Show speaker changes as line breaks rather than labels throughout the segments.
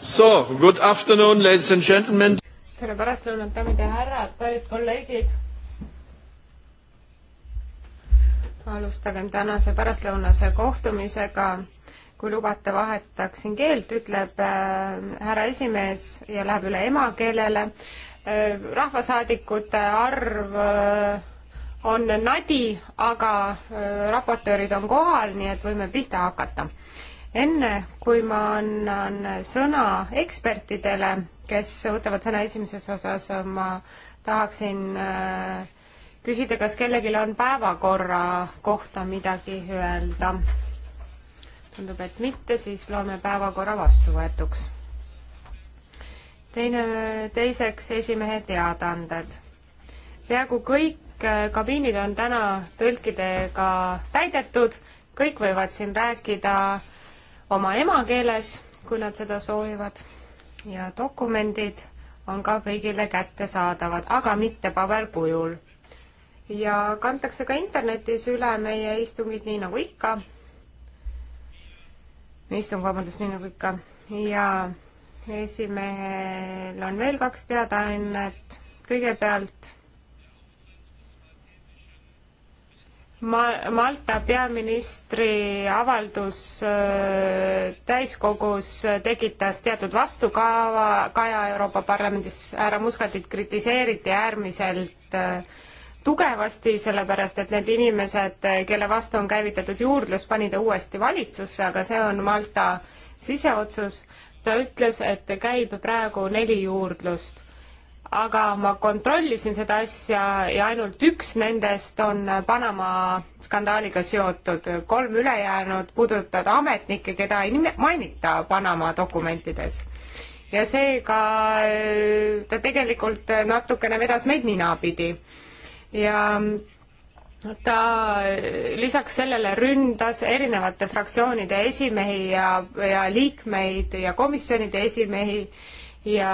So, good afternoon, ladies and gentlemen. tere pärastlõunat, daamid ja härrad, kallid kolleegid. alustagem tänase pärastlõunase kohtumisega. kui lubate, vahetaksin keelt, ütleb äh, härra esimees ja läheb üle emakeelele äh,. rahvasaadikute arv äh, on nadi, aga äh, raportöörid on kohal, nii et võime pihta hakata. enne, kui ma annan sõna ekspertidele, kes võtavad sõna esimeses osas, ma tahaksin äh, küsida, kas kellelgi on päevakorra kohta midagi öelda. tundub, et mitte, siis loeme päevakorra vastuvõetuks. teine, teiseks esimehe teadaanded. peaaegu kõik kõik kabiinid on täna tõlkidega täidetud, kõik võivad siin rääkida oma emakeeles, kui nad seda soovivad. ja dokumendid on ka kõigile kättesaadavad, aga mitte paberkujul. ja kantakse ka internetis üle meie istungid, nii nagu ikka. istung, vabandust, nii nagu ikka ja esimehel on veel kaks teadaannet. kõigepealt Ma-, Malta peaministri avaldus äh, täiskogus äh, tekitas teatud vastukaava, kaja Euroopa Parlamendis härra Muskatit kritiseeriti äärmiselt äh, tugevasti, sellepärast et need inimesed, kelle vastu on käivitatud juurdlus, pani ta uuesti valitsusse, aga see on Malta siseotsus. ta ütles, et käib praegu neli juurdlust aga ma kontrollisin seda asja ja ainult üks nendest on Panama skandaaliga seotud, kolm ülejäänut puudutavad ametnikke, keda ei mainita Panama dokumentides. ja seega äh, ta tegelikult natukene vedas meid ninapidi ja ta äh, lisaks sellele ründas erinevate fraktsioonide esimehi ja, ja liikmeid ja komisjonide esimehi ja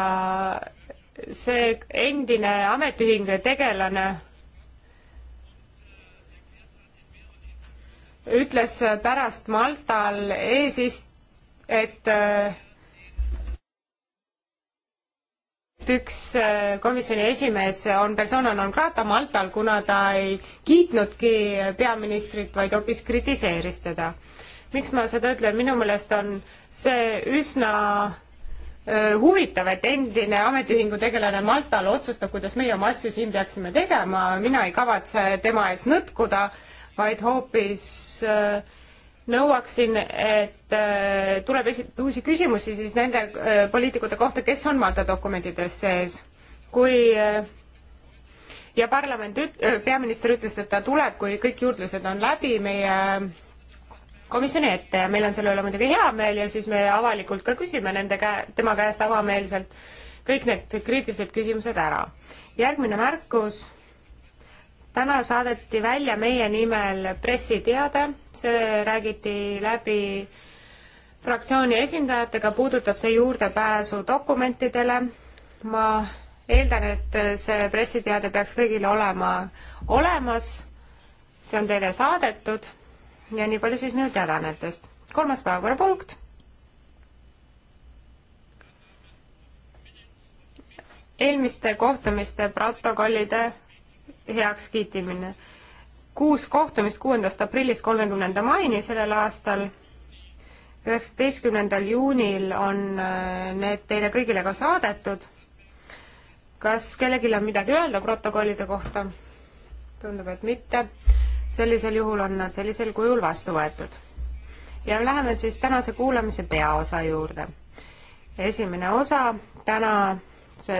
see endine ametiühing tegelane ütles pärast Maltal eesist-, et et üks äh, komisjoni esimees on persona non grata Maltal, kuna ta ei kiitnudki peaministrit, vaid hoopis kritiseeris teda. miks ma seda ütlen, minu meelest on see üsna Äh, huvitav, et endine ametiühingu tegelane Maltal otsustab, kuidas meie oma asju siin peaksime tegema, mina ei kavatse tema ees nõtkuda, vaid hoopis äh, nõuaksin, et äh, tuleb esitada uusi küsimusi siis nende poliitikute kohta, kes on Malta dokumentides sees. kui ja parlament üt-, peaminister ütles, et ta tuleb, kui kõik juurdlused on läbi, meie komisjoni ette ja meil on selle üle muidugi hea meel ja siis me avalikult ka küsime nende käe, tema käest avameelselt kõik need kriitilised küsimused ära. järgmine märkus. täna saadeti välja meie nimel pressiteade, see räägiti läbi fraktsiooni esindajatega, puudutab see juurdepääsu dokumentidele. ma eeldan, et see pressiteade peaks kõigil olema olemas. see on teile saadetud ja nii palju siis minu teadaannetest. kolmas päevakorrapunkt. eelmiste kohtumiste protokollide heakskiitimine. kuus kohtumist kuuendast aprillist kolmekümnenda maini sellel aastal. üheksateistkümnendal juunil on äh, need teile kõigile ka saadetud. kas kellelgi on midagi öelda protokollide kohta? tundub, et mitte sellisel juhul on nad sellisel kujul vastu võetud. ja läheme siis tänase kuulamise peaosa juurde. esimene osa tänasest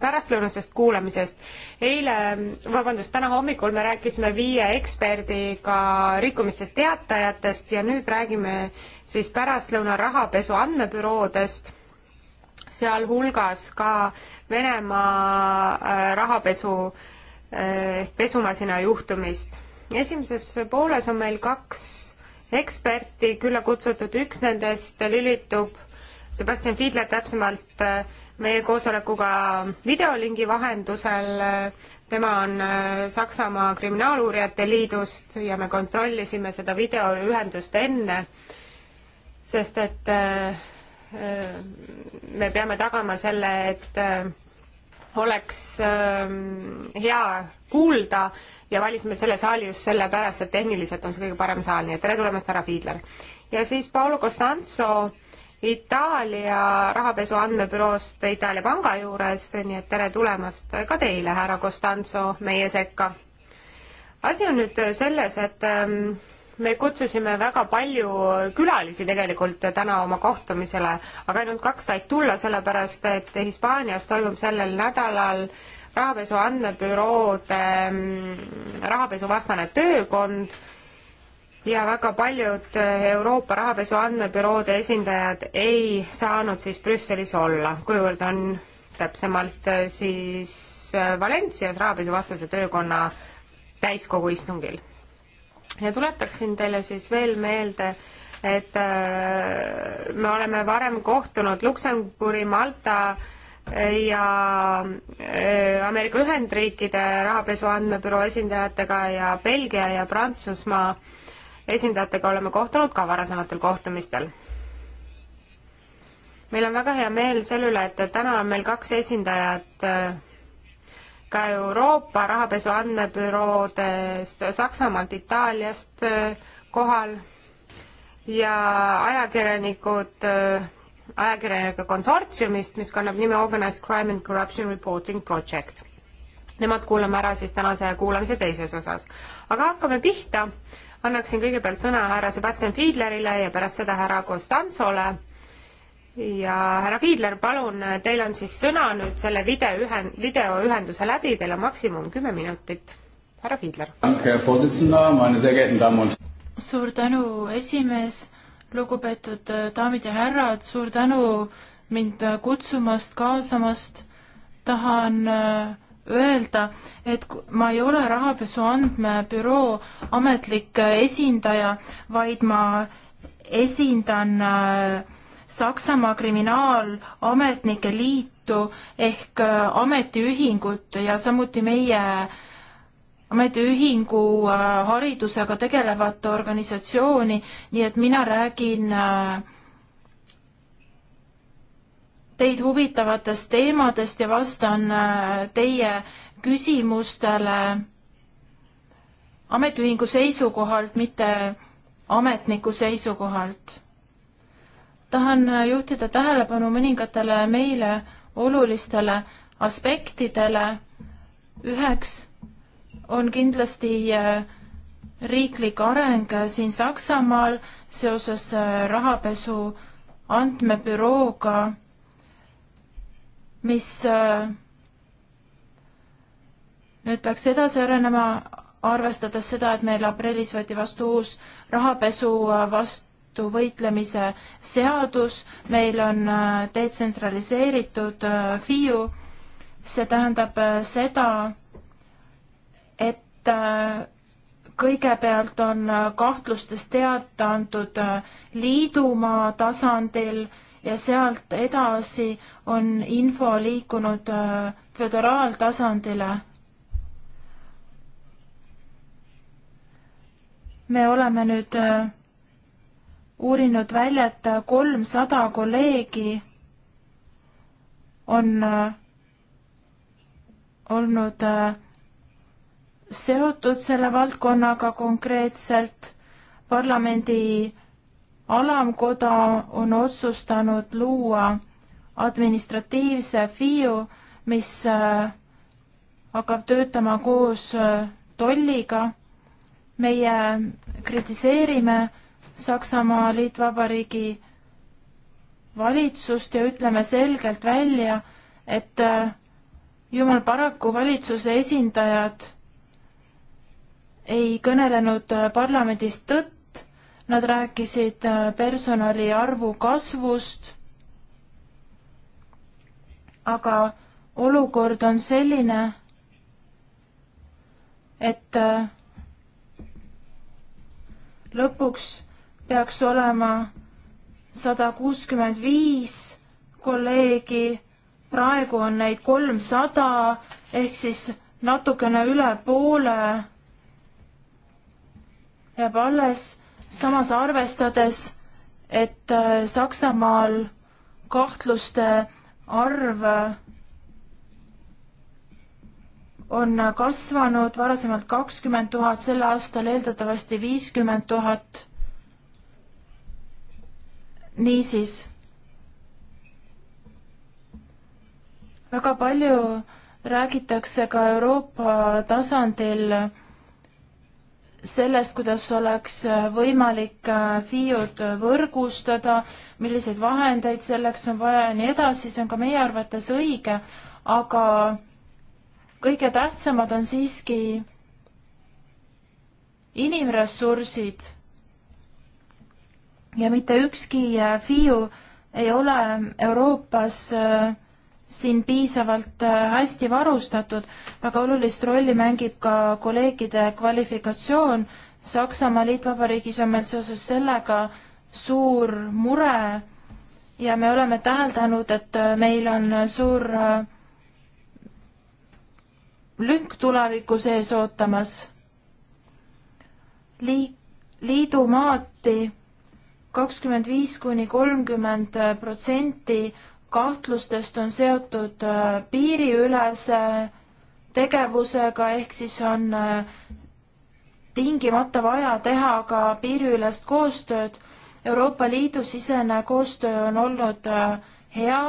pärastlõunasest kuulamisest. eile, vabandust, täna hommikul me rääkisime viie eksperdiga rikkumistest teatajatest ja nüüd räägime siis pärastlõuna rahapesu andmebüroodest, sealhulgas ka Venemaa äh, rahapesu äh, ehk pesumasina juhtumist. esimeses pooles on meil kaks eksperti külla kutsutud, üks nendest lülitub, Sebastian Fiedler täpsemalt, eh, meie koosolekuga videolingi vahendusel, tema on eh, Saksamaa Kriminaaluurijate Liidust ja me kontrollisime seda videoühendust enne, sest et eh, me peame tagama selle, et oleks ähm, hea kuulda ja valisime selle saali just sellepärast, et tehniliselt on see kõige parem saal, nii et tere tulemast, härra Fiidler. ja siis Paolo Costanzo Itaalia rahapesu andmebüroost Itaalia panga juures, nii et tere tulemast ka teile, härra Costanzo, meie sekka. asi on nüüd selles, et ähm, me kutsusime väga palju külalisi tegelikult täna oma kohtumisele, aga ainult kaks said tulla, sellepärast et Hispaanias toimub sellel nädalal rahapesu andmebüroode mm, rahapesuvastane töökond ja väga paljud Euroopa rahapesu andmebüroode esindajad ei saanud siis Brüsselis olla, kuivõrd on täpsemalt äh, siis äh, Valencias rahapesuvastase töökonna täiskogu istungil ja tuletaksin teile siis veel meelde, et äh, me oleme varem kohtunud Luksemburi, Malta äh, ja äh, Ameerika Ühendriikide rahapesu andmebüroo esindajatega ja Belgia ja Prantsusmaa esindajatega oleme kohtunud ka varasematel kohtumistel. meil on väga hea meel selle üle, et täna on meil kaks esindajat ka Euroopa rahapesu andmebüroodest Saksamaalt, Itaaliast äh, kohal ja ajakirjanikud äh, ajakirjanike konsortsiumist, mis kannab nime Organized Crime and Corruption Reporting Project. Nemad kuulame ära siis tänase kuulamise teises osas. aga hakkame pihta, annaksin kõigepealt sõna härra Sebastian Fiedlerile ja pärast seda härra Costanzole ja härra Fiidler, palun, teil on siis sõna nüüd selle videoühen-, videoühenduse läbi, teil on maksimum kümme minutit. härra Fiidler. suur tänu, esimees,
lugupeetud äh, daamid ja härrad, suur tänu mind äh, kutsumast, kaasamast. tahan äh, öelda, et ma ei ole rahapesu andmebüroo ametlik esindaja, vaid ma esindan äh, Saksamaa Kriminaalametnike Liitu ehk äh, ametiühingut ja samuti meie ametiühingu äh, haridusega tegelevat organisatsiooni, nii et mina räägin äh, teid huvitavatest teemadest ja vastan teie küsimustele ametiühingu seisukohalt, mitte ametniku seisukohalt tahan juhtida tähelepanu mõningatele meile olulistele aspektidele. üheks on kindlasti äh, riiklik areng äh, siin Saksamaal seoses äh, rahapesu andmebürooga, mis nüüd peaks edasi arenema, arvestades seda, et meil aprillis võeti vastu uus rahapesu vast-, vastu võitlemise seadus, meil on äh, detsentraliseeritud äh, FIU, see tähendab äh, seda, et kõigepealt on kahtlustest teada antud liidumaa tasandil ja sealt edasi on info liikunud föderaaltasandile. me oleme nüüd uurinud välja, et kolmsada kolleegi on äh, olnud äh, seotud selle valdkonnaga konkreetselt. parlamendi alamkoda on otsustanud luua administratiivse FIU, mis äh, hakkab töötama koos tolliga. meie kritiseerime Saksamaa Liitvabariigi valitsust ja ütleme selgelt välja, et äh, jumal paraku valitsuse esindajad ei kõnelenud äh, parlamendis tõtt, nad rääkisid äh, personali arvu kasvust, aga olukord on selline, et lõpuks peaks olema sada kuuskümmend viis kolleegi, praegu on neid kolmsada ehk siis natukene üle poole jääb alles, samas arvestades, et äh, Saksamaal kahtluste arv on kasvanud varasemalt kakskümmend tuhat, sel aastal eeldatavasti viiskümmend tuhat niisiis, väga palju räägitakse ka Euroopa tasandil sellest, kuidas oleks võimalik äh, FIO-d võrgustada, milliseid vahendeid selleks on vaja ja nii edasi, see on ka meie arvates õige, aga kõige tähtsamad on siiski inimressursid ja mitte ükski äh, FIU ei ole Euroopas äh, siin piisavalt äh, hästi varustatud, väga olulist rolli mängib ka kolleegide kvalifikatsioon. Saksamaa Liitvabariigis on meil seoses sellega suur mure ja me oleme täheldanud, et meil on suur lünk tuleviku sees ootamas. liidumaati kakskümmend viis kuni kolmkümmend äh, protsenti kahtlustest on seotud äh, piiriülese tegevusega, ehk siis on äh, tingimata vaja teha ka piiriülest koostööd. Euroopa Liidu sisene koostöö on olnud hea,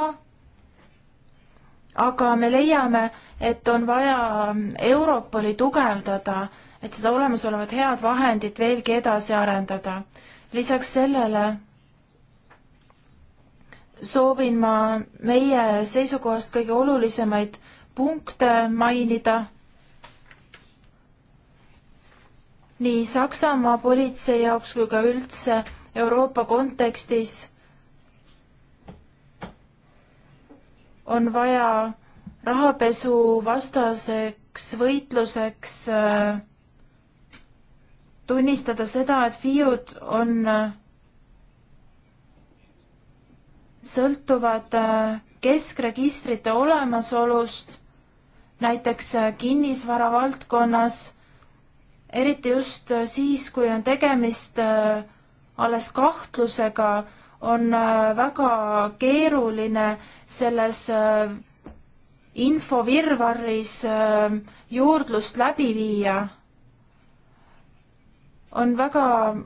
aga me leiame, et on vaja ähm, Europoli tugevdada, et seda olemasolevat head vahendit veelgi edasi arendada lisaks sellele soovin ma meie seisukohast kõige olulisemaid punkte mainida. nii Saksamaa politsei jaoks kui ka üldse Euroopa kontekstis on vaja rahapesuvastaseks võitluseks äh, tunnistada seda, et FIUD on, äh, sõltuvad äh, keskregistrite olemasolust, näiteks äh, kinnisvara valdkonnas, eriti just siis, kui on tegemist alles kahtlusega, on väga keeruline selles infovirvarris juurdlust läbi viia on väga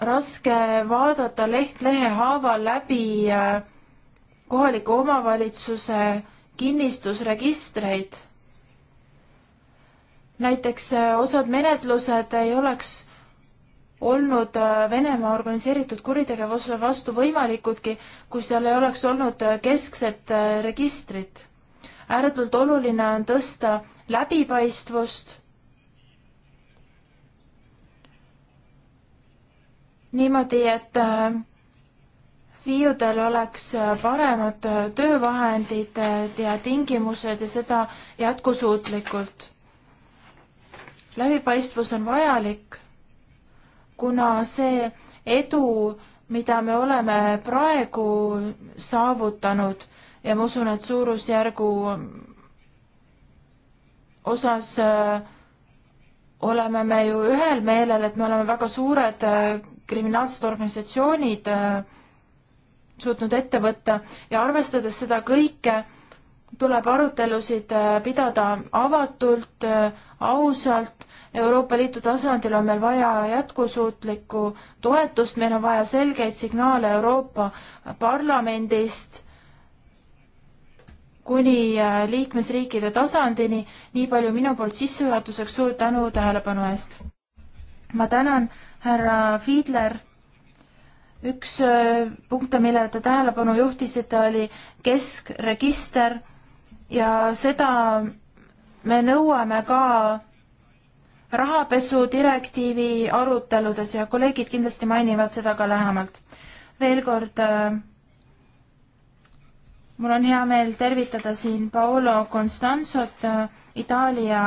raske vaadata leht lehe haaval läbi äh, kohaliku omavalitsuse kinnistusregistreid. näiteks äh, osad menetlused ei oleks olnud äh, Venemaa organiseeritud kuritegevuse vastu võimalikudki, kui seal ei oleks olnud keskset registrit. ääretult oluline on tõsta läbipaistvust niimoodi, et FIUdel äh, oleks äh, paremad äh, töövahendid ja tingimused ja seda jätkusuutlikult. läbipaistvus on vajalik, kuna see edu, mida me oleme praegu saavutanud ja ma usun, et suurusjärgu osas oleme me ju ühel meelel, et me oleme väga suured kriminaalsed organisatsioonid äh, suutnud ette võtta ja arvestades seda kõike, tuleb arutelusid äh, pidada avatult, äh, ausalt. Euroopa Liidu tasandil on meil vaja jätkusuutlikku toetust, meil on vaja selgeid signaale Euroopa Parlamendist kuni liikmesriikide tasandini. nii palju minu poolt sissejuhatuseks, suur tänu tähelepanu eest! ma tänan härra Fiedler, üks äh, punkte, millele te tähelepanu juhtisite, oli keskregister ja seda me nõuame ka rahapesu direktiivi aruteludes ja kolleegid kindlasti mainivad seda ka lähemalt. veel kord äh, mul on hea meel tervitada siin Paolo Constanzot, äh, Itaalia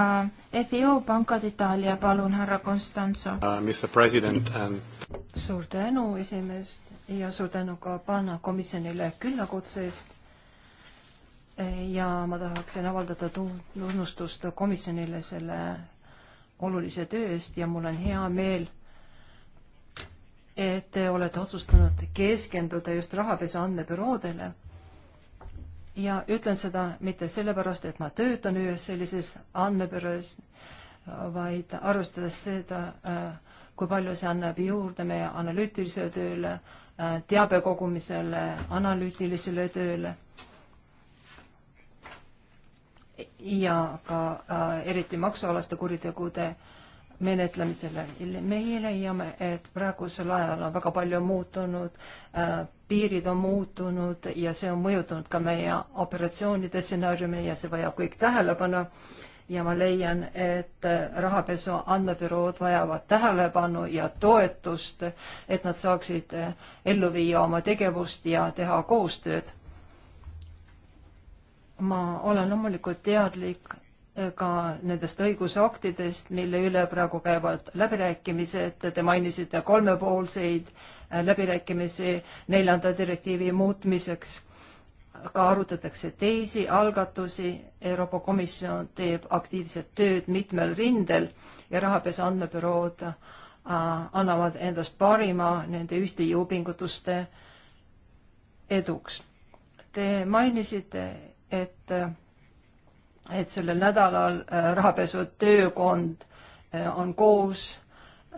FIO
pangad Itaalia, palun, härra Constanzo
uh,. And... Um,
suur tänu, esimees, ja suur tänu ka panna komisjonile küllakutse eest. ja ma tahaksin avaldada tunnustust komisjonile selle olulise töö eest ja mul on hea meel, et te olete otsustanud keskenduda just rahapesu andmebüroodele ja ütlen seda mitte sellepärast, et ma töötan ühes sellises andmebüroos, vaid arvestades seda, äh, kui palju see annab juurde meie analüütilisele tööle, äh, teabe kogumisele, analüütilisele tööle ja ka äh, eriti maksualaste kuritegude äh, menetlemisele. meie leiame, et praegusel ajal on väga palju muutunud äh,, piirid on muutunud ja see on mõjutanud ka meie operatsioonide stsenaariumi ja see vajab kõik tähelepanu. ja ma leian, et äh, rahapesu andmebürood vajavad tähelepanu ja toetust, et nad saaksid äh, ellu viia oma tegevust ja teha koostööd ma olen loomulikult teadlik ka nendest õigusaktidest, mille üle praegu käivad läbirääkimised, te mainisite kolmepoolseid äh, läbirääkimisi neljanda direktiivi muutmiseks. ka arutatakse teisi algatusi, Euroopa Komisjon teeb aktiivset tööd mitmel rindel ja rahapesu andmebürood äh, annavad endast parima nende ühiste jõupingutuste eduks. Te mainisite, et äh, et sellel nädalal äh, rahapesu töökond äh, on koos.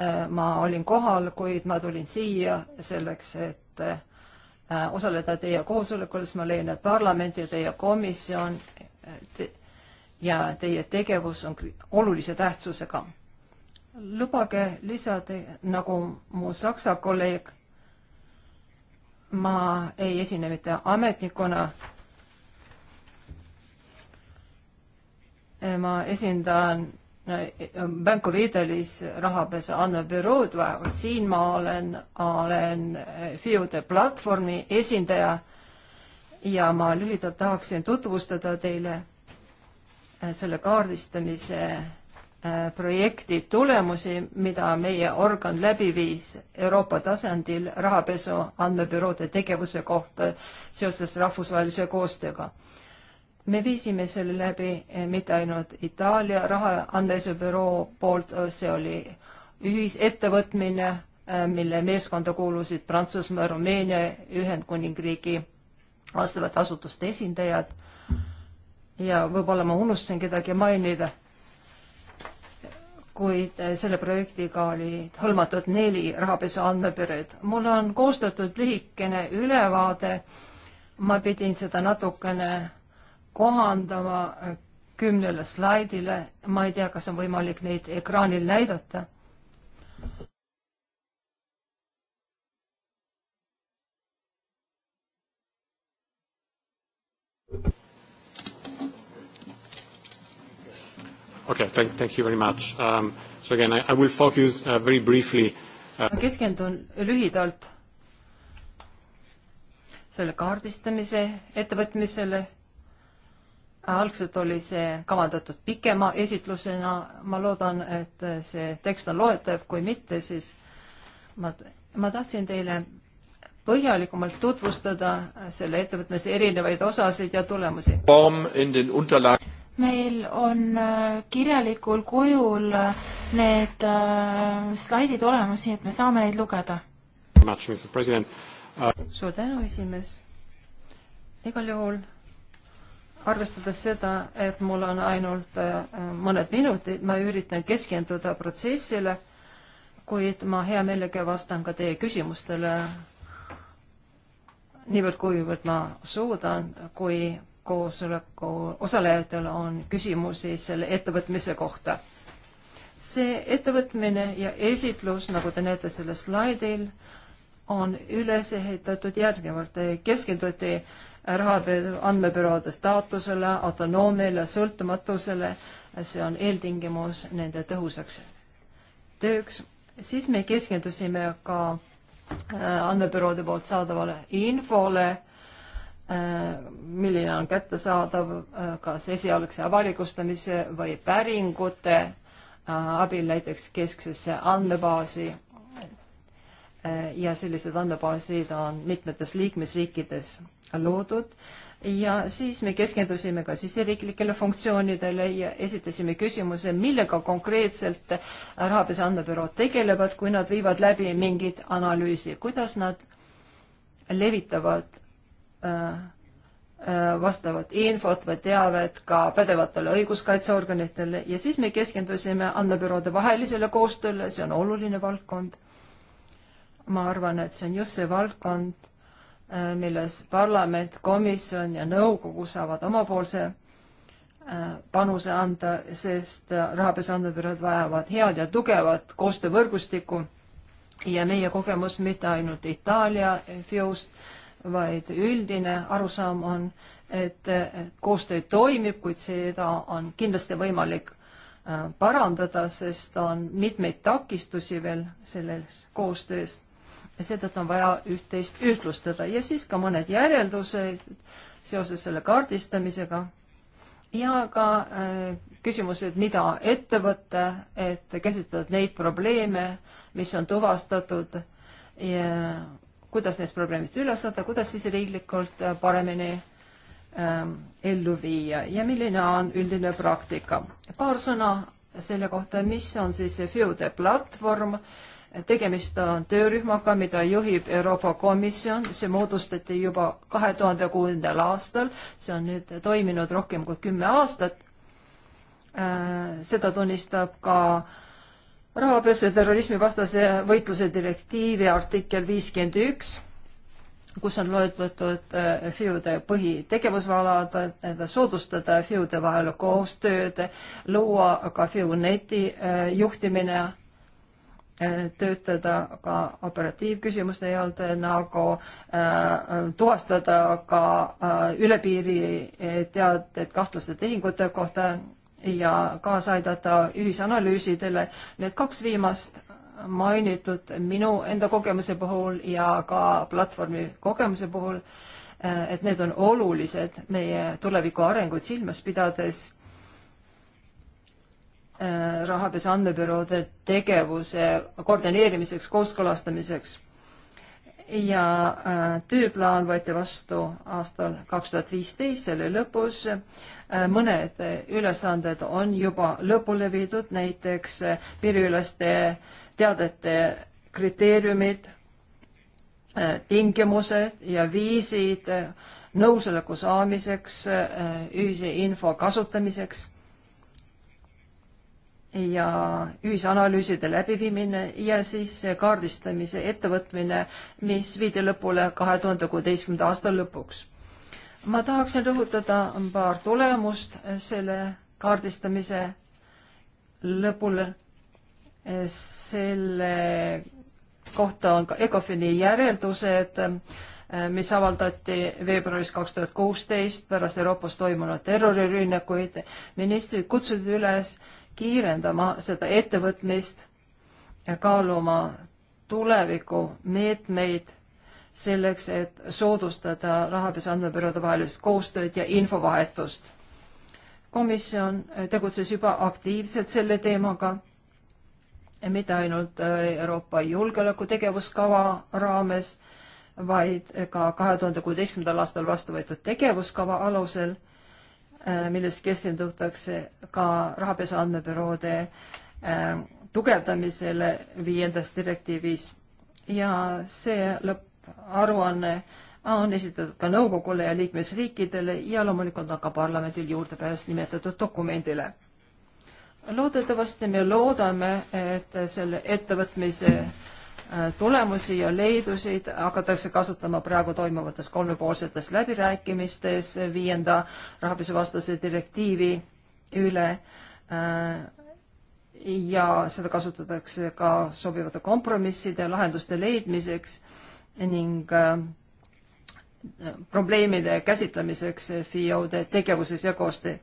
Äh, ma olin kohal, kuid ma tulin siia selleks, et osaleda teie koosolekul, sest ma leian, et parlament ja teie komisjon te ja teie tegevus on olulise tähtsusega. lubage lisada, nagu mu saksa kolleeg, ma ei esine mitte ametnikuna ma esindan Bank of Italy's rahapesu andmebürood, siin ma olen, olen eh, FIUde platvormi esindaja ja ma lühidalt tahaksin tutvustada teile eh, selle kaardistamise eh, projekti tulemusi, mida meie organ läbi viis Euroopa tasandil rahapesu andmebüroode tegevuse kohta seoses rahvusvahelise koostööga me viisime selle läbi eh, mitte ainult Itaalia rahaandmesebüroo poolt, eh, see oli ühisettevõtmine, eh, mille meeskonda kuulusid Prantsusmaa, Rumeenia, Ühendkuningriigi vastavate asutuste esindajad. ja võib-olla ma unustasin kedagi mainida. kuid selle projektiga olid hõlmatud neli rahapesu andmebürood. mul on koostatud lühikene ülevaade. ma pidin seda natukene kohandama kümnele slaidile, ma ei tea, kas on võimalik neid ekraanil näidata. Okay, thank, thank you very much. Um, so again, I, I will focus uh, very briefly. Uh... Keskendun lühidalt selle kaardistamise ettevõtmisele algselt oli see kavandatud pikema esitlusena, ma loodan, et see tekst on loetav, kui mitte, siis ma, ma tahtsin teile põhjalikumalt tutvustada selle ettevõtmise erinevaid osasid ja tulemusi.
meil on äh, kirjalikul kujul äh, need äh, slaidid olemas, nii et me saame neid lugeda.
suur tänu, esimees. igal juhul arvestades seda, et mul on ainult äh, mõned minutid, ma üritan keskenduda protsessile, kuid ma hea meelega vastan ka teie küsimustele niivõrd, kuivõrd ma suudan, kui koosoleku osalejatel on küsimusi selle ettevõtmise kohta. see ettevõtmine ja esitlus, nagu te näete sellel slaidil, on üles ehitatud järgnevalt, keskenduti rahapesu andmebüroode staatusele, autonoomiale, sõltumatusele. see on eeltingimus nende tõhusaks tööks. siis me keskendusime ka äh, andmebüroode poolt saadavale infole, äh, milline on kättesaadav äh, kas esialgse avalikustamise või päringute abil näiteks kesksesse andmebaasi ja sellised andmebaasid on mitmetes liikmesriikides loodud ja siis me keskendusime ka siseriiklikele funktsioonidele ja esitasime küsimuse, millega konkreetselt rahapesu andmebürood tegelevad, kui nad viivad läbi mingit analüüsi, kuidas nad levitavad äh, äh, vastavat infot või teavet ka pädevatele õiguskaitseorganitele ja siis me keskendusime andmebüroode vahelisele koostööle, see on oluline valdkond. ma arvan, et see on just see valdkond, Äh, milles parlament, komisjon ja nõukogu saavad omapoolse äh, panuse anda, sest äh, rahapesu andmebürood vajavad head ja tugevat koostöövõrgustikku ja meie kogemus mitte ainult Itaalia FIUst, vaid üldine arusaam on, et koostöö toimib, kuid seda on kindlasti võimalik parandada, sest on mitmeid takistusi veel selles koostöös seetõttu on vaja üht-teist ühtlustada ja siis ka mõned järeldused seoses selle kaardistamisega ja ka äh, küsimused, mida ette võtta, et käsitleda neid probleeme, mis on tuvastatud ja kuidas neist probleemidest üle saada, kuidas siseriiklikult äh, paremini ähm, ellu viia ja milline on üldine praktika. paar sõna selle kohta, mis on siis FIUDE platvorm äh,, tegemist on töörühmaga, mida juhib Euroopa Komisjon, see moodustati juba kahe tuhande kuuendal aastal, see on nüüd toiminud rohkem kui kümme aastat. Äh, seda tunnistab ka rahapesu ja terrorismi vastase võitluse direktiivi artikkel viiskümmend üks, kus on loetletud äh, FIU-de põhitegevusvalad, soodustada FIU-de vahel koostööd, luua ka FIU neti äh, juhtimine töötada ka operatiivküsimuste juurde, nagu äh, tuvastada ka äh, üle piiri teated kahtlaste tehingute kohta ja kaasa aidata ühisanalüüsidele. Need kaks viimast mainitud minu enda kogemuse puhul ja ka platvormi kogemuse puhul, äh, et need on olulised meie tuleviku arengut silmas pidades Äh, rahapesu andmebüroode tegevuse koordineerimiseks, kooskõlastamiseks. ja äh, tööplaan võeti vastu aastal kaks tuhat viisteist, selle lõpus. Äh, mõned ülesanded on juba lõpule viidud, näiteks piiriüleste teadete kriteeriumid, tingimused ja viisid nõusoleku saamiseks, ühise info kasutamiseks ja ühisanalüüside läbiviimine ja siis kaardistamise ettevõtmine, mis viidi lõpule kahe tuhande kuueteistkümnenda aasta lõpuks. ma tahaksin rõhutada paar tulemust selle kaardistamise lõpul. selle kohta on ka ECOFIN-i järeldused, mis avaldati veebruaris kaks tuhat kuusteist pärast Euroopas toimunud terrorirünnakuid. ministrid kutsusid üles äh, kiirendama seda ettevõtmist ja kaaluma tulevikumeetmeid selleks, et soodustada rahapesu andmebüroode vahelist koostööd ja infovahetust. komisjon tegutses juba aktiivselt selle teemaga, mitte ainult äh, Euroopa julgeoleku tegevuskava raames, vaid ka kahe tuhande kuueteistkümnendal aastal vastu võetud tegevuskava alusel Äh, milles keskendutakse ka rahapesu andmebüroode äh, tugevdamisele viiendas direktiivis ja see lõpparuanne on esitatud ka nõukogule ja liikmesriikidele ja loomulikult on ka parlamendil juurdepääs nimetatud dokumendile. loodetavasti me loodame, et selle ettevõtmise äh, Äh, tulemusi ja leidusid hakatakse kasutama praegu toimuvates kolmepoolsetes läbirääkimistes viienda rahapesuvastase direktiivi üle äh, ja seda kasutatakse ka sobivate kompromisside, lahenduste leidmiseks ning äh, probleemide käsitlemiseks FIO-de tegevuses ja koostöö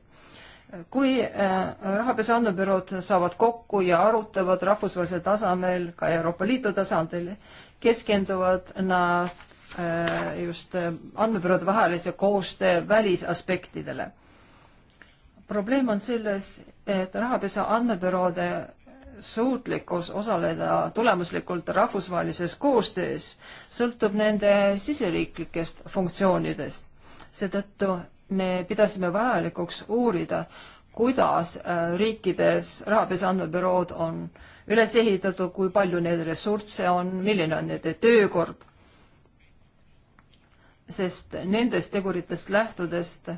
kui äh, rahapesu andmebürood saavad kokku ja arutavad rahvusvahelisel tasemel, ka Euroopa Liidu tasandil, keskenduvad nad äh, just äh, andmebüroode vahelise koostöö välisaspektidele. probleem on selles, et rahapesu andmebüroode suutlikkus osaleda tulemuslikult rahvusvahelises koostöös sõltub nende siseriiklikest funktsioonidest. seetõttu me pidasime vajalikuks uurida, kuidas äh, riikides rahapesu andmebürood on üles ehitatud, kui palju neil ressursse on, milline on nende töökord. sest nendest teguritest lähtudest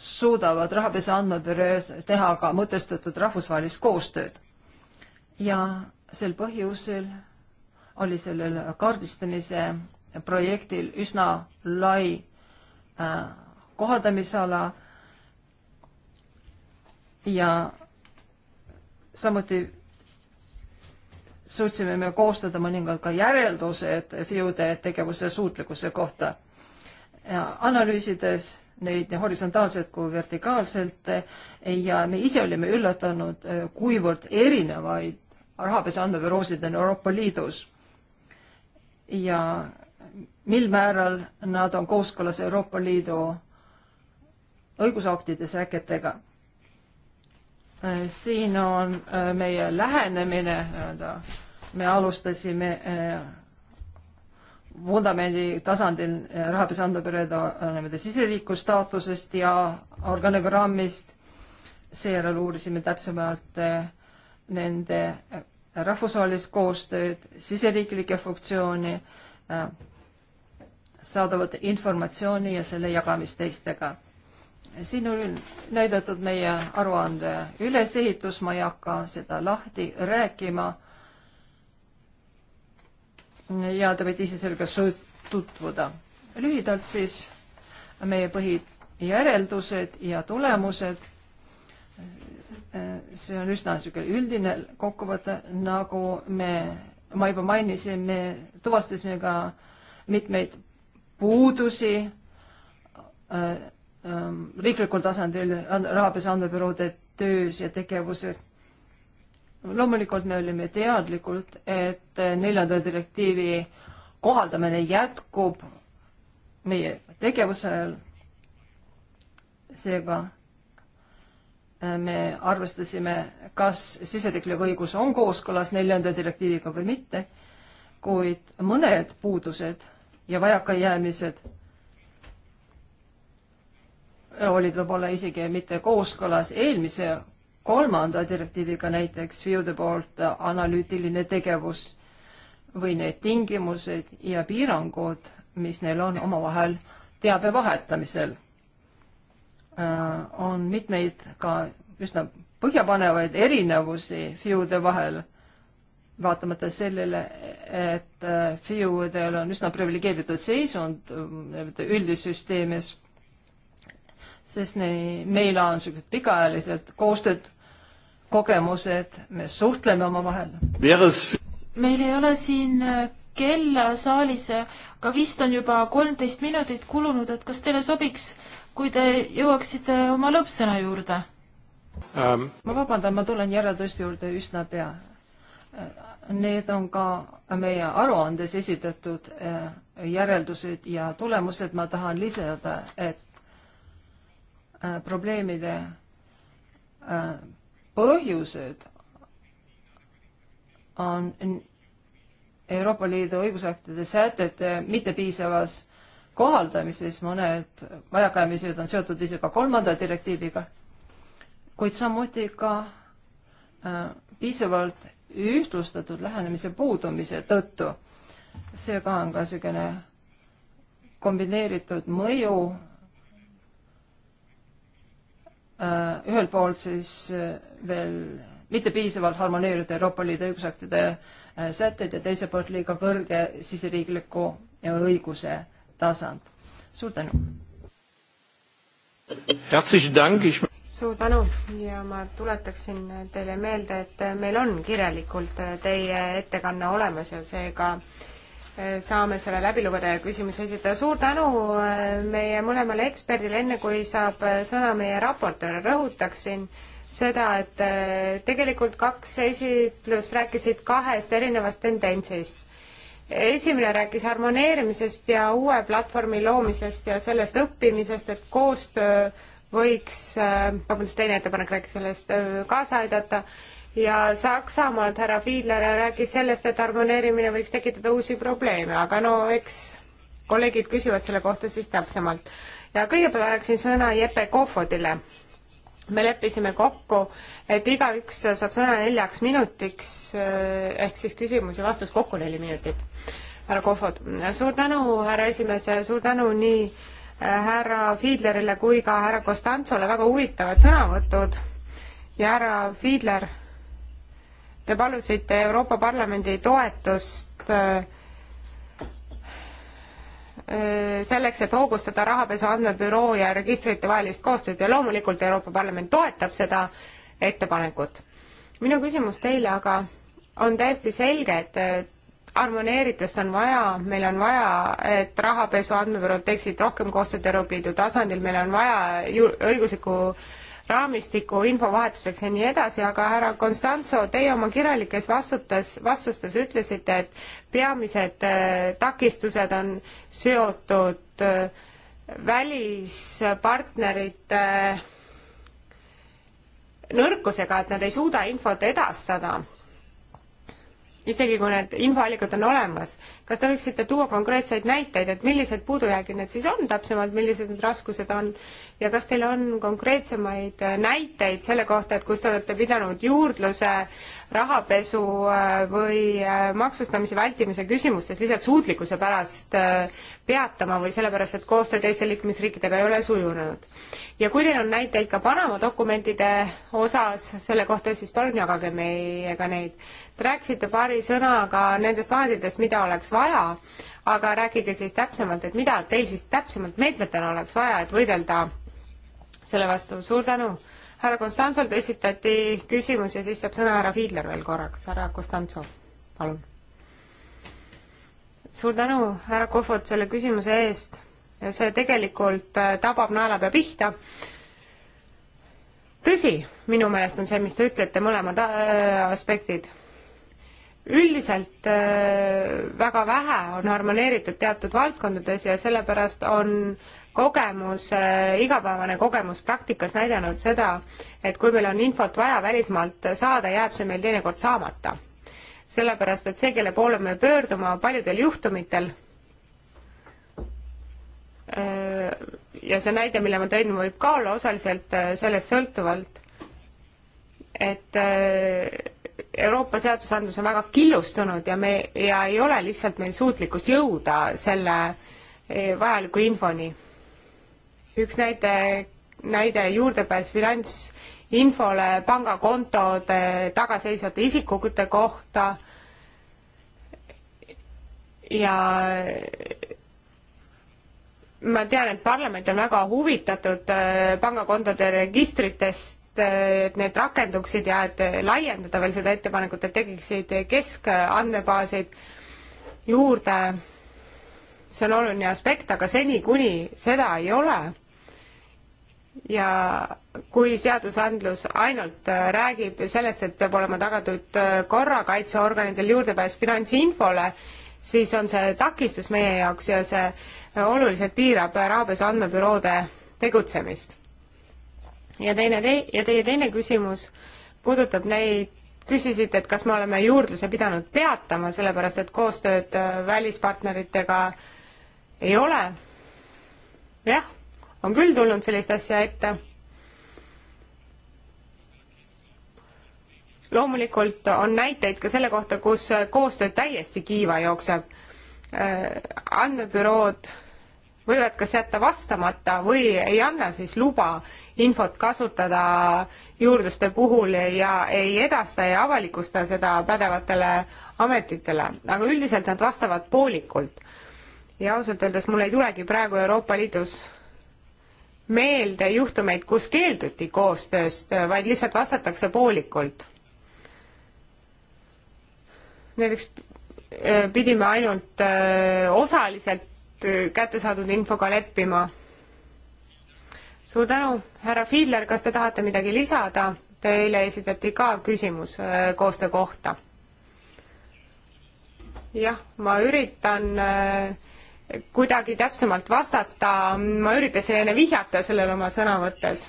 suudavad rahapesu andmebürood teha ka mõtestatud rahvusvahelist koostööd. ja sel põhjusel oli sellel kaardistamise projektil üsna lai äh, kohaldamisala ja samuti suutsime me koostada mõningad ka järeldused FIUde tegevuse suutlikkuse kohta. analüüsides neid nii horisontaalselt kui vertikaalselt eh, ja me ise olime üllatunud, eh, kuivõrd erinevaid rahapesu andmebüroosid on Euroopa Liidus. ja mil määral nad on kooskõlas Euroopa Liidu õigusaktide säketega. siin on äh, meie lähenemine nii-öelda, me alustasime äh, vundamendi tasandil äh, rahapesu andmeperede nii-öelda siseriikliku staatusest ja organogrammist, seejärel uurisime täpsemalt nende rahvusvahelist koostööd, siseriiklikke funktsioone, saadavat informatsiooni ja selle jagamist teistega. siin on näidatud meie aruande ülesehitus, ma ei hakka seda lahti rääkima. ja te võite ise sellega tutvuda. lühidalt siis meie põhijäreldused ja tulemused. see on üsna niisugune üldine kokkuvõte, nagu me, ma juba mainisin, me tuvastasime ka mitmeid puudusi äh, ähm, riiklikul tasandil rahapesu andmebüroode töös ja tegevuses. loomulikult me olime teadlikud, et neljanda direktiivi kohaldamine jätkub meie tegevuse ajal. seega äh, me arvestasime, kas siseriiklik õigus on kooskõlas neljanda direktiiviga või mitte, kuid mõned puudused ja vajakajäämised olid võib-olla isegi mitte kooskõlas eelmise kolmanda direktiiviga näiteks FIU-de poolt analüütiline tegevus või need tingimused ja piirangud, mis neil on omavahel teabe vahetamisel. Äh, on mitmeid ka üsna põhjapanevaid erinevusi FIU-de vahel vaatamata sellele, et äh, FIU-del on üsna priviligeeritud seisund äh, üldissüsteemis, sest nii, meil on niisugused pikaajalised koostööd, kogemused, me suhtleme omavahel. meil ei ole siin
äh, kella saalis, aga vist on juba kolmteist minutit kulunud, et kas teile
sobiks, kui te jõuaksite oma lõppsõna juurde um.? ma vabandan, ma tulen järeldust juurde üsna pea Need on ka meie aruandes esitatud eh, järeldused ja tulemused. ma tahan lisada, et eh, probleemide eh, põhjused on Euroopa Liidu õigusaktide sätete mittepiisavas kohaldamises, mõned vajakajäämised on seotud isegi ka kolmanda direktiiviga, kuid samuti ka piisavalt ühtlustatud lähenemise puudumise tõttu. seega on ka niisugune kombineeritud mõju äh, ühelt poolt siis äh, veel mitte piisavalt harmoneerida Euroopa Liidu õigusaktide äh, sätteid ja teiselt poolt liiga kõrge siseriikliku õiguse tasand. suur tänu!
suur tänu ja ma tuletaksin teile meelde, et meil on kirjalikult teie ettekanne olemas ja seega eh, saame selle läbi lugeda ja küsimusi esitada. suur tänu eh, meie mõlemale eksperdile, enne kui saab eh, sõna meie raportöör, rõhutaksin seda, et tegelikult kaks esitlust rääkisid kahest erinevast tendentsist esimene rääkis harmoneerimisest ja uue platvormi loomisest ja sellest õppimisest, et koostöö võiks, äh, vabandust, teine ettepanek rääkis sellest, äh, kaasa aidata ja Saksamaalt härra Fiedler rääkis sellest, et harmoneerimine võiks tekitada uusi probleeme, aga no eks kolleegid küsivad selle kohta siis täpsemalt. ja kõigepealt annaksin sõna Jeppe Kohvodile. me leppisime kokku, et igaüks saab sõna neljaks minutiks äh, ehk siis küsimus ja vastus kokku neli minutit. härra Kohvod, suur tänu, härra esimees, suur tänu nii äh, härra Fiedlerile kui ka härra Costanzole väga huvitavad sõnavõtud ja härra Fiedler, te palusite Euroopa Parlamendi toetust äh, selleks, et hoogustada rahapesu andmebüroo ja registrite vahelist koostööd ja loomulikult Euroopa Parlament toetab seda ettepanekut. minu küsimus teile aga on täiesti selge, et harmoneeritust on vaja, meil on vaja, et rahapesu andmebürood teeksid rohkem koostööd Euroopa Liidu tasandil, meil on vaja ju-, õiguslikku raamistiku infovahetuseks ja nii edasi, aga härra Constanzo, teie oma kirjalikes vastutes, vastustes ütlesite, et peamised äh, takistused on seotud äh, välispartnerite äh, nõrkusega, et nad ei suuda infot edastada isegi kui need infoallikad on olemas. kas te võiksite tuua konkreetseid näiteid, et millised puudujäägid need siis on täpsemalt, millised need raskused on ja kas teil on konkreetsemaid näiteid selle kohta, et kus te olete pidanud juurdluse rahapesu äh, või äh, maksustamise vältimise küsimustes lihtsalt suutlikkuse pärast äh, peatama või sellepärast, et koostöö teiste liikmesriikidega ei ole sujunenud. ja kui teil on näiteid ka Panama dokumentide osas selle kohta, siis palun jagage meiega neid rääkisite paari sõnaga nendest vahenditest, mida oleks vaja, aga rääkige siis täpsemalt, et mida teil siis täpsemalt meetmetena oleks vaja, et võidelda selle vastu. suur tänu! härra Konstantsolt esitati küsimus ja siis saab sõna härra Fiidler veel korraks. härra Konstantso, palun. suur tänu, härra Kohvot, selle küsimuse eest. see tegelikult äh, tabab naelapea pihta. tõsi, minu meelest on see, mis te ütlete, mõlemad äh, aspektid üldiselt äh, väga vähe on harmoneeritud teatud valdkondades ja sellepärast on kogemus, äh, igapäevane kogemus praktikas näidanud seda, et kui meil on infot vaja välismaalt saada, jääb see meil teinekord saamata. sellepärast, et see, kelle poole me pöörduma paljudel juhtumitel, äh, ja see näide, mille ma tõin, võib ka olla osaliselt sellest sõltuvalt, et Euroopa seadusandlus on väga killustunud ja me, ja ei ole lihtsalt meil suutlikkust jõuda selle eh, vajaliku infoni. üks näide, näide juurdepääs finantsinfole pangakontode tagaseisvate isikute kohta ja ma tean, et parlament on väga huvitatud eh, pangakontode registritest et, et need rakenduksid ja et laiendada veel seda ettepanekut, et tekiksid keskandmebaasid juurde. see on oluline aspekt, aga seni, kuni seda ei ole ja kui seadusandlus ainult räägib sellest, et peab olema tagatud korrakaitseorganitel juurdepääs finantsinfole, siis on see takistus meie jaoks ja see oluliselt piirab rahapesu andmebüroode tegutsemist ja teine te-, ja teie teine küsimus puudutab neid, küsisite, et kas me oleme juurdluse pidanud peatama, sellepärast et koostööd äh, välispartneritega ei ole. jah, on küll tulnud sellist asja ette loomulikult on näiteid ka selle kohta, kus äh, koostöö täiesti kiiva jookseb. Äh, andmebürood võivad kas jätta vastamata või ei anna siis luba infot kasutada juurdluste puhul ja ei edasta ja avalikusta seda pädevatele ametitele, aga üldiselt nad vastavad poolikult. ja ausalt öeldes mul ei tulegi praegu Euroopa Liidus meelde juhtumeid, kus keelduti koostööst, vaid lihtsalt vastatakse poolikult. näiteks eh, pidime ainult eh, osaliselt Äh, kätte saadud infoga leppima. suur tänu, härra Fiidler, kas te tahate midagi lisada? Teile esitati ka küsimus äh, koostöö kohta. jah, ma üritan äh, kuidagi täpsemalt vastata, ma üritasin enne vihjata sellele oma sõnavõttes.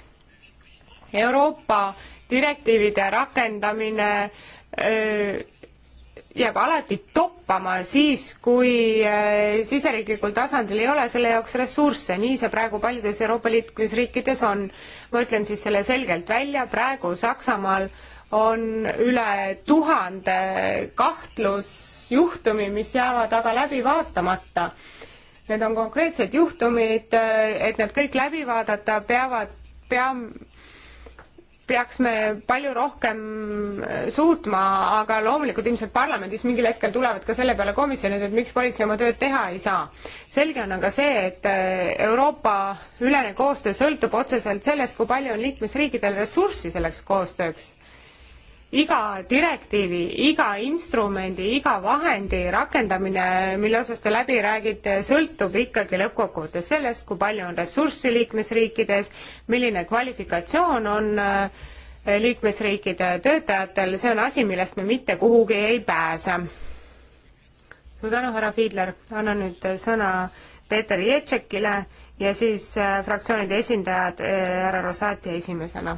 Euroopa direktiivide rakendamine öö, jääb alati toppama siis, kui äh, siseriiklikul tasandil ei ole selle jaoks ressursse, nii see praegu paljudes Euroopa liikmesriikides on. ma ütlen siis selle selgelt välja, praegu Saksamaal on üle tuhande kahtlusjuhtumi, mis jäävad aga läbi
vaatamata.
Need on konkreetsed juhtumid, äh, et need kõik läbi vaadata, peavad, pea-, peaks me palju rohkem äh, suutma, aga loomulikult ilmselt parlamendis mingil hetkel tulevad ka selle peale komisjonid, et miks politsei oma tööd teha ei saa. selge on aga see, et äh, Euroopa ülene koostöö sõltub otseselt sellest, kui palju on liikmesriikidel ressurssi selleks koostööks iga direktiivi, iga instrumendi, iga vahendi rakendamine, mille osas te läbi räägite, sõltub ikkagi lõppkokkuvõttes sellest, kui palju on ressurssi liikmesriikides, milline kvalifikatsioon on äh, liikmesriikide töötajatel, see on asi, millest me mitte kuhugi ei pääse. suur tänu, härra Fiidler, annan nüüd sõna Peeter Jetšekile ja siis äh, fraktsioonide esindajad äh, härra Rosati esimesena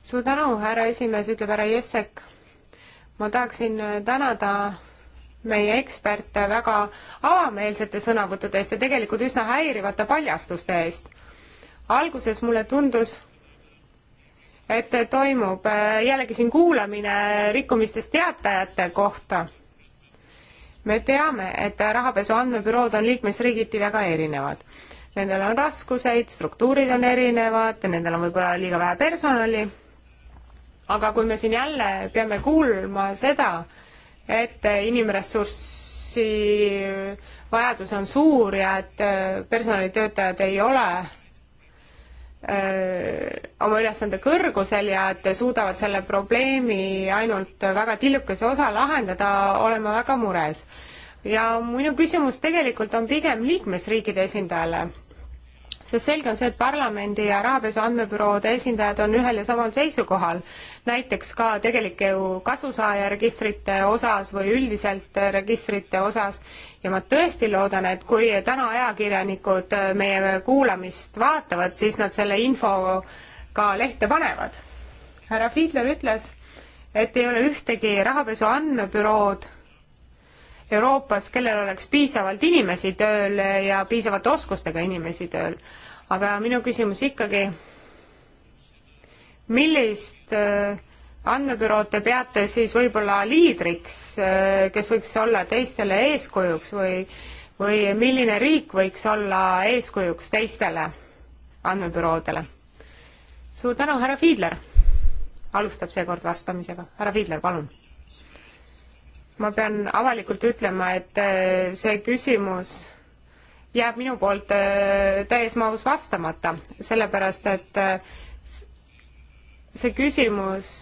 suur tänu, härra esimees, ütleb härra Jessek. ma tahaksin äh, tänada meie eksperte väga avameelsete sõnavõttude eest ja tegelikult üsna häirivate paljastuste eest. alguses mulle tundus, et toimub äh, jällegi siin kuulamine rikkumistest teatajate kohta. me teame, et rahapesu andmebürood on liikmesriigiti väga erinevad nendel on raskuseid, struktuurid on erinevad, nendel on võib-olla liiga vähe personali aga kui me siin jälle peame kuulma seda, et inimressurssi vajadus on suur ja et äh, personalitöötajad ei ole öö, äh, oma ülesande kõrgusel ja et suudavad selle probleemi ainult väga tillukese osa lahendada, olen ma väga mures. ja minu küsimus tegelikult on pigem liikmesriikide esindajale sest selge on see, et parlamendi ja rahapesu andmebüroode esindajad on ühel ja samal seisukohal, näiteks ka tegelike ju kasusaaja registrite osas või üldiselt registrite osas ja ma tõesti loodan, et kui täna ajakirjanikud meie kuulamist vaatavad, siis nad selle info ka lehte panevad. härra Fiedler ütles, et ei ole ühtegi rahapesu andmebürood, Euroopas, kellel oleks piisavalt inimesi tööl ja piisavate oskustega inimesi tööl. aga minu küsimus ikkagi, millist äh, andmebürood te peate siis võib-olla liidriks, äh, kes võiks olla teistele eeskujuks või, või milline riik võiks olla eeskujuks teistele andmebüroodele? suur tänu, härra Fiidler! alustab seekord vastamisega. härra Fiidler, palun ma pean avalikult ütlema, et äh, see küsimus jääb minu poolt äh, täies mahus vastamata, sellepärast et äh, see küsimus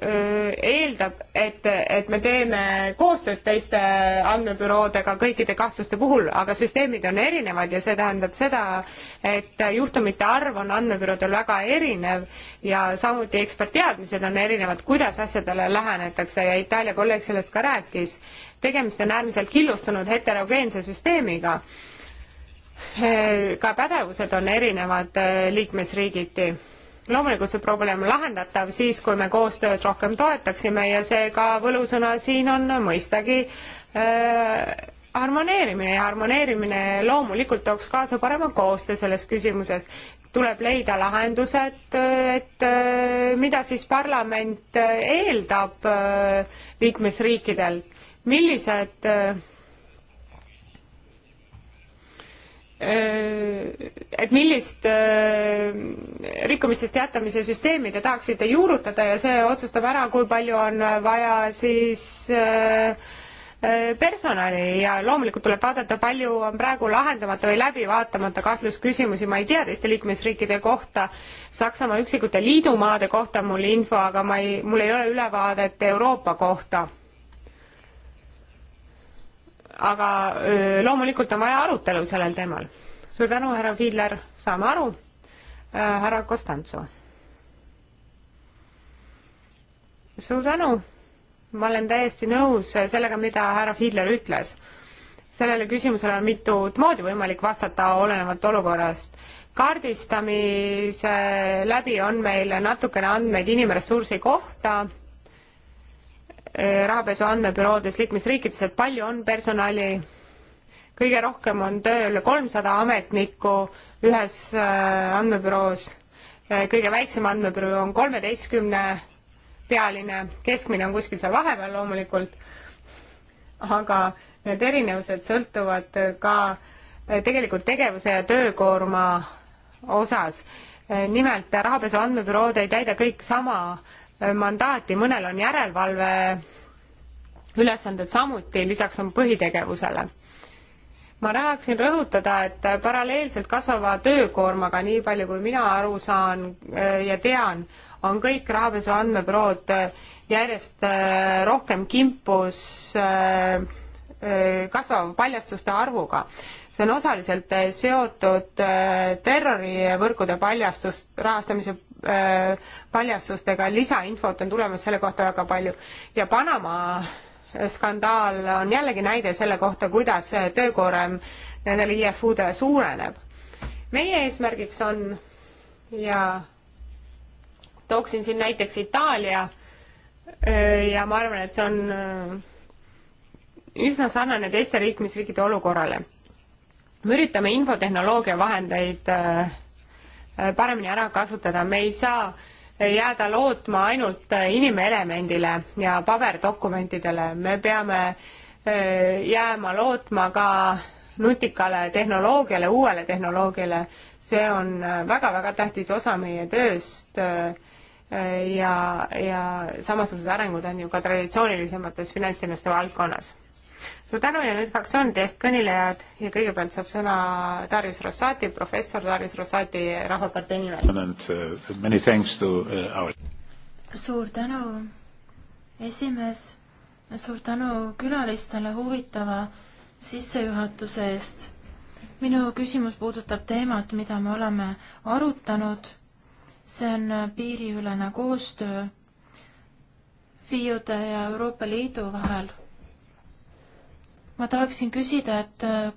eeldab, et, et me teeme koostööd teiste andmebüroodega kõikide kahtluste puhul, aga süsteemid on erinevad ja see tähendab seda, et juhtumite arv on andmebüroodel väga erinev ja samuti ekspertteadmised on erinevad, kuidas asjadele lähenetakse ja Itaalia kolleeg sellest ka rääkis. tegemist on äärmiselt killustunud heterogeense süsteemiga. ka pädevused on erinevad äh, liikmesriigiti loomulikult see probleem on lahendatav siis, kui me koostööd rohkem toetaksime ja seega võlusõna siin on mõistagi äh, harmoneerimine ja harmoneerimine loomulikult tooks kaasa parema koostöö selles küsimuses. tuleb leida lahendused, äh, et äh, mida siis parlament äh, eeldab liikmesriikidelt, millised Äh, et millist äh, rikkumistest teatamise süsteemi te tahaksite juurutada ja see otsustab ära, kui palju on vaja siis äh, personali ja loomulikult tuleb vaadata, palju on praegu lahendamata või läbi vaatamata kahtlusküsimusi, ma ei tea teiste liikmesriikide kohta, Saksamaa üksikute liidumaade kohta on mul info, aga ma ei, mul ei ole ülevaadet Euroopa kohta aga loomulikult on vaja arutelu sellel teemal. suur tänu, härra Fiidler, saame aru. härra Costanzo. suur tänu. ma olen täiesti nõus sellega, mida härra Fiidler ütles. sellele küsimusele on mitut moodi võimalik vastata, olenevalt olukorrast kaardistamise läbi on meil natukene andmeid inimressursi kohta Äh, rahapesu andmebüroodes liikmesriikides, et palju on personali, kõige rohkem on tööl kolmsada ametnikku ühes äh, andmebüroos, äh, kõige väiksem andmebüroo on kolmeteistkümne pealine, keskmine on kuskil seal vahepeal loomulikult, aga need erinevused sõltuvad ka tegelikult tegevuse ja töökoorma osas nimelt rahapesu andmebürood ei täida kõik sama mandaati, mõnel on järelevalve ülesanded samuti, lisaks on põhitegevusele. ma tahaksin rõhutada, et paralleelselt kasvava töökoormaga, nii palju kui mina aru saan äh, ja tean, on kõik rahapesu andmebürood äh, järjest äh, rohkem kimpus kasvava paljastuste arvuga. see on osaliselt seotud terrorivõrkude paljastust, rahastamise paljastustega, lisainfot on tulemas selle kohta väga palju ja Panama skandaal on jällegi näide selle kohta, kuidas töökoorem nendele IFU-dele suureneb. meie eesmärgiks on ja tooksin siin näiteks Itaalia ja ma arvan, et see on üsna sarnane teiste liikmesriikide olukorrale. me üritame infotehnoloogia vahendeid äh, Äh, paremini ära kasutada, me ei saa jääda lootma ainult äh, inimelemendile ja paberdokumentidele, me peame äh, jääma lootma ka nutikale tehnoloogiale, uuele tehnoloogiale, see on väga-väga tähtis osa meie tööst ja, ja samasugused arengud on ju ka traditsioonilisemates finantsteenuste valdkonnas suur tänu ja nüüd fraktsioonide eest kõnelejad ja kõigepealt saab sõna Darius Rossati, professor Darius Rossati Rahvapartei nimel.
Uh, uh,
suur tänu, esimees, suur
tänu külalistele huvitava sissejuhatuse eest. minu küsimus puudutab teemat, mida me oleme arutanud. see on piiriülene koostöö FIUde ja Euroopa Liidu vahel ma tahaksin küsida, et äh,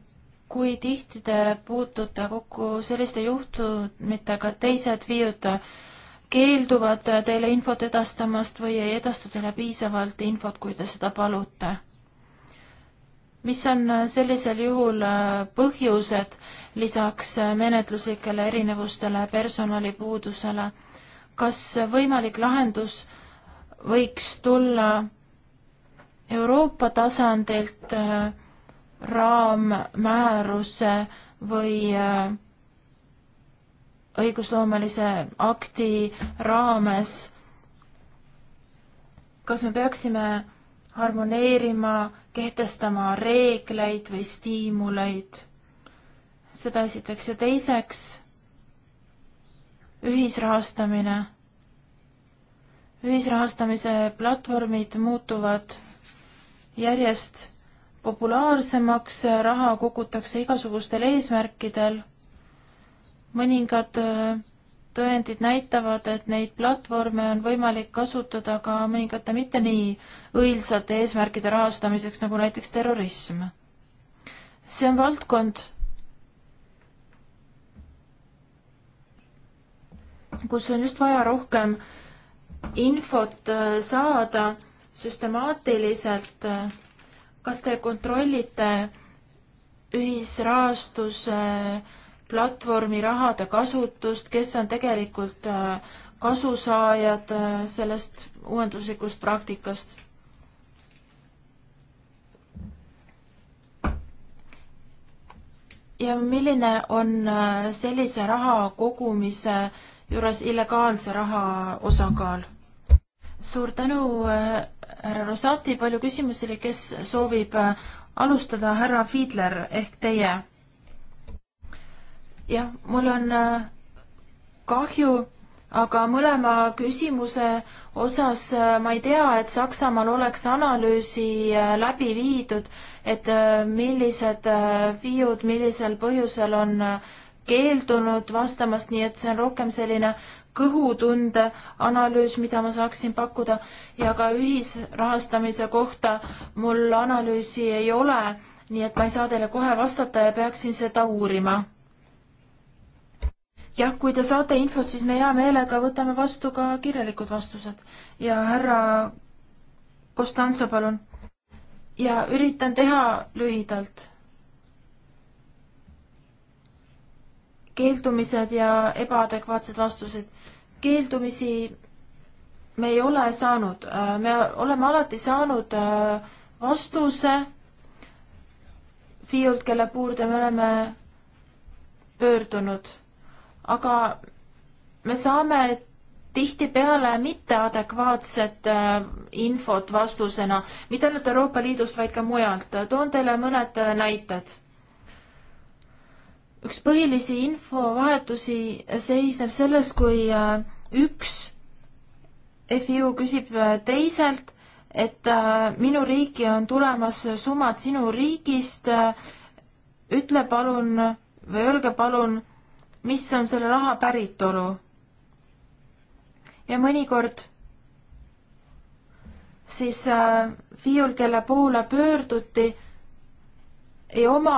kui tihti te puutute kokku selliste juhtumitega, et teised viiud äh, keelduvad äh, teile infot edastamast või ei edasta teile piisavalt infot, kui te seda palute? mis on sellisel juhul põhjused lisaks menetluslikele erinevustele, personalipuudusele? kas võimalik lahendus võiks tulla Euroopa tasandilt äh, raammääruse või äh, õigusloomelise akti raames, kas me peaksime harmoneerima, kehtestama reegleid või stiimuleid? seda esiteks ja teiseks ühisrahastamine. ühisrahastamise platvormid muutuvad järjest populaarsemaks, raha kogutakse igasugustel eesmärkidel. mõningad äh, tõendid näitavad, et neid platvorme on võimalik kasutada ka mõningate mitte nii õilsate eesmärkide rahastamiseks, nagu näiteks terrorism. see on valdkond, kus on just vaja rohkem infot äh, saada süstemaatiliselt. kas te kontrollite ühisrahastuse platvormi rahade kasutust, kes on tegelikult äh, kasusaajad äh, sellest uuenduslikust praktikast? ja milline on äh, sellise raha kogumise juures illegaalse raha osakaal? suur tänu, härra Rosati, palju küsimusi oli, kes soovib äh, alustada, härra Fiidler ehk teie? jah, mul on äh, kahju, aga mõlema küsimuse osas äh, ma ei tea, et Saksamaal oleks analüüsi läbi viidud, et millised viiud millisel põhjusel on äh, keeldunud vastamast, nii et see on rohkem selline kõhutunde analüüs, mida ma saaksin pakkuda ja ka ühisrahastamise kohta mul analüüsi ei ole, nii et ma ei saa teile kohe vastata ja peaksin seda uurima. jah, kui te saate infot, siis me hea meelega võtame vastu ka kirjalikud vastused ja härra Konstantso, palun. ja üritan teha lühidalt keeldumised ja ebaadekvaatsed vastused. keeldumisi me ei ole saanud, äh, me oleme alati saanud äh, vastuse FIUlt, kelle puurde me oleme pöördunud. aga me saame tihtipeale mitteadekvaatset äh, infot vastusena, mitte ainult Euroopa Liidust, vaid ka mujalt. toon teile mõned näited üks põhilisi infovahetusi seisneb selles, kui äh, üks FIU küsib äh, teiselt, et äh, minu riiki on tulemas summad sinu riigist, ütle palun või öelge palun, mis on selle raha päritolu. ja mõnikord siis FIU-l, kelle poole pöörduti, ei oma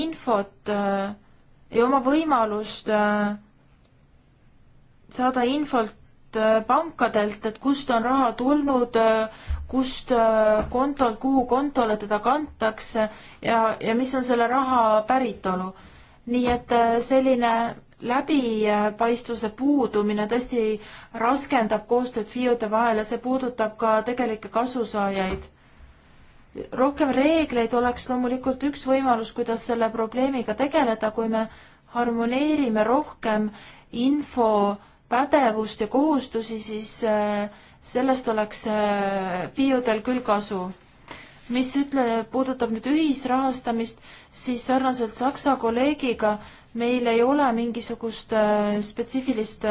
infot äh, ei oma võimalust äh, saada infot äh, pankadelt, et kust on raha tulnud, äh, kust kontolt, kuhu kontole teda kantakse ja, ja mis on selle raha päritolu. nii et selline läbipaistvuse puudumine tõesti raskendab koostööd FIUde vahel ja see puudutab ka tegelikke kasusaajaid rohkem reegleid oleks loomulikult üks võimalus, kuidas selle probleemiga tegeleda, kui me harmoneerime rohkem info pädevust ja kohustusi, siis äh, sellest oleks äh, FIUdel küll kasu. mis ütle, puudutab nüüd ühisrahastamist, siis sarnaselt Saksa kolleegiga meil ei ole mingisugust äh, spetsiifilist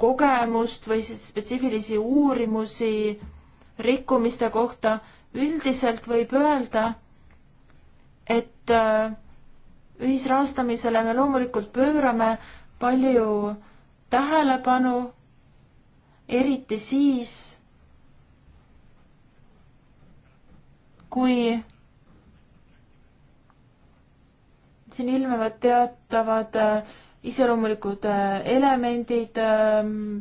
kogemust või siis spetsiifilisi uurimusi rikkumiste kohta üldiselt võib öelda, et äh, ühisrahastamisele me loomulikult pöörame palju tähelepanu, eriti siis, kui siin ilmnevad teatavad äh, iseloomulikud äh, elemendid,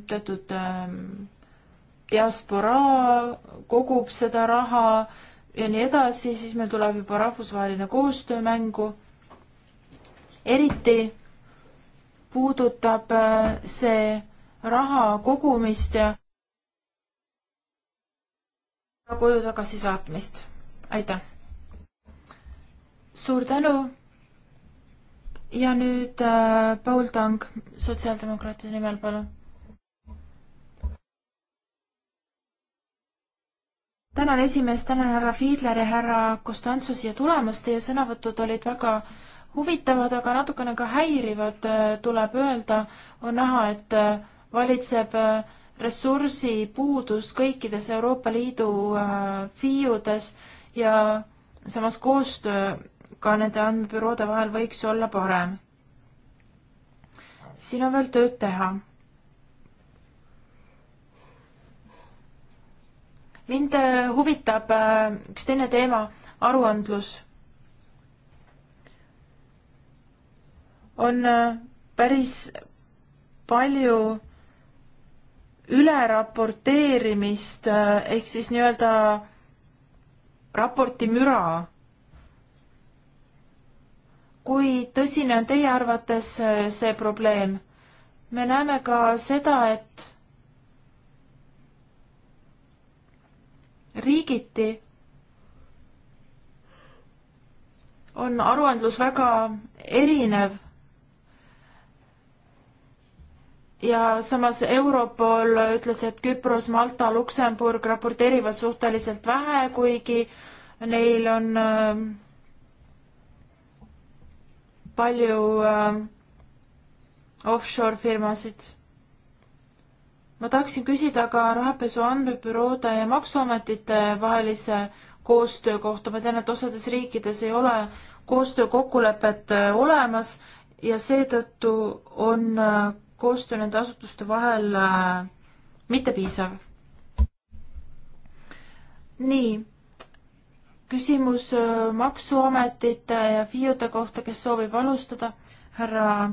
teatud diasporaa kogub seda raha ja nii edasi, siis meil tuleb juba rahvusvaheline koostöö mängu. eriti puudutab äh, see raha kogumist ja koju tagasi saatmist. aitäh! suur tänu! ja nüüd äh, Paul Tang sotsiaaldemokraatide nimel, palun tänan esimees, tänan härra Fiidler ja härra Costanzo siia tulemast, teie sõnavõtud olid väga huvitavad, aga natukene ka häirivad, äh, tuleb öelda, on näha, et äh, valitseb äh, ressursipuudus kõikides Euroopa Liidu FIUdes ja samas koostöö ka nende andmebüroode vahel võiks olla parem. siin on veel tööd teha mind äh, huvitab äh, üks teine teema, aruandlus. on äh, päris palju üleraporteerimist ehk siis nii-öelda raportimüra. kui tõsine on teie arvates see probleem? me näeme ka seda, et riigiti on aruandlus väga erinev. ja samas Europol ütles, et Küpros, Malta, Luksemburg raporteerivad suhteliselt vähe, kuigi neil on äh, palju äh, offshore firmasid ma tahaksin küsida ka rahapesu andmebüroode ja maksuametite vahelise koostöö kohta. ma tean, et osades riikides ei ole koostöökokkulepet äh, olemas ja seetõttu on äh, koostöö nende asutuste vahel äh, mittepiisav. nii, küsimus maksuametite ja FIUde kohta, kes soovib alustada. härra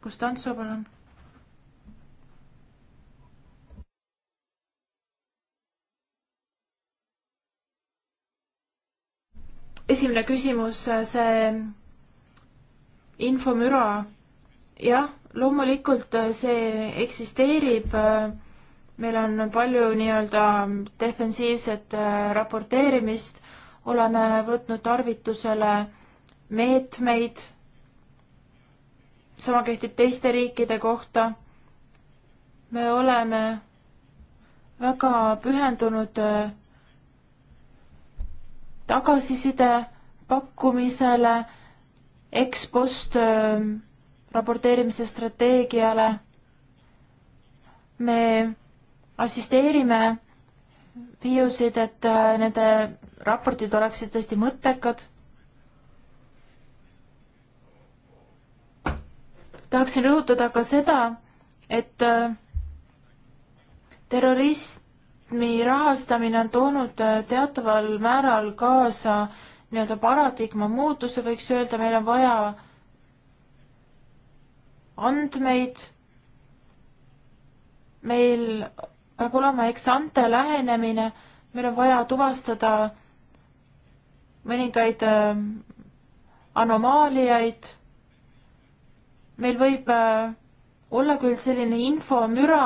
Konstantsov, palun esimene küsimus, see infomüra. jah, loomulikult äh, see eksisteerib. Äh, meil on palju nii-öelda defensiivset äh, raporteerimist, oleme võtnud tarvitusele meetmeid. sama kehtib teiste riikide kohta. me oleme väga pühendunud tagasiside pakkumisele, ekspost ähm, raporteerimise strateegiale. me assisteerime viiusid, et äh, nende raportid oleksid tõesti mõttekad. tahaksin rõhutada ka seda, et äh, terrorist ESM-i rahastamine on toonud äh, teataval määral kaasa nii-öelda paradigma muutuse, võiks öelda, meil on vaja andmeid, meil peab olema eksante lähenemine, meil on vaja tuvastada mõningaid äh, anomaaliaid, meil võib äh, olla küll selline infomüra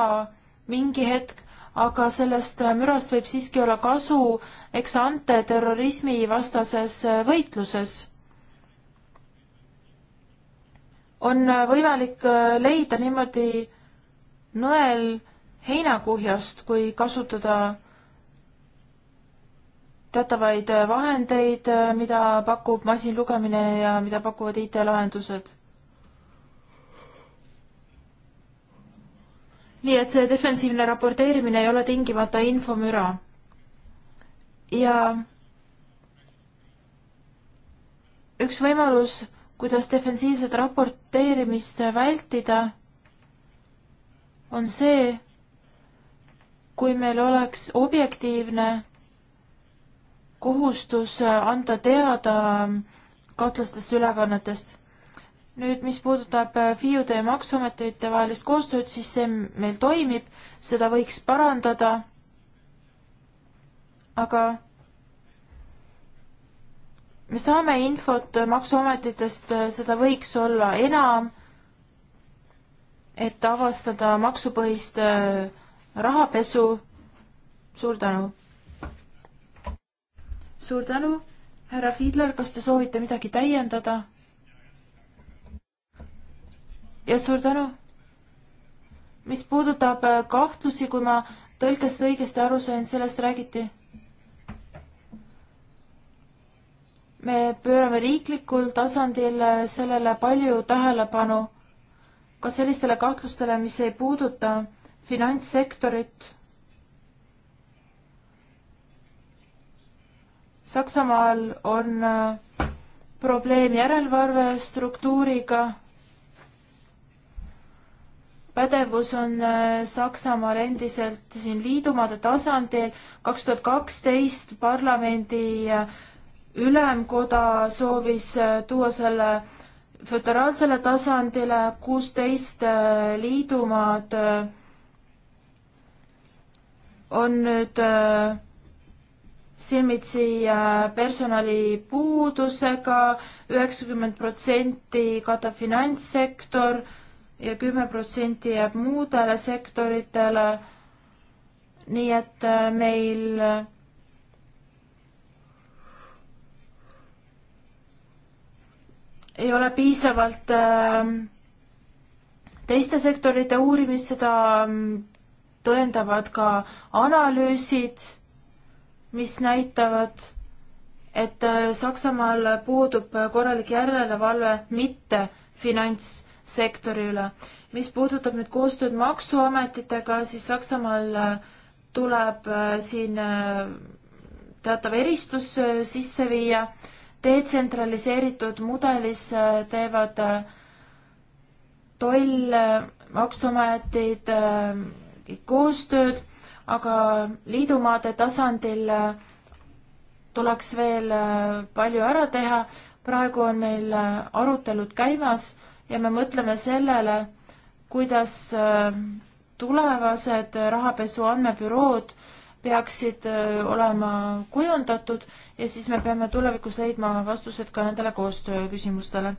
mingi hetk, aga sellest äh, mürast võib siiski olla kasu eks ante terrorismivastases äh, võitluses. on äh, võimalik leida niimoodi nõel heinakuhjast, kui kasutada teatavaid vahendeid, mida pakub masinlugemine ja mida pakuvad IT-lahendused nii et see defensiivne raporteerimine ei ole tingimata infomüra. ja üks võimalus, kuidas defensiivset raporteerimist vältida, on see, kui meil oleks objektiivne kohustus anda teada kahtlastest ülekannetest nüüd, mis puudutab äh, FIUde ja Maksuametite vahelist koostööd, siis see meil toimib, seda võiks parandada, aga me saame infot Maksuametitest, äh, seda võiks olla enam, et avastada maksupõhist äh, rahapesu. suur tänu! suur tänu, härra Fiedler, kas te soovite midagi täiendada? ja suur tänu. mis puudutab äh, kahtlusi, kui ma tõlkest õigesti aru sain, sellest räägiti. me pöörame riiklikul tasandil äh, sellele palju tähelepanu, ka sellistele kahtlustele, mis ei puuduta finantssektorit Saksamaal on äh, probleem järelevalvestruktuuriga pädevus on äh, Saksamaal endiselt siin liidumaade tasandil. kaks tuhat kaksteist parlamendi äh, ülemkoda soovis äh, tuua selle föderaalsele tasandile, kuusteist liidumaad on nüüd silmitsi personalipuudusega, üheksakümmend protsenti katab finantssektor ja kümme protsenti jääb muudele sektoritele. nii et äh, meil äh, ei ole piisavalt ähm, teiste sektorite uurimist, seda ähm, tõendavad ka analüüsid, mis näitavad, et äh, Saksamaal puudub korralik järelevalve mitte finants sektori üle. mis puudutab nüüd koostööd maksuametitega, siis Saksamaal äh, tuleb äh, siin äh, teatav eristus sisse viia. detsentraliseeritud mudelis teevad toll, maksuametid koostööd, aga liidumaade tasandil tuleks veel palju ära teha. praegu on meil arutelud käimas ja me mõtleme sellele, kuidas äh, tulevased rahapesu andmebürood peaksid äh, olema kujundatud ja siis me peame tulevikus leidma vastused ka nendele koostööküsimustele.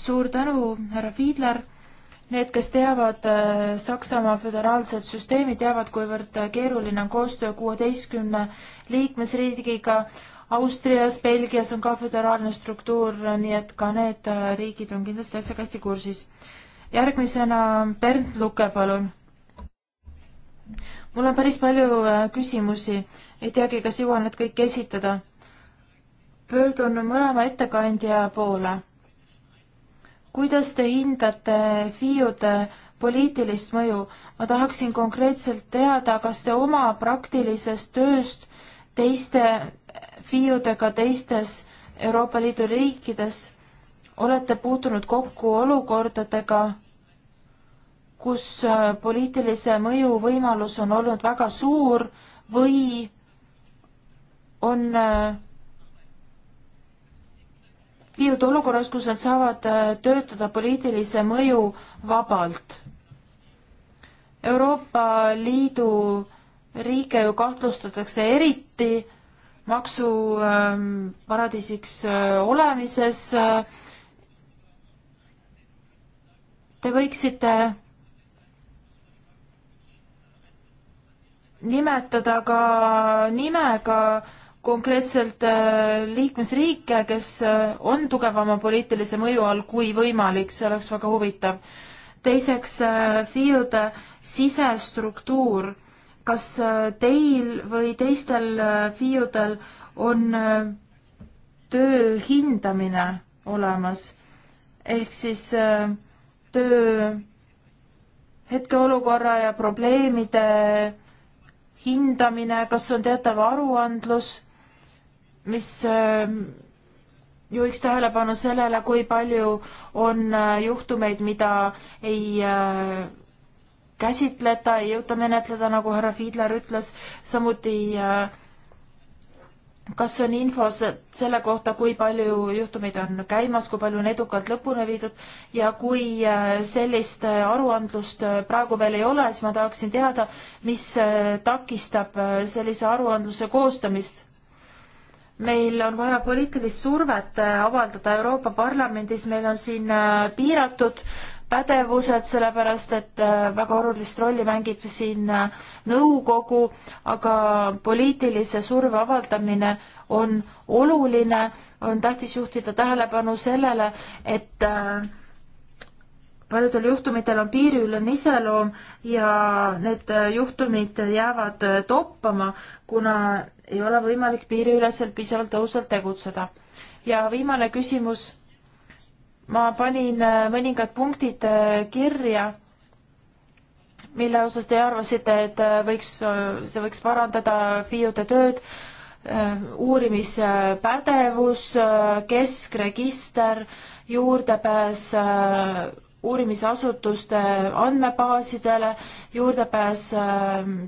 suur tänu, härra Fiidler. Need, kes teavad äh, Saksamaa föderaalset süsteemi, teavad, kuivõrd keeruline on koostöö kuueteistkümne liikmesriigiga Austrias, Belgias on ka föderaalne struktuur, nii et ka need äh, riigid on kindlasti asjaga hästi kursis. järgmisena Bernt Luke, palun. mul on päris palju äh, küsimusi, ei teagi, kas jõuan need kõik esitada. pöördun mõlema ettekandja poole. kuidas te hindate FIUde poliitilist mõju? ma tahaksin konkreetselt teada, kas te oma praktilisest tööst teiste FIUdega teistes Euroopa Liidu riikides olete puutunud kokku olukordadega, kus äh, poliitilise mõju võimalus on olnud väga suur või on äh, viidud olukorras, kus nad saavad äh, töötada poliitilise mõju vabalt. Euroopa Liidu riike ju kahtlustatakse eriti maksuparadiisiks ähm, äh, olemises. Äh, te võiksite nimetada ka nimega konkreetselt äh, liikmesriike, kes on tugevama poliitilise mõju all, kui võimalik, see oleks väga huvitav. teiseks, FIUD sisestruktuur kas äh, teil või teistel äh, FIUdel on äh, töö hindamine olemas ehk siis töö hetkeolukorra ja probleemide hindamine, kas on teatav aruandlus, mis juhiks tähelepanu sellele, kui palju on juhtumeid, mida ei käsitleda, ei jõuta menetleda, nagu härra Fiidler ütles, samuti äh, kas on infos selle kohta, kui palju juhtumeid on käimas, kui palju on edukalt lõpuni viidud ja kui äh, sellist äh, aruandlust praegu veel ei ole, siis ma tahaksin teada, mis takistab sellise aruandluse koostamist meil on vaja poliitilist survet avaldada Euroopa Parlamendis, meil on siin piiratud pädevused, sellepärast et äh, väga olulist rolli mängib siin äh, nõukogu, aga poliitilise surve avaldamine on oluline, on tähtis juhtida tähelepanu sellele, et äh, paljudel juhtumitel on piiriülene iseloom ja need juhtumid jäävad toppama, kuna ei ole võimalik piiriüleselt piisavalt tõhusalt tegutseda. ja viimane küsimus ma panin äh, mõningad punktid äh, kirja, mille osas te arvasite, et äh, võiks, see võiks parandada FIUde tööd, uurimispädevus, keskregister, juurdepääs uurimisasutuste andmebaasidele, juurdepääs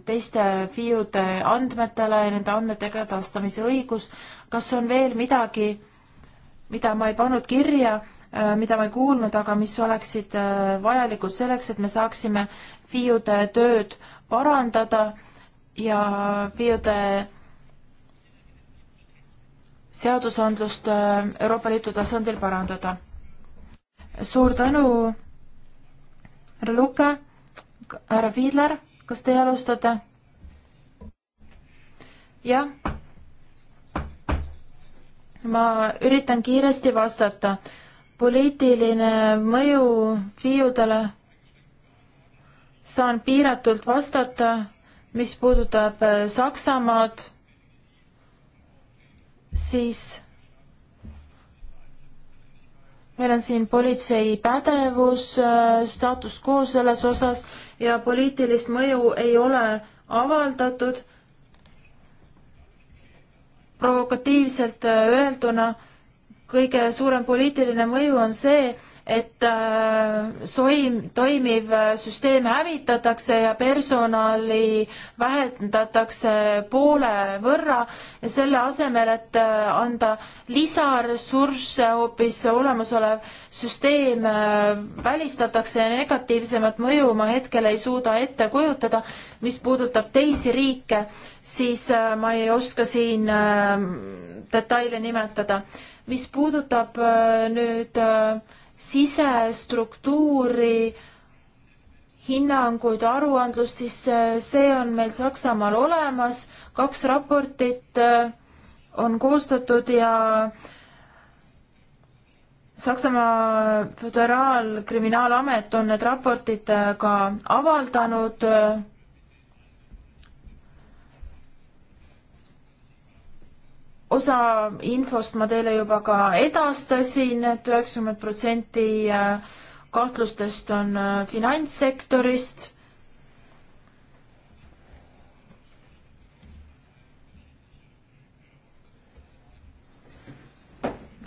teiste FIUde andmetele ja nende andmetega edastamise õigus. kas on veel midagi, mida ma ei pannud kirja, Äh, mida ma ei kuulnud, aga mis oleksid äh, vajalikud selleks, et me saaksime FIUde tööd parandada ja FIUde seadusandlust äh, Euroopa Liidu tasandil parandada. suur tänu, härra Luke, härra Fiidler, kas teie alustate? jah. ma üritan kiiresti vastata poliitiline mõju FIUdele saan piiratult vastata, mis puudutab äh, Saksamaad, siis meil on siin politsei pädevus, äh, staatus quo selles osas ja poliitilist mõju ei ole avaldatud. provokatiivselt äh, öelduna kõige suurem poliitiline mõju on see, et äh, soim, toimiv äh, süsteem hävitatakse ja personali vähendatakse poole võrra ja selle asemel, et äh, anda lisaressursse hoopis olemasolev süsteem välistatakse ja negatiivsemat mõju ma hetkel ei suuda ette kujutada. mis puudutab teisi riike, siis ma ei oska siin detaile nimetada mis puudutab äh, nüüd äh, sisestruktuuri, hinnanguid, aruandlust, siis äh, see on meil Saksamaal olemas, kaks raportit on koostatud ja Saksamaa Föderaalkriminaalamet on need raportid ka avaldanud osa infost ma teile juba ka edastasin et, et üheksakümmend protsenti äh, kahtlustest on äh, finantssektorist.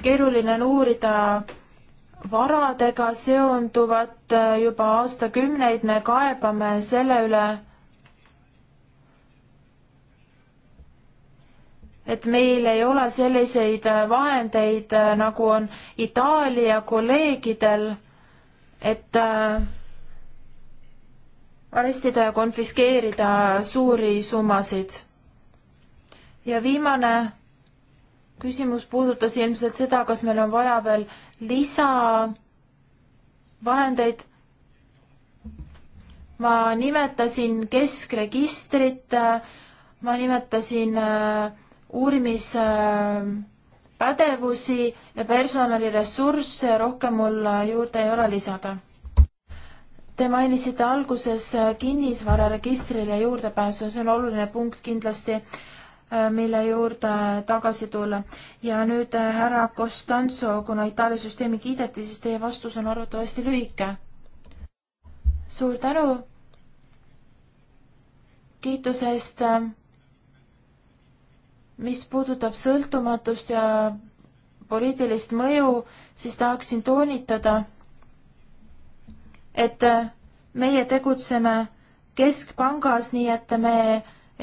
keeruline on uurida varadega seonduvat, äh, juba aastakümneid me kaebame selle üle et meil ei ole selliseid äh, vahendeid, äh, nagu on Itaalia kolleegidel, et äh, arestida ja konfiskeerida suuri summasid. ja viimane küsimus puudutas ilmselt seda, kas meil on vaja veel lisavahendeid. ma nimetasin keskregistrit, ma nimetasin äh, uurimispädevusi ja personaliressursse rohkem mul juurde ei ole lisada. Te mainisite alguses kinnisvararegistrile juurdepääsu, see on oluline punkt kindlasti, äh, mille juurde tagasi tulla. ja nüüd äh, härra Costanzo, kuna Itaalia süsteemi kiideti, siis teie vastus on arvatavasti lühike. suur tänu kiituse eest äh, mis puudutab sõltumatust ja poliitilist mõju, siis tahaksin toonitada, et meie tegutseme keskpangas, nii et me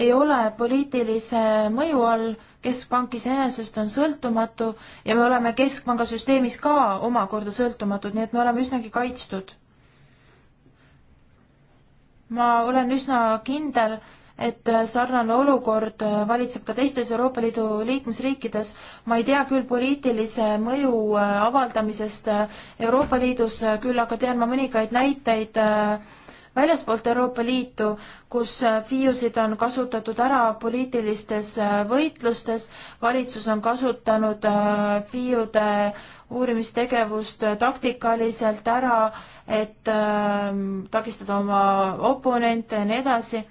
ei ole poliitilise mõju all, keskpank iseenesest on sõltumatu ja me oleme keskpanga süsteemis ka omakorda sõltumatud, nii et me oleme üsnagi kaitstud. ma olen üsna kindel, et äh, sarnane olukord äh, valitseb ka teistes Euroopa Liidu liikmesriikides. ma ei tea küll poliitilise mõju äh, avaldamisest Euroopa Liidus, küll aga tean ma mõningaid näiteid väljaspoolt Euroopa Liitu, kus FIUsid on kasutatud ära poliitilistes võitlustes, valitsus on kasutanud FIUde uurimistegevust taktikaliselt ära, et takistada oma oponente ja nii edasi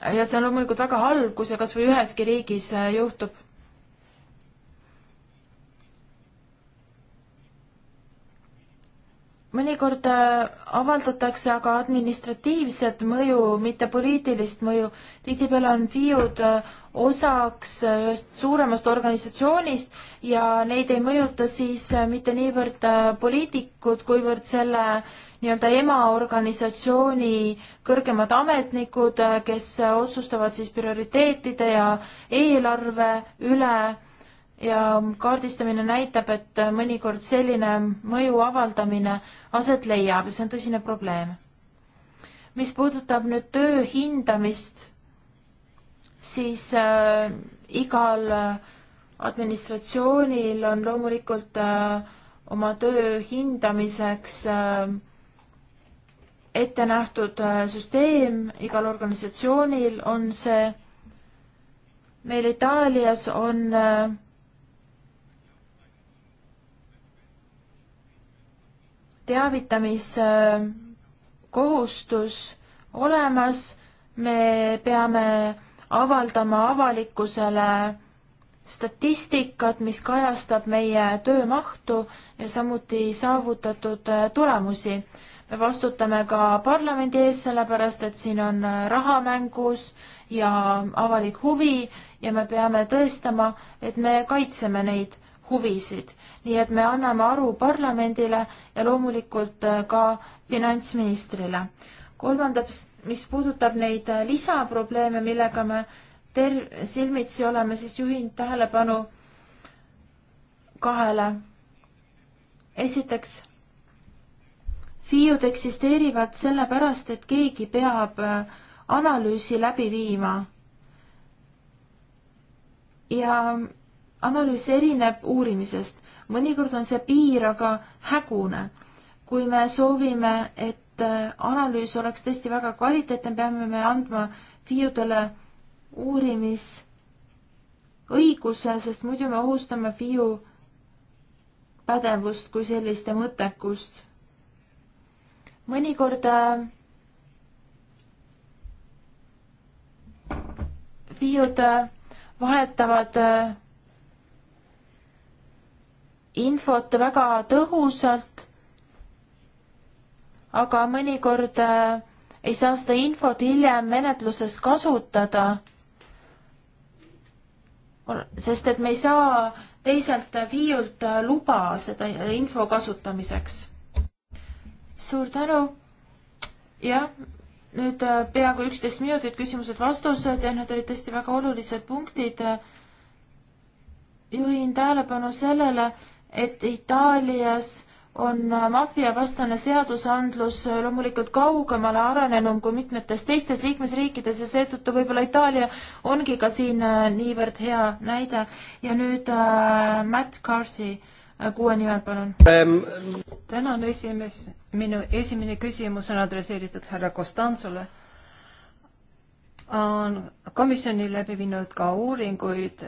ja see on loomulikult väga halb, kui see kas või üheski riigis äh, juhtub. mõnikord äh, avaldatakse aga administratiivset mõju, mitte poliitilist mõju. tihtipeale on FIUD äh, osaks ühest suuremast organisatsioonist ja neid ei mõjuta siis mitte niivõrd poliitikud, kuivõrd selle äh, nii-öelda emaorganisatsiooni kõrgemad ametnikud, kes otsustavad siis prioriteetide ja eelarve üle ja kaardistamine näitab, et mõnikord selline mõju avaldamine aset leiab ja see on tõsine probleem. mis puudutab nüüd töö hindamist, siis äh, igal äh, administratsioonil on loomulikult äh, oma töö hindamiseks äh, ette nähtud äh, süsteem, igal organisatsioonil on see. meil Itaalias on äh, teavitamiskohustus äh, olemas, me peame avaldama avalikkusele statistikat, mis kajastab meie töömahtu ja samuti saavutatud tulemusi me vastutame ka parlamendi ees, sellepärast et siin on äh, raha mängus ja avalik huvi ja me peame tõestama, et me kaitseme neid huvisid. nii et me anname aru parlamendile ja loomulikult äh, ka finantsministrile. kolmandaks, mis puudutab neid äh, lisaprobleeme, millega me ter-, silmitsi oleme, siis juhin tähelepanu kahele. esiteks FIUD eksisteerivad sellepärast, et keegi peab äh, analüüsi läbi viima. ja analüüs erineb uurimisest, mõnikord on see piir aga hägune. kui me soovime, et äh, analüüs oleks tõesti väga kvaliteetne, peame me andma FIUDele uurimisõiguse, sest muidu me ohustame FIU pädevust kui selliste mõttekust mõnikord FIUD äh, äh, vahetavad äh, infot väga tõhusalt, aga mõnikord ei saa seda infot hiljem menetluses kasutada, sest et me ei saa teiselt FIUD-lt luba seda info kasutamiseks suur tänu. jah, nüüd äh, peaaegu üksteist minutit küsimused-vastused ja need olid tõesti väga olulised punktid. juhin tähelepanu sellele, et Itaalias on äh, maffiavastane seadusandlus äh, loomulikult kaugemale arenenum kui mitmetes teistes liikmesriikides ja seetõttu võib-olla Itaalia ongi ka siin niivõrd hea näide.
ja nüüd äh, Matt Carthy äh, kuue nimel, palun ähm.. tänan, esimees. minu esimene küsimus on adresseeritud härra Kostantsole. on komisjoni läbi viinud ka uuringuid,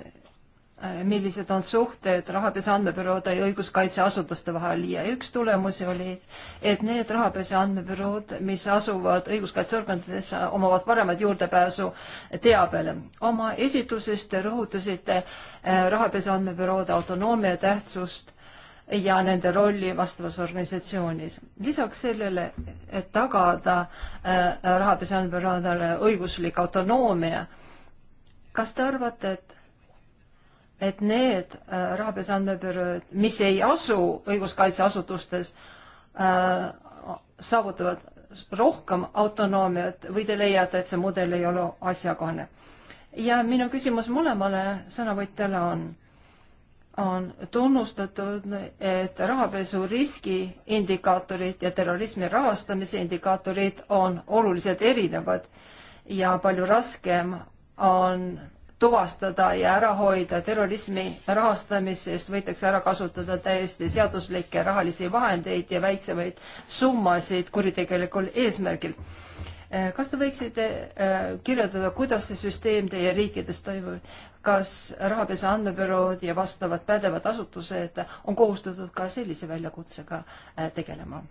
äh, millised on suhted rahapesu andmebüroode ja õiguskaitseasutuste vahel ja üks tulemusi oli, et need rahapesu andmebürood, mis asuvad õiguskaitseorganitesse, omavad paremat juurdepääsu teabele. oma esitlusest te rõhutasite äh, rahapesu andmebüroode autonoomia tähtsust ja nende rolli vastavas organisatsioonis. lisaks sellele, et tagada äh, rahapesu andmebüroodele õiguslik autonoomia, kas te arvate, et et need äh, rahapesu andmebürood, mis ei asu õiguskaitseasutustes, äh, saavutavad rohkem autonoomiat või te leiate, et see mudel ei ole asjakohane? ja minu küsimus mõlemale sõnavõtjale on on tunnustatud, et rahapesu riski indikaatorid ja terrorismi rahastamise indikaatorid on oluliselt erinevad ja palju raskem on tuvastada ja ära hoida terrorismi rahastamist, sest võidakse ära kasutada täiesti seaduslikke rahalisi vahendeid ja väiksemaid summasid kuritegelikul eesmärgil. kas te võiksite äh, kirjeldada, kuidas see süsteem teie riikides toimub? kas rahapesu andmebürood ja vastavad pädevad asutused on kohustatud ka sellise väljakutsega äh, tegelema?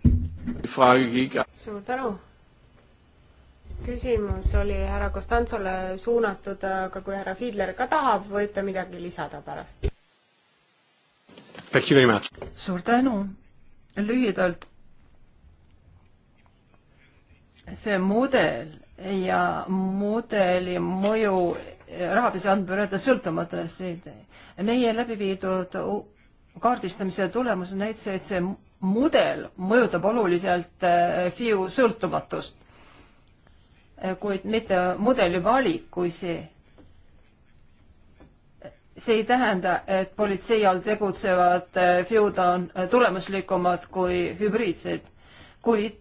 suur tänu!
küsimus oli härra Costanzole suunatud, aga kui härra Fiedler ka tahab, võib ta midagi lisada
pärast. suur tänu! lühidalt see mudel ja mudeli mõju rahapesu andmebüroode sõltumatusest. meie läbi viidud kaardistamise tulemus näitas, et see mudel mõjutab oluliselt äh, FIU sõltumatust, kuid mitte mudeli valik kui see. see ei tähenda, et politsei all tegutsevad äh, FIU-d on tulemuslikumad kui hübriidsed, kuid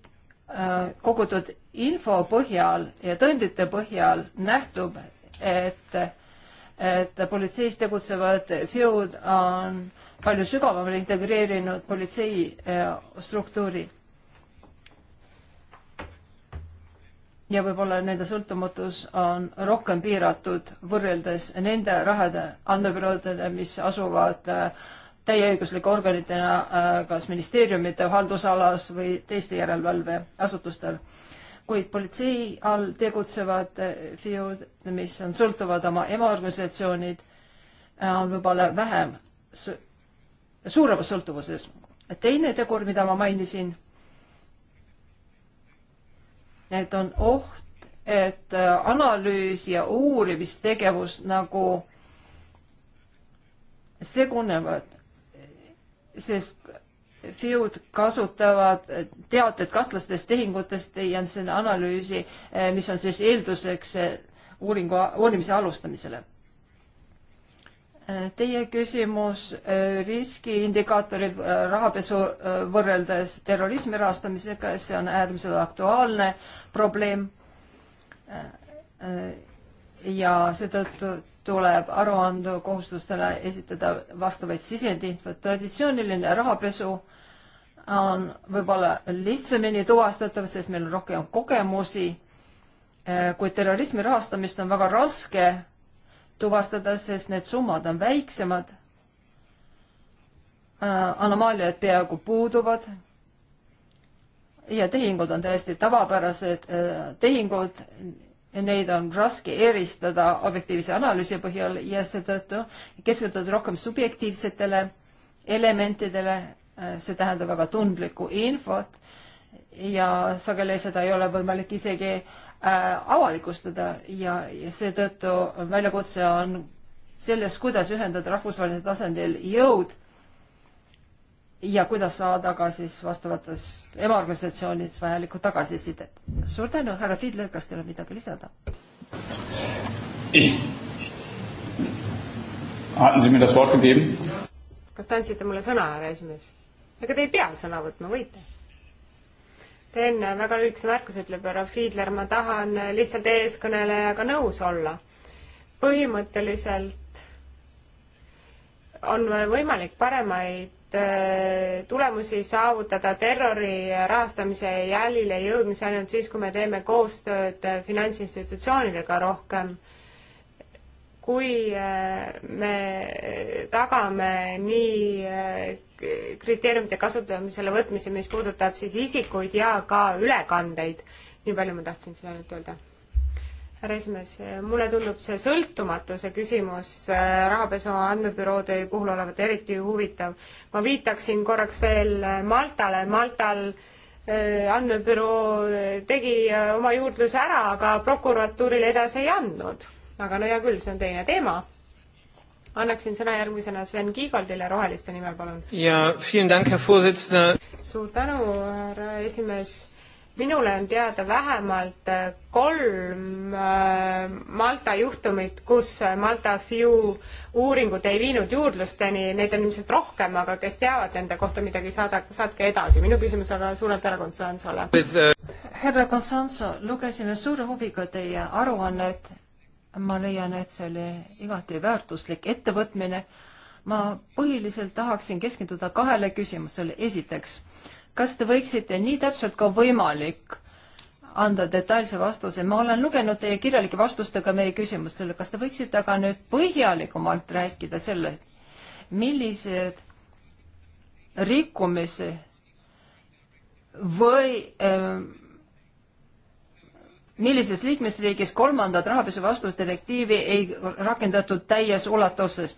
äh, kogutud info põhjal ja tõendite põhjal nähtub, et, et politseis tegutsevad FIU-d on palju sügavamale integreerinud politsei eh, struktuuri. ja võib-olla nende sõltumatus on rohkem piiratud võrreldes nende rahade andmebüroodega, mis asuvad äh, täieõiguslike organitena eh, kas ministeeriumite haldusalas või teiste järelevalveasutustel kuid politsei all tegutsevad eh, FIU-d, mis on, sõltuvad oma emaorganisatsioonid, eh, on võib-olla vähem su, suuremas sõltuvuses. teine tegur, mida ma mainisin, et on oht, et eh, analüüs ja uurimistegevus nagu segunevad, sest FIUD kasutavad teateid katlastest tehingutest ja selle analüüsi, eh, mis on siis eelduseks eh, uuringu, uurimise alustamisele. Eh, teie küsimus riskiindikaatorid rahapesu võrreldes terrorismi rahastamisega, see on äärmiselt aktuaalne probleem. ja seetõttu tuleb aruandekohustustele esitada vastavaid sisendinfot. traditsiooniline rahapesu on võib-olla lihtsamini tuvastatav, sest meil on rohkem kogemusi, eh, kuid terrorismi rahastamist on väga raske tuvastada, sest need summad on väiksemad. Eh, anomaaliad peaaegu puuduvad ja tehingud on täiesti tavapärased eh, tehingud, neid on raske eristada objektiivse analüüsi põhjal ja seetõttu keskenduda rohkem subjektiivsetele elementidele, Äh, see tähendab väga tundlikku infot ja sageli seda ei ole võimalik isegi äh, avalikustada ja, ja seetõttu väljakutse on selles, kuidas ühendada rahvusvahelisel tasandil jõud ja kuidas saada ka siis vastavates emaorganisatsioonides vajalikku tagasisidet. suur tänu, härra Fiedler, kas teil on midagi lisada?
kas te andsite mulle sõna, härra esimees? ega te ei pea sõna võtma, võite. teen väga lühikese märkuse, ütleb härra Friedler, ma tahan lihtsalt eeskõnelejaga nõus olla. põhimõtteliselt on võimalik paremaid äh, tulemusi saavutada terrori rahastamise jälile jõudmise ainult siis, kui me teeme koostööd äh, finantsinstitutsioonidega rohkem kui äh, me tagame nii äh, kriteeriumite kasutamisele võtmise, mis puudutab siis isikuid ja ka ülekandeid. nii palju ma tahtsin seda nüüd öelda. härra esimees, mulle tundub see sõltumatuse küsimus äh, rahapesu andmebüroode puhul olevat eriti huvitav. ma viitaksin korraks veel Maltale, Maltal andmebüroo tegi oma juurdluse ära, aga prokuratuurile edasi ei andnud aga no hea küll, see on teine teema. annaksin sõna järgmisena Sven Kiigoldile Roheliste nimel, palun. ja, suur tänu, härra esimees minule on teada vähemalt kolm äh, Malta juhtumit, kus Malta FIU uuringud ei viinud juurdlusteni, neid on ilmselt rohkem, aga kes teavad nende kohta midagi, saada, saatke edasi. minu
küsimus aga suurelt härra äh, Gonsalosole. härra Gonsalso, lugesime suure huviga teie aruannet ma leian, et see oli igati väärtuslik ettevõtmine. ma põhiliselt tahaksin keskenduda kahele küsimusele. esiteks, kas te võiksite nii täpselt kui võimalik anda detailse vastuse, ma olen lugenud teie kirjalike vastustega meie küsimustele, kas te võiksite aga nüüd põhjalikumalt rääkida sellest, millised rikkumisi või äh, millises liikmesriigis kolmandat rahapesu vastu direktiivi ei rakendatud täies ulatuses.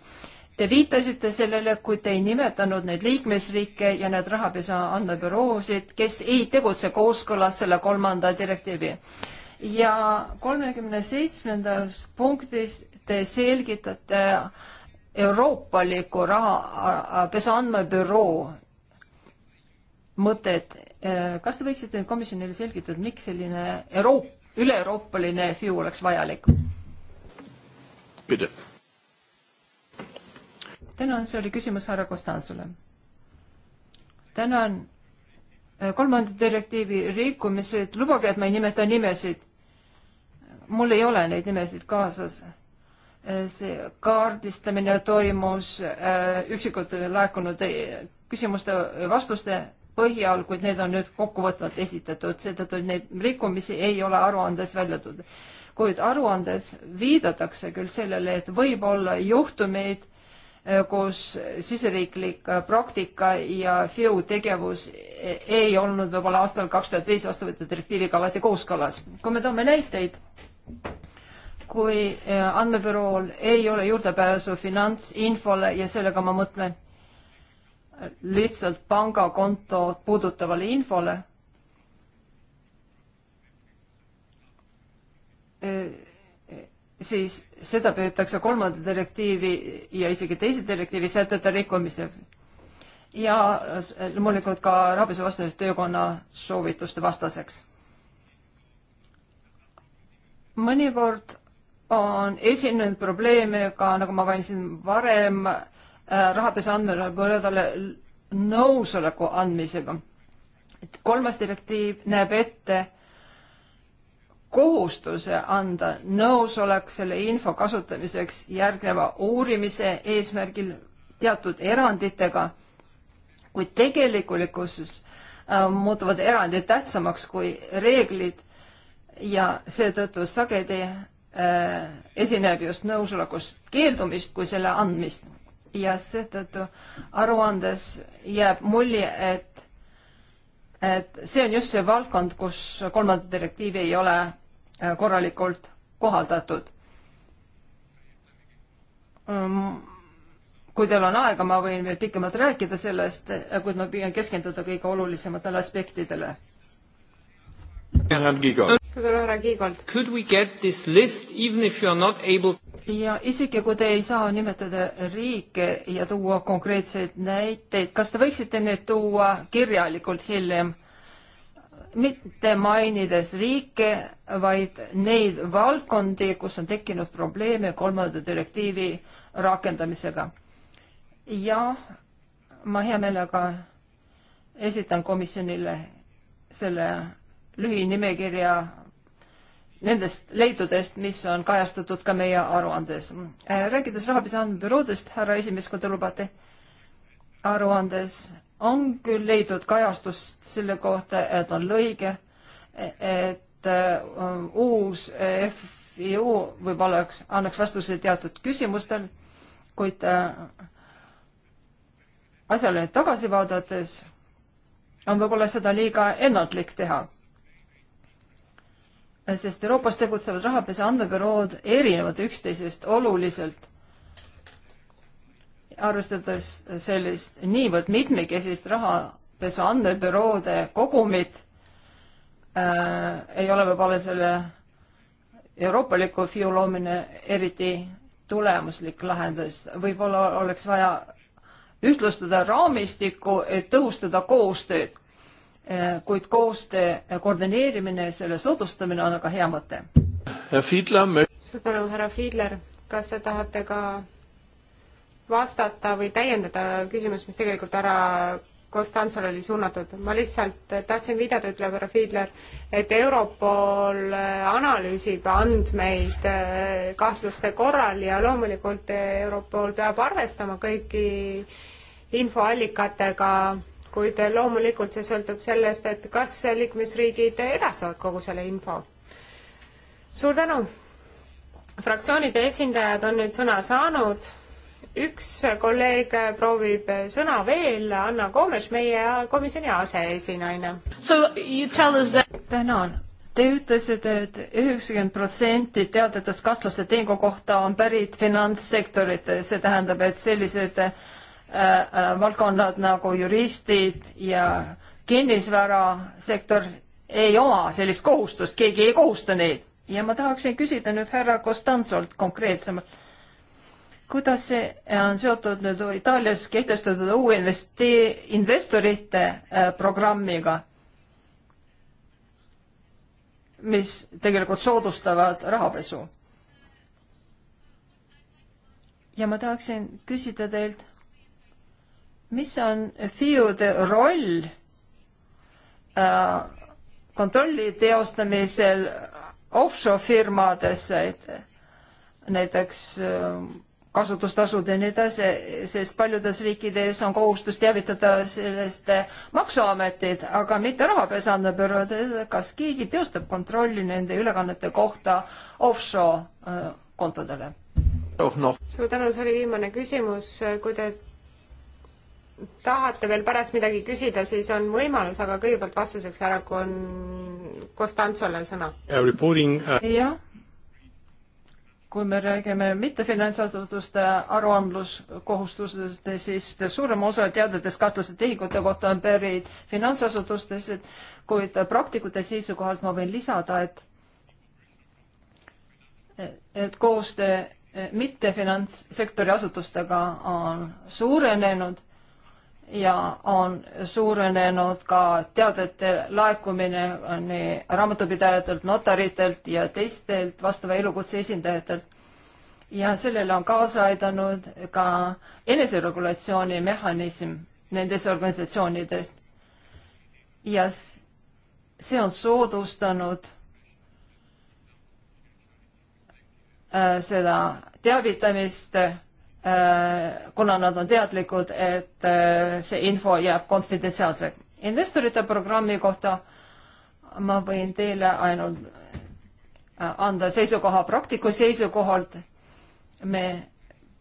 Te viitasite sellele, kuid te ei nimetanud neid liikmesriike ja need rahapesu andmebüroosid, kes ei tegutse kooskõlas selle kolmanda direktiivi. ja kolmekümne seitsmendas punktis te selgitate euroopaliku rahapesu andmebüroo mõtet. kas te võiksite komisjonile selgitada, miks selline Euroopa üle-euroopaline FIU oleks vajalik. tänan, see oli küsimus härra Kostansule. tänan äh, kolmanda direktiivi rikkumised, lubage, et ma ei nimeta nimesid. mul ei ole neid nimesid kaasas. Äh, see kaardistamine toimus äh, üksikute laekunud küsimuste-vastuste põhjal, kuid need on nüüd kokkuvõtvalt esitatud, seetõttu neid rikkumisi ei ole aruandes välja toodud. kuid aruandes viidatakse küll sellele, et võib olla juhtumeid, eh, kus siseriiklik eh, praktika ja FIU tegevus ei olnud võib-olla aastal kaks tuhat viis vastu võetud direktiiviga alati kooskõlas. kui me toome näiteid, kui eh, andmebürool ei ole juurdepääsu finantsinfole ja sellega ma mõtlen lihtsalt pangakonto puudutavale infole. siis seda peetakse kolmanda direktiivi ja isegi teise direktiivi sätete rikkumiseks. ja loomulikult ka rahapesu vastase töökonna soovituste vastaseks. mõnikord on esinenud probleeme ka, nagu ma mainisin varem, Äh, rahapesu andmebüroodele nõusoleku andmisega. kolmas direktiiv näeb ette kohustuse anda nõusolek selle info kasutamiseks järgneva uurimise eesmärgil teatud eranditega, kuid tegelikkuses äh, muutuvad erandid tähtsamaks kui reeglid ja seetõttu sageli äh, esineb just nõusolekust keeldumist kui selle andmist ja seetõttu aruandes jääb mulje, et, et see on just see valdkond, kus kolmanda direktiivi ei ole äh, korralikult kohaldatud. Mm, kui teil on aega, ma võin veel pikemalt rääkida sellest, äh, kuid ma püüan keskenduda kõige olulisematele aspektidele Could we get this list even if you are not able ja isegi kui te ei saa nimetada riike ja tuua konkreetseid näiteid, kas te võiksite need tuua kirjalikult hiljem? mitte mainides riike, vaid neid valdkondi, kus on tekkinud probleeme kolmanda direktiivi rakendamisega. ja ma hea meelega esitan komisjonile selle lühinimekirja nendest leidudest, mis on kajastatud ka meie aruandes. Äh, rääkides rahapesu andmebüroodest, härra esimees, kui te lubate, aruandes on küll leidnud kajastust selle kohta, et on lõige, et äh, uus äh, FIU võib-olla oleks, annaks vastuse teatud küsimustel, kuid asjale tagasi vaadates on võib-olla seda liiga ennatlik teha sest Euroopas tegutsevad rahapesu andmebürood erinevad üksteisest oluliselt. arvestades sellist niivõrd mitmekesist rahapesu andmebüroode kogumit äh,, ei ole võib-olla selle euroopaliku FIU loomine eriti tulemuslik lahendus, võib-olla oleks vaja ühtlustada raamistikku, et tõhustada koostööd Eh, kuid koostöö koordineerimine, selle soodustamine on väga hea mõte. suur tänu, härra Fiidler,
kas te tahate ka vastata või täiendada küsimust, mis tegelikult härra Konstantsole oli suunatud. ma lihtsalt tahtsin viidata, ütleb härra Fiidler, et Europol eh, analüüsib andmeid eh, kahtluste korral ja loomulikult Europol peab arvestama kõiki infoallikatega kuid loomulikult see sõltub sellest, et kas liikmesriigid edastavad kogu selle info. suur tänu! fraktsioonide esindajad on nüüd sõna saanud, üks kolleeg proovib sõna veel, Anna Koomes, meie komisjoni aseesinaine.
That... tänan. Te ütlesite et, et üheksakümmend protsenti teadetest kahtlaste tehingu kohta on pärit finantssektorit, see tähendab, et sellised äh, Äh, äh, valdkonnad nagu juristid ja kinnisvarasektor ei oma sellist kohustust, keegi ei kohusta neid. ja ma tahaksin küsida nüüd härra Costanzolt konkreetsemalt, kuidas see on seotud nüüd Itaalias kehtestatud uue investee-, investorite äh, programmiga, mis tegelikult soodustavad rahapesu? ja ma tahaksin küsida teilt mis on FIUde roll äh, kontrolli teostamisel offshore firmades, näiteks äh, kasutustasud ja nii edasi, sest paljudes riikides on kohustus teavitada sellest maksuameteid, aga mitte rahapesu andmebürood, kas keegi teostab kontrolli nende ülekannete kohta offshore äh, kontodele oh,? No. suur tänu, see oli viimane küsimus,
kui te tahate veel pärast midagi küsida, siis on võimalus, aga kõigepealt vastuseks ära, kui on Konstantsole sõna.
Uh, uh, jah, kui me räägime mittefinantsasutuste aruandluskohustustest, siis suurem osa teadetest kahtlaste tehingute kohta on pärit finantsasutustest, kuid praktikute seisukohalt ma võin lisada, et et koostöö mittefinantssektori asutustega on suurenenud ja on suurenenud ka teadete laekumine nii raamatupidajatelt, notaritelt ja teistelt vastava elukutse esindajatelt. ja sellele on kaasa aidanud ka eneseregulatsiooni mehhanism nendes organisatsioonides. ja see on soodustanud äh, seda teavitamist Äh, kuna nad on teadlikud, et äh, see info jääb konfidentsiaalseks. investorite programmi kohta ma võin teile ainult äh, anda seisukoha praktiku seisukohalt. me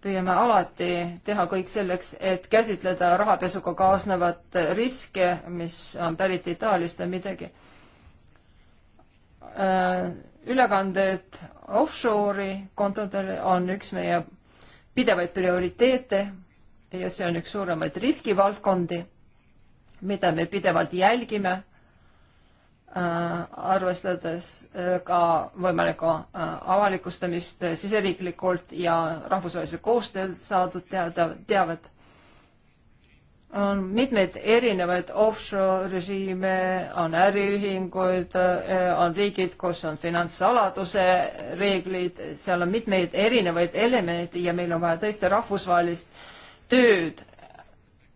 püüame alati teha kõik selleks, et käsitleda rahapesuga kaasnevat riske, mis on pärit Itaaliast või midagi. ülekanded offshore'i kontodele on üks meie pidevaid prioriteete ja see on üks suuremaid riskivaldkondi, mida me pidevalt jälgime äh,, arvestades äh, ka võimalikku äh, avalikustamist äh, siseriiklikult ja rahvusvahelisel koostööl saadud teada, teavet on mitmeid erinevaid offshore režiime, on äriühinguid, on riigid, kus on finantssaladuse reeglid, seal on mitmeid erinevaid elemente ja meil on vaja tõesti rahvusvahelist tööd,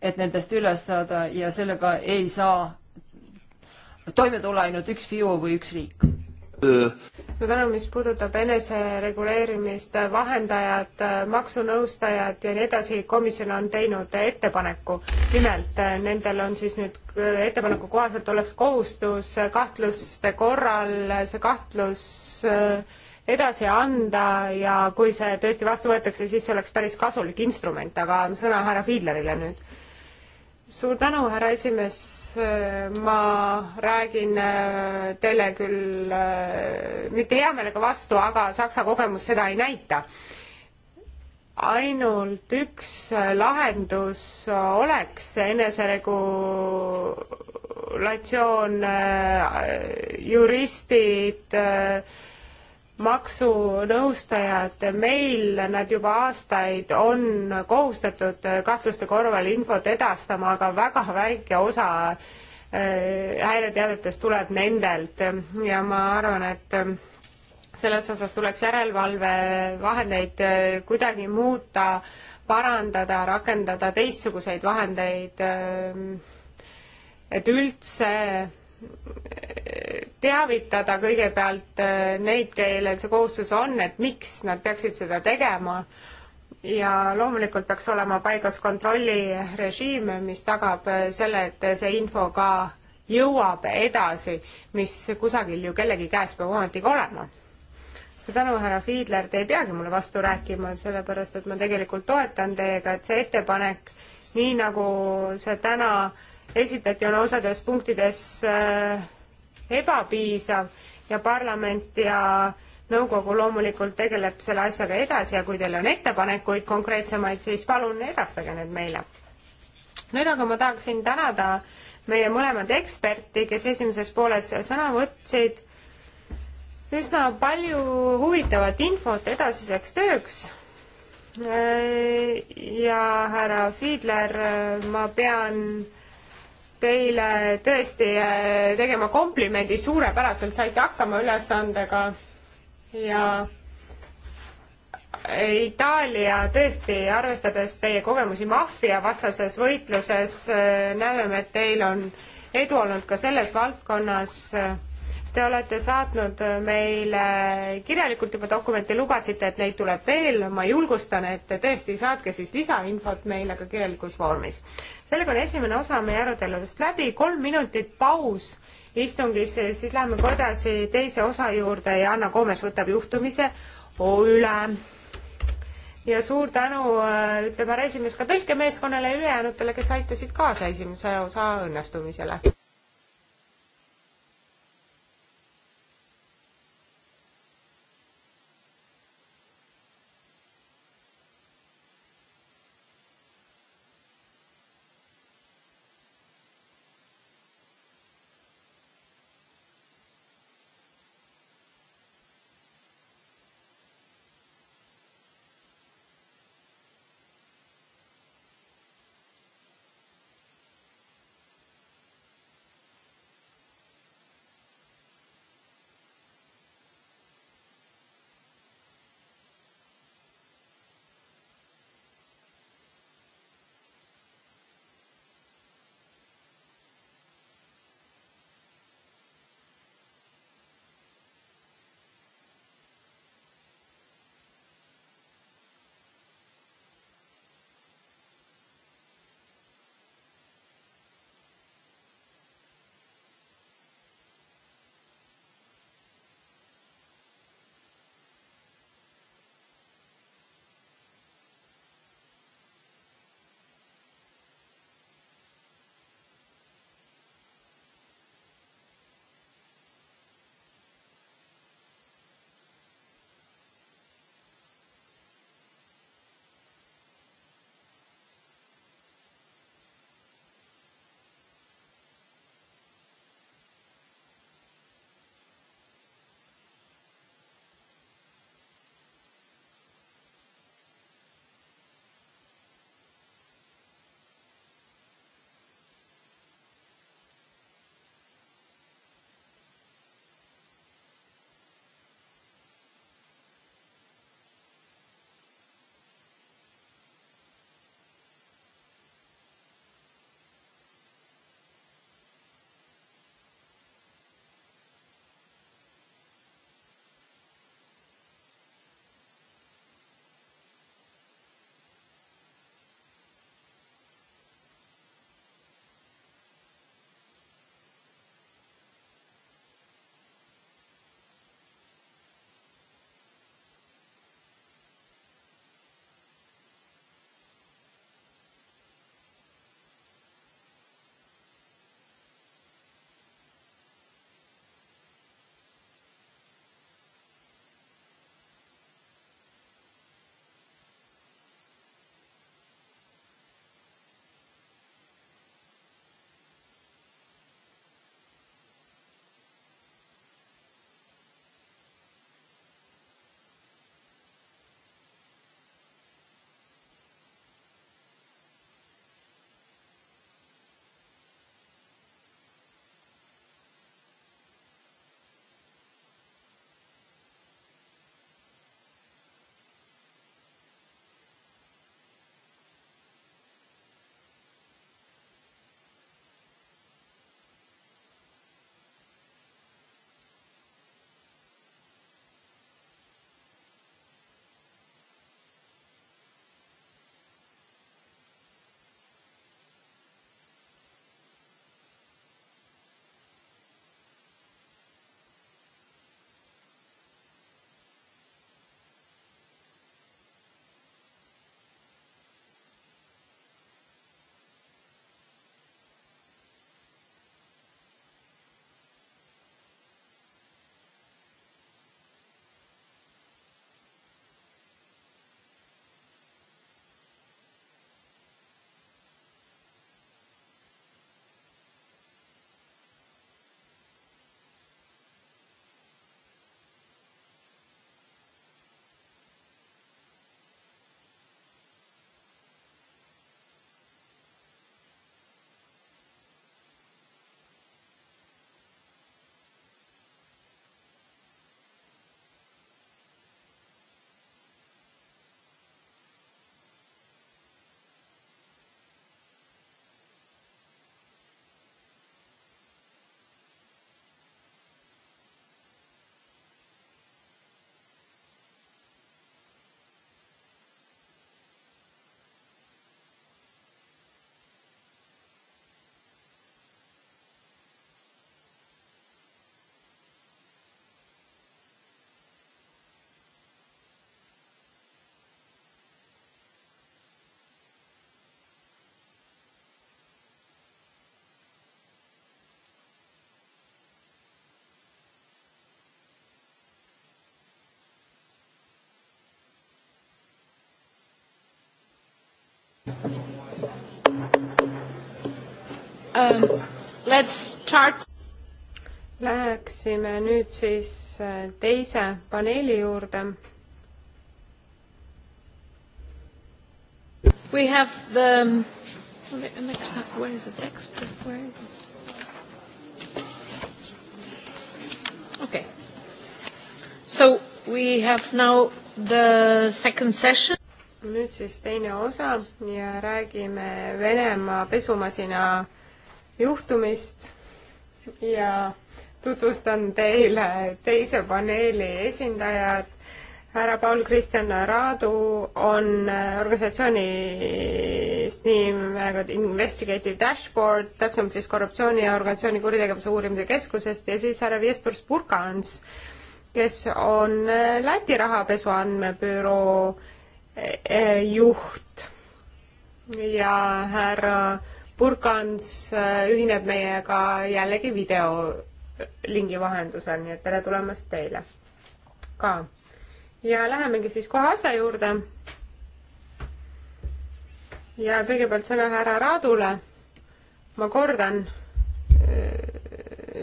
et nendest üle saada ja sellega ei saa toime tulla ainult üks FIO või üks riik
suur
tänu, mis puudutab
enesereguleerimist, vahendajad, maksunõustajad ja nii edasi, komisjon on teinud ettepaneku. nimelt nendel on siis nüüd ettepaneku kohaselt oleks kohustus kahtluste korral see kahtlus äh, edasi anda ja kui see tõesti vastu võetakse, siis see oleks päris kasulik instrument, aga sõna härra Fiedlerile nüüd suur tänu, härra esimees, ma räägin äh, teile küll äh, mitte hea meelega vastu, aga Saksa kogemus seda ei näita. ainult üks äh, lahendus oleks eneseregulatsioon, juristid äh, maksunõustajad, meil nad juba aastaid on kohustatud kahtluste korral infot edastama, aga väga väike osa äh, häireteadetest tuleb nendelt ja ma arvan, et äh, selles osas tuleks järelevalvevahendeid äh, kuidagi muuta, parandada, rakendada teistsuguseid vahendeid, et üldse teavitada kõigepealt äh, neid, kellel see kohustus on, et miks nad peaksid seda tegema ja loomulikult peaks olema paigas kontrollirežiim, mis tagab äh, selle, et see info ka jõuab edasi, mis kusagil ju kellegi käes peab ometigi olema. suur tänu, härra Fiidler, te ei peagi mulle vastu rääkima, sellepärast et ma tegelikult toetan teiega, et see ettepanek, nii nagu see täna äh, esitati, on osades punktides äh, ebapiisav ja parlament ja nõukogu loomulikult tegeleb selle asjaga edasi ja kui teil on ettepanekuid konkreetsemaid, siis palun edastage need meile. nüüd aga ma tahaksin tänada meie mõlemad eksperti, kes esimeses pooles sõna võtsid. üsna palju huvitavat infot edasiseks tööks. Äh, ja härra Fiidler, ma pean teile tõesti äh, tegema komplimendi, suurepäraselt saite hakkama ülesandega ja Itaalia tõesti, arvestades teie kogemusi maffiavastases võitluses, äh, näeme me, et teil on edu olnud ka selles valdkonnas äh, Te olete saatnud meile kirjalikult juba dokumente, lubasite, et neid tuleb veel, ma julgustan, et tõesti saatke siis lisainfot meile ka kirjalikus vormis. sellega on esimene osa meie arutelust läbi, kolm minutit paus istungis, siis läheme ka edasi teise osa juurde ja Anna Koomes võtab juhtumise üle. ja suur tänu, ütleb härra esimees, ka tõlkemeeskonnale ja ülejäänutele, kes aitasid kaasa esimese osa õnnestumisele. um,. Let's start. Läheksime nüüd siis äh, teise paneeli juurde. We have the next, um, where is the text? Where is it? Okay. So we have now the second session nüüd siis teine osa ja räägime Venemaa pesumasina juhtumist ja tutvustan teile teise paneeli esindajad. härra Paul-Kristjan Raadu on organisatsioonist nimega Investigative Dashboard, täpsemalt siis korruptsiooni ja organisatsiooni kuritegevuse uurimise keskusest ja siis härra Viesturs Burkans, kes on Läti rahapesu andmebüroo eh, juht ja härra Burkans äh, ühineb meiega jällegi videolingi vahendusel, nii et tere tulemast teile ka. ja lähemegi siis kohe asja juurde. ja kõigepealt sõna härra Raadule. ma kordan äh,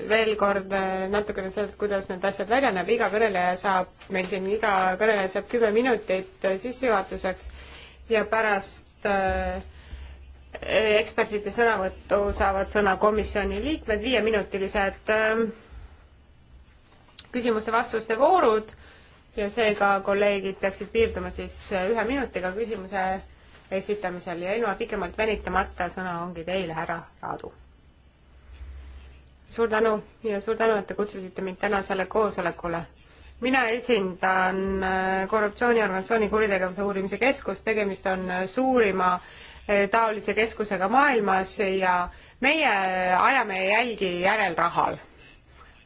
veel kord äh, natukene sealt, kuidas need asjad välja näeb, iga kõneleja saab, meil siin iga kõneleja saab kümme minutit sissejuhatuseks ja pärast äh, ekspertide sõnavõttu saavad sõna komisjoni liikmed, viieminutilised ähm, küsimuste-vastuste voorud ja seega kolleegid peaksid piirduma siis ühe minutiga küsimuse esitamisel ja ilma pikemalt venitamata sõna ongi teil, härra Aadu. suur tänu ja suur tänu, et te kutsusite mind tänasele koosolekule. mina esindan äh, korruptsiooniorganisatsiooni kuritegevuse uurimise keskust, tegemist on äh, suurima äh, Eh, taolise keskusega maailmas ja meie ajame jälgi järel rahal.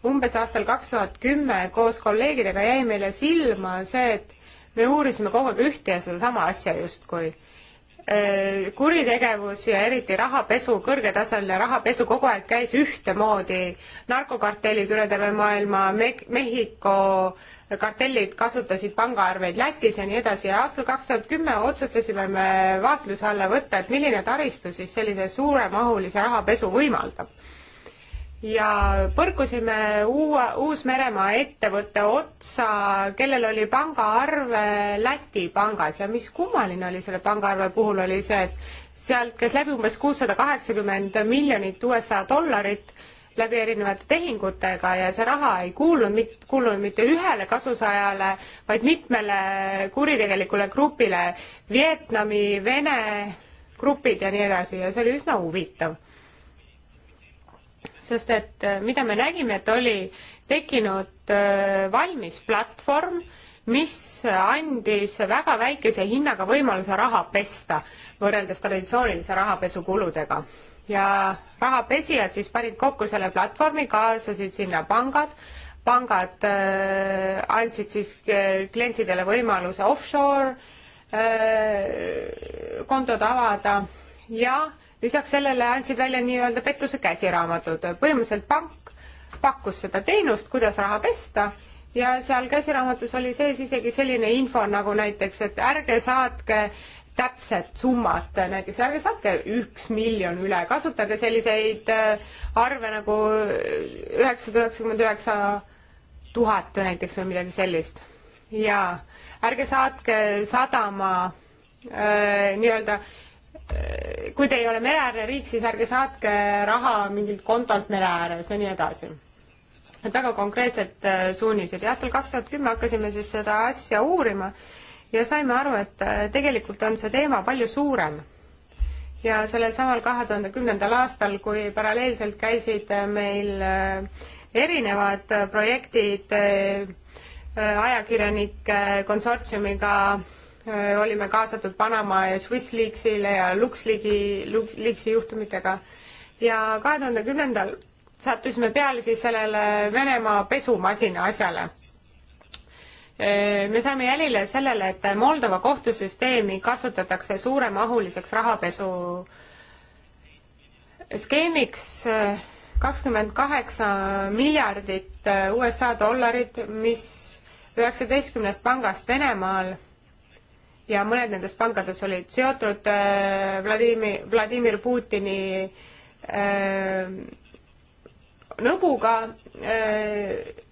umbes aastal kaks tuhat kümme koos kolleegidega jäi meile silma see, et me uurisime kogu aeg ühte ja sedasama asja justkui Äh, kuritegevus ja eriti rahapesu kõrgetasemeline rahapesu kogu aeg käis ühtemoodi. narkokartellid üle terve maailma Me, Mehhiko kartellid kasutasid pangaarveid Lätis ja nii edasi ja aastal kaks tuhat kümme otsustasime me vaatluse alla võtta, et milline taristu siis sellise suuremahulise rahapesu võimaldab ja põrkusime uue, Uus-Meremaa ettevõtte otsa, kellel oli pangaarve Läti pangas ja mis kummaline oli selle pangaarve puhul, oli see, et sealt käis läbi umbes kuussada kaheksakümmend miljonit USA dollarit läbi erinevate tehingutega ja see raha ei kuulunud mit-, kuulunud mitte ühele kasusaajale, vaid mitmele kuritegelikule grupile, Vietnami, Vene grupid ja nii edasi ja see oli üsna huvitav sest et äh, mida me nägime, et oli tekkinud äh, valmis platvorm, mis andis väga väikese hinnaga võimaluse raha pesta võrreldes traditsioonilise rahapesukuludega. ja rahapesijad siis panid kokku selle platvormi, kaasasid sinna pangad, pangad äh, andsid siis äh, klientidele võimaluse offshore äh, kontod avada ja äh, lisaks sellele andsid välja nii-öelda pettuse käsiraamatud. põhimõtteliselt pank pakkus seda teenust, kuidas raha pesta ja seal käsiraamatus oli sees isegi selline info nagu näiteks, et ärge saatke täpset summat, näiteks ärge saatke üks miljon üle, kasutage selliseid äh, arve nagu äh, üheksasada üheksakümmend üheksa tuhat näiteks või midagi sellist. ja ärge saatke sadama äh, nii-öelda äh, Äh, kui te ei ole mereäärne riik, siis ärge saatke raha mingilt kontolt mere ääres ja nii edasi. et väga konkreetsed äh, suunised ja aastal kaks tuhat kümme hakkasime siis seda asja uurima ja saime aru, et äh, tegelikult on see teema palju suurem. ja sellel samal kahe tuhande kümnendal aastal, kui paralleelselt käisid meil erinevad projektid ajakirjanike konsortsiumiga Äh, olime kaasatud Panama ja Swiss Leaksile ja LuxLeaksi, LuxLeaksi juhtumitega. ja kahe tuhande kümnendal sattusime peale siis sellele Venemaa pesumasina asjale. Äh, me saime jälile sellele, et Moldova kohtusüsteemi kasutatakse suuremahuliseks rahapesu skeemiks äh, kakskümmend kaheksa miljardit USA dollarit, mis üheksateistkümnest pangast Venemaal ja mõned nendest pangadest olid seotud äh, Vladimir, Vladimir Putini äh, nõbuga. Äh,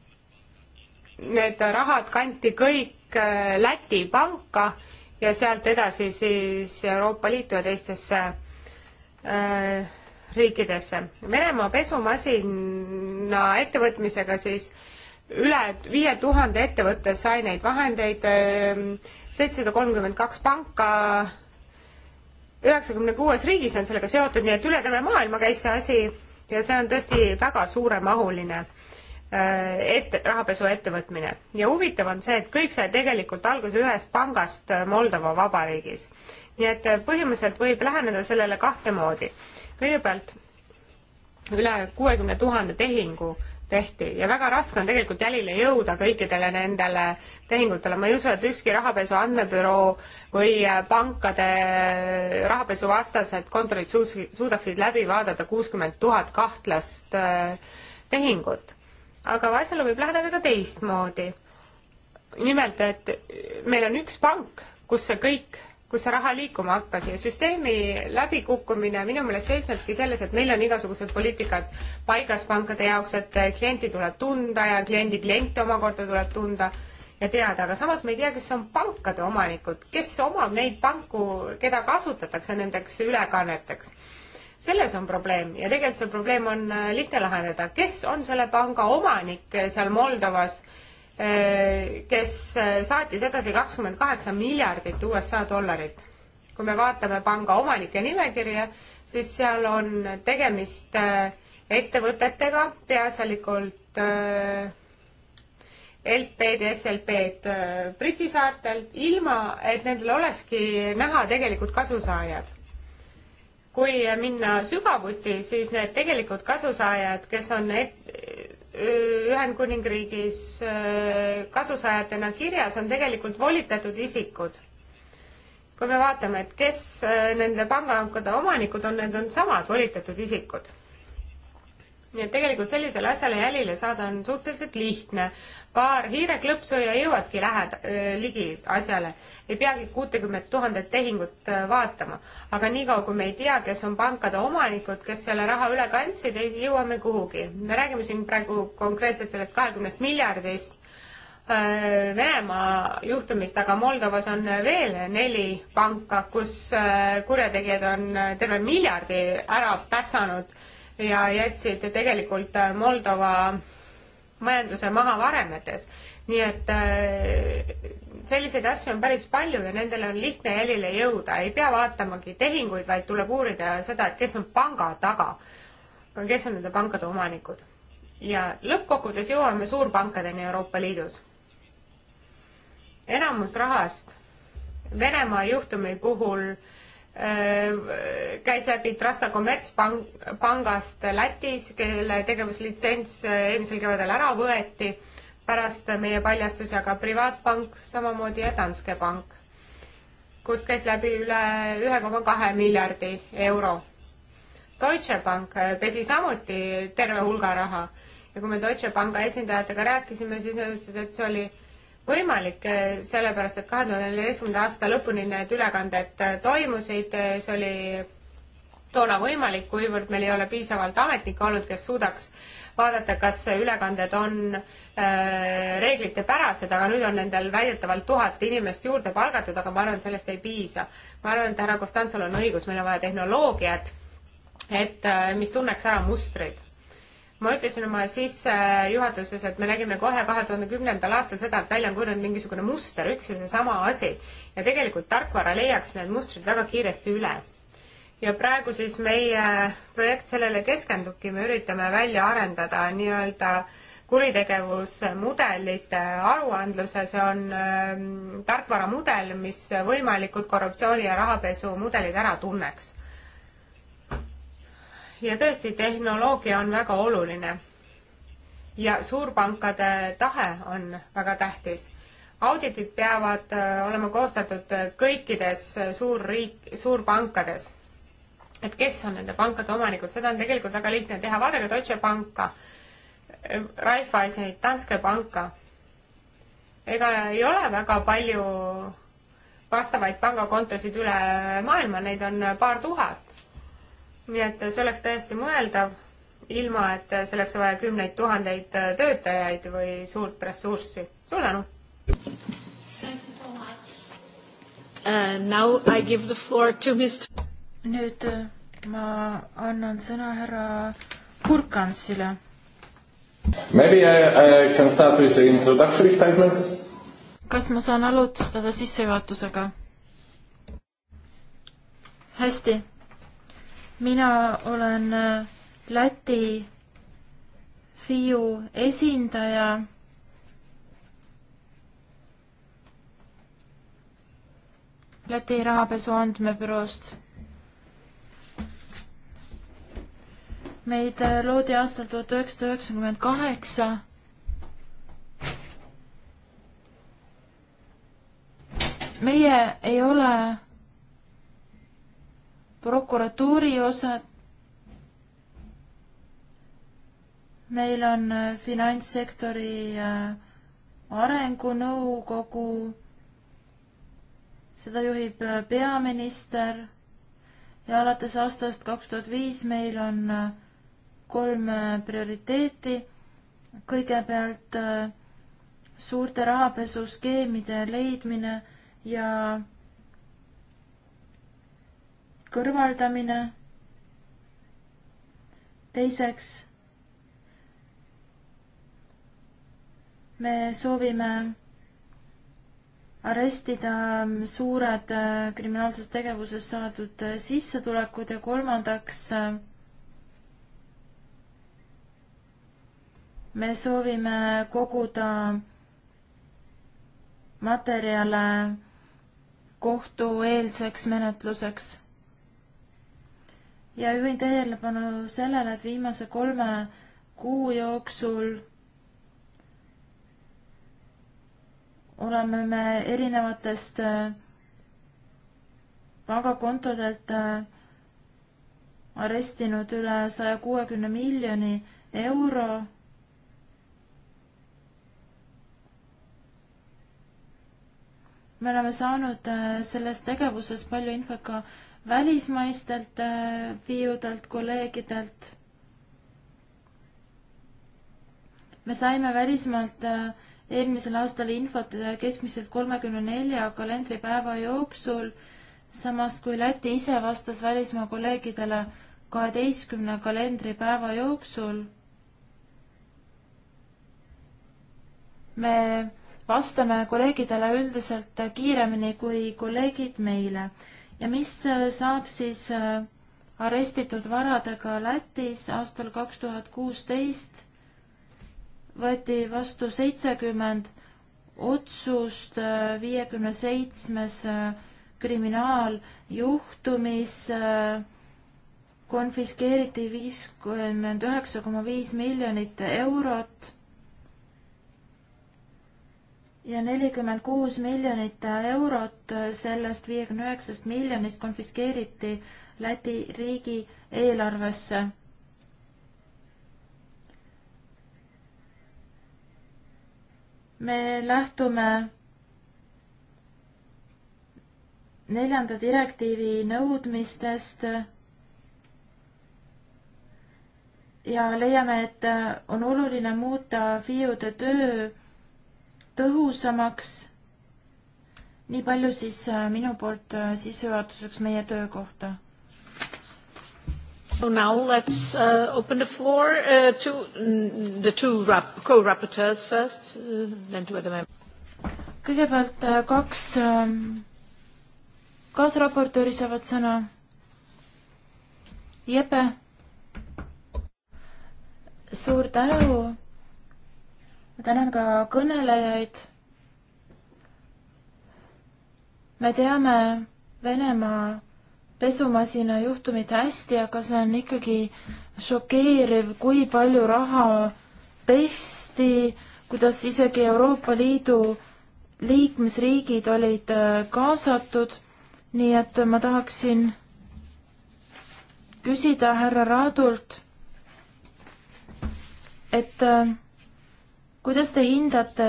need rahad kanti kõik Läti panka ja sealt edasi siis Euroopa Liitu ja teistesse riikidesse. Venemaa pesumasina ettevõtmisega siis üle viie tuhande ettevõtte sai neid vahendeid seitsesada kolmkümmend kaks panka üheksakümne kuues riigis on sellega seotud, nii et üle terve maailma käis see asi ja see on tõesti väga suuremahuline äh, ette, rahapesu ettevõtmine. ja huvitav on see, et kõik sai tegelikult alguse ühest pangast äh, Moldova Vabariigis. nii et äh, põhimõtteliselt võib läheneda sellele kahte moodi. kõigepealt üle kuuekümne tuhande tehingu tehti ja väga raske on tegelikult jälile jõuda kõikidele nendele tehingutele. ma ei usu, et ükski rahapesu andmebüroo või äh, pankade äh, rahapesuvastased kontorid suudaksid läbi vaadata kuuskümmend tuhat kahtlast äh, tehingut. aga asjale võib läheneda ka teistmoodi. nimelt, et meil on üks pank, kus see kõik kus see raha liikuma hakkas ja süsteemi läbikukkumine minu meelest seisnebki selles, et meil on igasugused poliitikad paigas pankade jaoks, et klienti tuleb tunda ja kliendi kliente omakorda tuleb tunda ja teada, aga samas me ei tea, kes on pankade omanikud, kes omab neid panku, keda kasutatakse nendeks ülekanneteks selles on probleem ja tegelikult see probleem on äh, lihtne lahendada, kes on selle panga omanik seal Moldovas kes saatis edasi kakskümmend kaheksa miljardit USA dollarit. kui me vaatame panga omanike nimekirja, siis seal on tegemist äh, ettevõtetega, peaasjalikult LP-d ja SLP-d Briti saartelt, ilma et nendel olekski näha tegelikult kasusaajad. kui minna sügavuti, siis need tegelikud kasusaajad, kes on et, Ühendkuningriigis äh, kasusaajatena kirjas, on tegelikult volitatud isikud. kui me vaatame, et kes äh, nende pangakontode omanikud on, need on samad volitatud isikud nii et tegelikult sellisele asjale jälile saada on suhteliselt lihtne. paar hiireklõpsu ja jõuadki lähed-, ligi asjale. ei peagi kuutekümmet tuhandet tehingut vaatama. aga niikaua, kui me ei tea, kes on pankade omanikud, kes selle raha üle kandsid, ei jõua me kuhugi. me räägime siin praegu konkreetselt sellest kahekümnest miljardist Venemaa juhtumist, aga Moldovas on veel neli panka, kus kurjategijad on terve miljardi ära pätsanud ja jätsid tegelikult äh, Moldova majanduse maha varemetes. nii et äh, selliseid asju on päris palju ja nendele on lihtne jälile jõuda, ei pea vaatamagi tehinguid, vaid tuleb uurida seda, et kes on panga taga, kes on nende pankade omanikud. ja lõppkokkuvõttes jõuame suurpankadeni Euroopa Liidus. enamus rahast Venemaa juhtumi puhul äh, Äh, käis läbi Trasta kommertspangast Lätis, kelle tegevuslitsents äh, eelmisel kevadel ära võeti pärast meie paljastusi, aga Privaatpank samamoodi ja Danske Pank, kust käis läbi üle ühe koma kahe miljardi euro. Deutsche Bank äh, pesi samuti terve hulga raha ja kui me Deutsche Panga esindajatega rääkisime, siis nad ütlesid, et see oli võimalik, eh, sellepärast et kahe tuhande neljateistkümnenda aasta lõpuni need ülekanded eh, toimusid, eh, see oli toona võimalik, kuivõrd meil ei ole piisavalt ametnikke olnud, kes suudaks vaadata, kas ülekanded on reeglitepärased, aga nüüd on nendel väidetavalt tuhat inimest juurde palgatud, aga ma arvan, et sellest ei piisa. ma arvan, et härra Konstantsol on õigus, meil on vaja tehnoloogiat, et mis tunneks ära mustrid ma ütlesin oma sissejuhatuses, et me nägime kohe kahe tuhande kümnendal aastal seda, et välja on kujunenud mingisugune muster, üks ja seesama asi. ja tegelikult tarkvara leiaks need mustrid väga kiiresti üle. ja praegu siis meie projekt sellele keskendubki, me üritame välja arendada nii-öelda kuritegevusmudelite aruandluse, see on äh, tarkvaramudel, mis võimalikud korruptsiooni ja rahapesu mudelid ära tunneks ja tõesti, tehnoloogia on väga oluline. ja suurpankade tahe on väga tähtis. auditid peavad äh, olema koostatud äh, kõikides äh, suurriik, suurpankades. et kes on nende pankade omanikud, seda on tegelikult väga lihtne teha, vaadake Deutsche Panka, Raiffeisenit, Danske Panka. ega ei ole väga palju vastavaid pangakontosid üle maailma, neid on paar tuhat nii et see oleks täiesti mõeldav, ilma et selleks on vaja kümneid tuhandeid äh, töötajaid või suurt ressurssi. suur tänu! Uh, nüüd
äh, ma annan sõna härra Kurkansile.
Maybe I, I can start with the introductory statement.
kas ma saan alustada sissejuhatusega? hästi mina olen äh, Läti FIU esindaja. Läti rahapesu andmebüroost. meid äh, loodi aastal tuhat üheksasada üheksakümmend kaheksa. meie ei ole prokuratuuri osad. meil on äh, finantssektori äh, arengunõukogu, seda juhib äh, peaminister ja alates aastast kaks tuhat viis meil on kolm prioriteeti. kõigepealt suurte rahapesuskeemide leidmine ja kõrvaldamine. teiseks, me soovime arestida suured äh, kriminaalsest tegevusest saadud äh, sissetulekud ja kolmandaks äh, me soovime koguda materjale kohtueelseks menetluseks ja juhin tähelepanu sellele, et viimase kolme kuu jooksul oleme me erinevatest äh, pangakontodelt äh, arestinud üle saja kuuekümne miljoni euro. me oleme saanud äh, selles tegevuses palju infot ka välismaistelt äh, FIU-delt kolleegidelt. me saime välismaalt äh, eelmisel aastal infot äh, keskmiselt kolmekümne nelja kalendripäeva jooksul, samas kui Läti ise vastas välismaa kolleegidele kaheteistkümne kalendripäeva jooksul. me vastame kolleegidele üldiselt kiiremini kui kolleegid meile ja mis äh, saab siis äh, arestitud varadega Lätis aastal kaks tuhat kuusteist võeti vastu seitsekümmend otsust äh, viiekümne seitsmes kriminaaljuhtumis konfiskeeriti viiskümmend üheksa koma viis miljonit eurot ja nelikümmend kuus miljonit eurot sellest viiekümne üheksast miljonist konfiskeeriti Läti riigi eelarvesse. me lähtume neljanda direktiivi nõudmistest ja leiame, et on oluline muuta FIUde töö tõhusamaks. nii palju siis äh, minu poolt äh, sissejuhatuseks meie töö kohta. So now let's uh, open the floor uh, to mm, the two rap co-rapporteurs first, uh, then to other members. kõigepealt kaks ähm, kaasraportööri saavad sõna. Jeppe. suur tänu ma tänan ka kõnelejaid. me teame Venemaa pesumasina juhtumit hästi, aga see on ikkagi šokeeriv, kui palju raha pesti, kuidas isegi Euroopa Liidu liikmesriigid olid äh, kaasatud. nii et ma tahaksin küsida härra Raadult, et äh, kuidas te hindate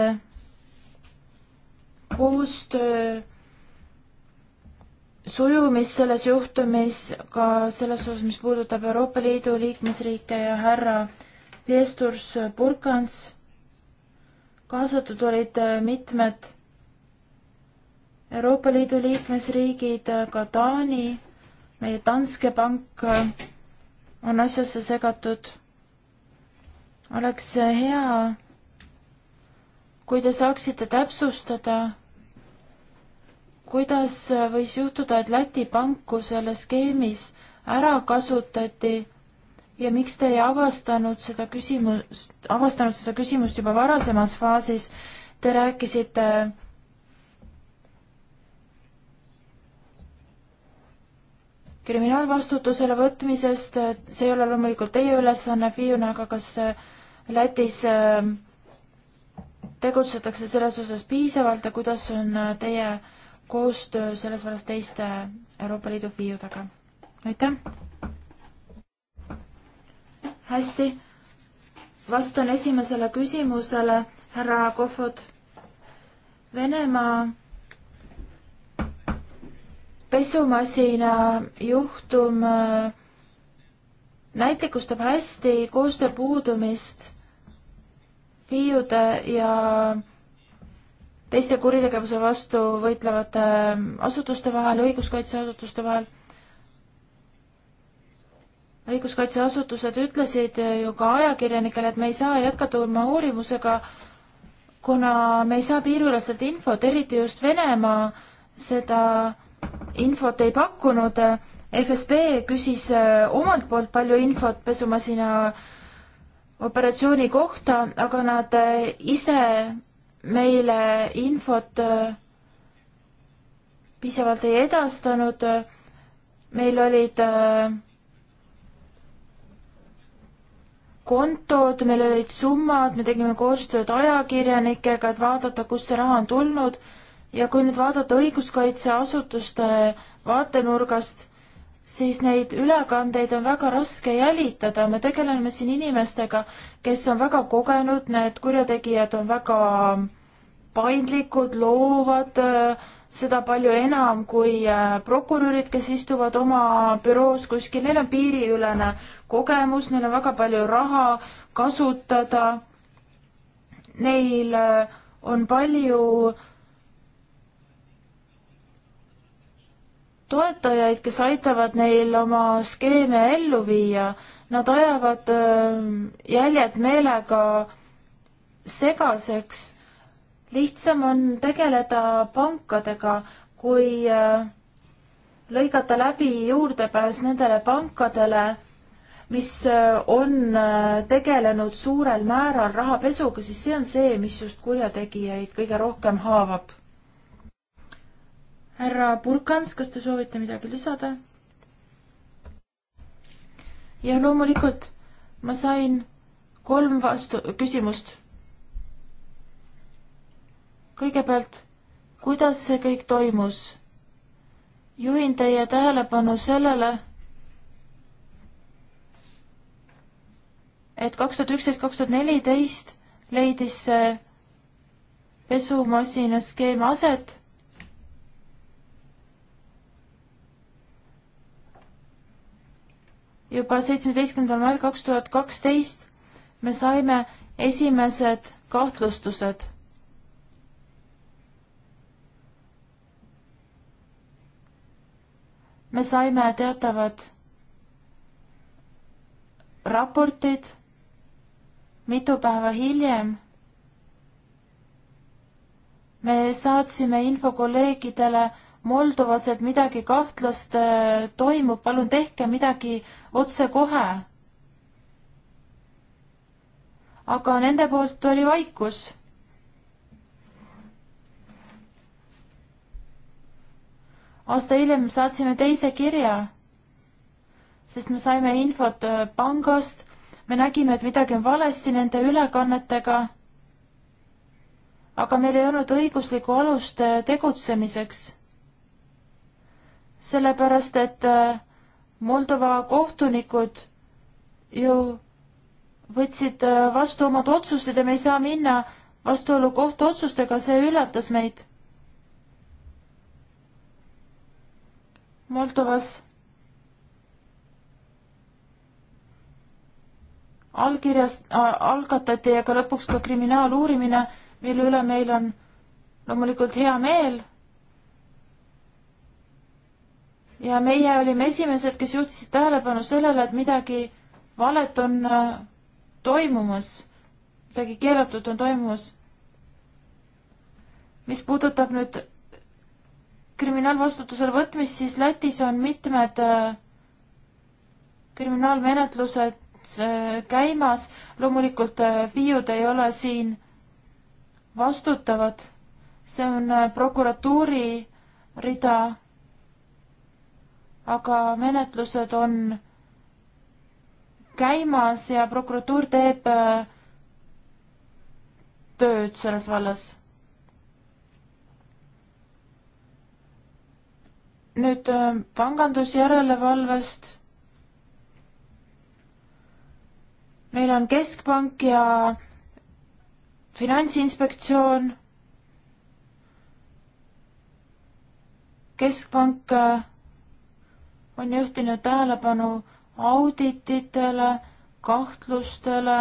koostöö sujumist selles juhtumis ka selles osas, mis puudutab Euroopa Liidu liikmesriike ja härra Pesturs Burkans. kaasatud olid mitmed Euroopa Liidu liikmesriigid, ka Taani, meie Danske pank on asjasse segatud. oleks hea kui te saaksite täpsustada, kuidas võis juhtuda, et Läti panku selles skeemis ära kasutati ja miks te ei avastanud seda küsimust, avastanud seda küsimust juba varasemas faasis, te rääkisite kriminaalvastutusele võtmisest, see ei ole loomulikult teie ülesanne, FIU-na, aga kas Lätis äh, tegutsetakse selles osas piisavalt ja kuidas on äh, teie koostöö selles vallas teiste Euroopa Liidu FIU-dega? aitäh! hästi, vastan esimesele küsimusele, härra Kohvod. Venemaa pesumasina äh, juhtum äh, näitlikustab hästi koostöö puudumist viiude ja teiste kuritegevuse vastu võitlevate asutuste vahel, õiguskaitseasutuste vahel. õiguskaitseasutused ütlesid ju ka ajakirjanikele, et me ei saa jätkata oma uurimusega, kuna me ei saa piiriüleselt infot, eriti just Venemaa seda infot ei pakkunud. FSB küsis omalt poolt palju infot pesumasina äh, operatsiooni kohta, aga nad eh, ise meile infot eh, piisavalt ei edastanud. meil olid eh, kontod, meil olid summad, me tegime koostööd ajakirjanikega, et vaadata, kust see raha on tulnud ja kui nüüd vaadata õiguskaitseasutuste vaatenurgast siis neid ülekandeid on väga raske jälitada, me tegeleme siin inimestega, kes on väga kogenud, need kurjategijad on väga paindlikud, loovad äh, seda palju enam kui äh, prokurörid, kes istuvad oma büroos kuskil, neil on piiriülene kogemus, neil on väga palju raha kasutada, neil äh, on palju äh, toetajaid, kes aitavad neil oma skeeme ellu viia. Nad ajavad ähm, jäljed meelega segaseks. lihtsam on tegeleda pankadega, kui äh, lõigata läbi juurdepääs nendele pankadele, mis äh, on äh, tegelenud suurel määral rahapesuga, siis see on see, mis just kurjategijaid kõige rohkem haavab härra Burkans, kas te soovite midagi lisada? ja loomulikult ma sain kolm vastu-, küsimust. kõigepealt, kuidas see kõik toimus? juhin teie tähelepanu sellele, et kaks tuhat üksteist, kaks tuhat neliteist leidis see pesumasina skeem aset juba seitsmeteistkümnendal mail kaks tuhat kaksteist me saime esimesed kahtlustused. me saime teatavad raportid mitu päeva hiljem. me saatsime info kolleegidele Moldovas, et midagi kahtlast äh, toimub, palun tehke midagi otsekohe. aga nende poolt oli vaikus. aasta hiljem saatsime teise kirja, sest me saime infot äh, pangast, me nägime, et midagi on valesti nende ülekannetega aga meil ei olnud õiguslikku alust äh, tegutsemiseks sellepärast et äh, Moldova kohtunikud ju võtsid äh, vastu omad otsused ja me ei saa minna vastuolu kohtuotsustega, see üllatas meid. Moldovas allkirjas äh, algatati ja ka lõpuks ka kriminaaluurimine, mille üle meil on loomulikult hea meel ja meie olime esimesed, kes juhtisid tähelepanu sellele, et midagi valet on äh, toimumas, midagi keelatut on toimumas. mis puudutab nüüd kriminaalvastutusele võtmist, siis Lätis on mitmed äh, kriminaalmenetlused äh, käimas. loomulikult FIUD ei ole siin vastutavad, see on prokuratuuri rida aga menetlused on käimas ja prokuratuur teeb äh, tööd selles vallas. nüüd äh, pangandusjärelevalvest. meil on Keskpank ja Finantsinspektsioon. keskpank äh, on juhtinud tähelepanu audititele, kahtlustele,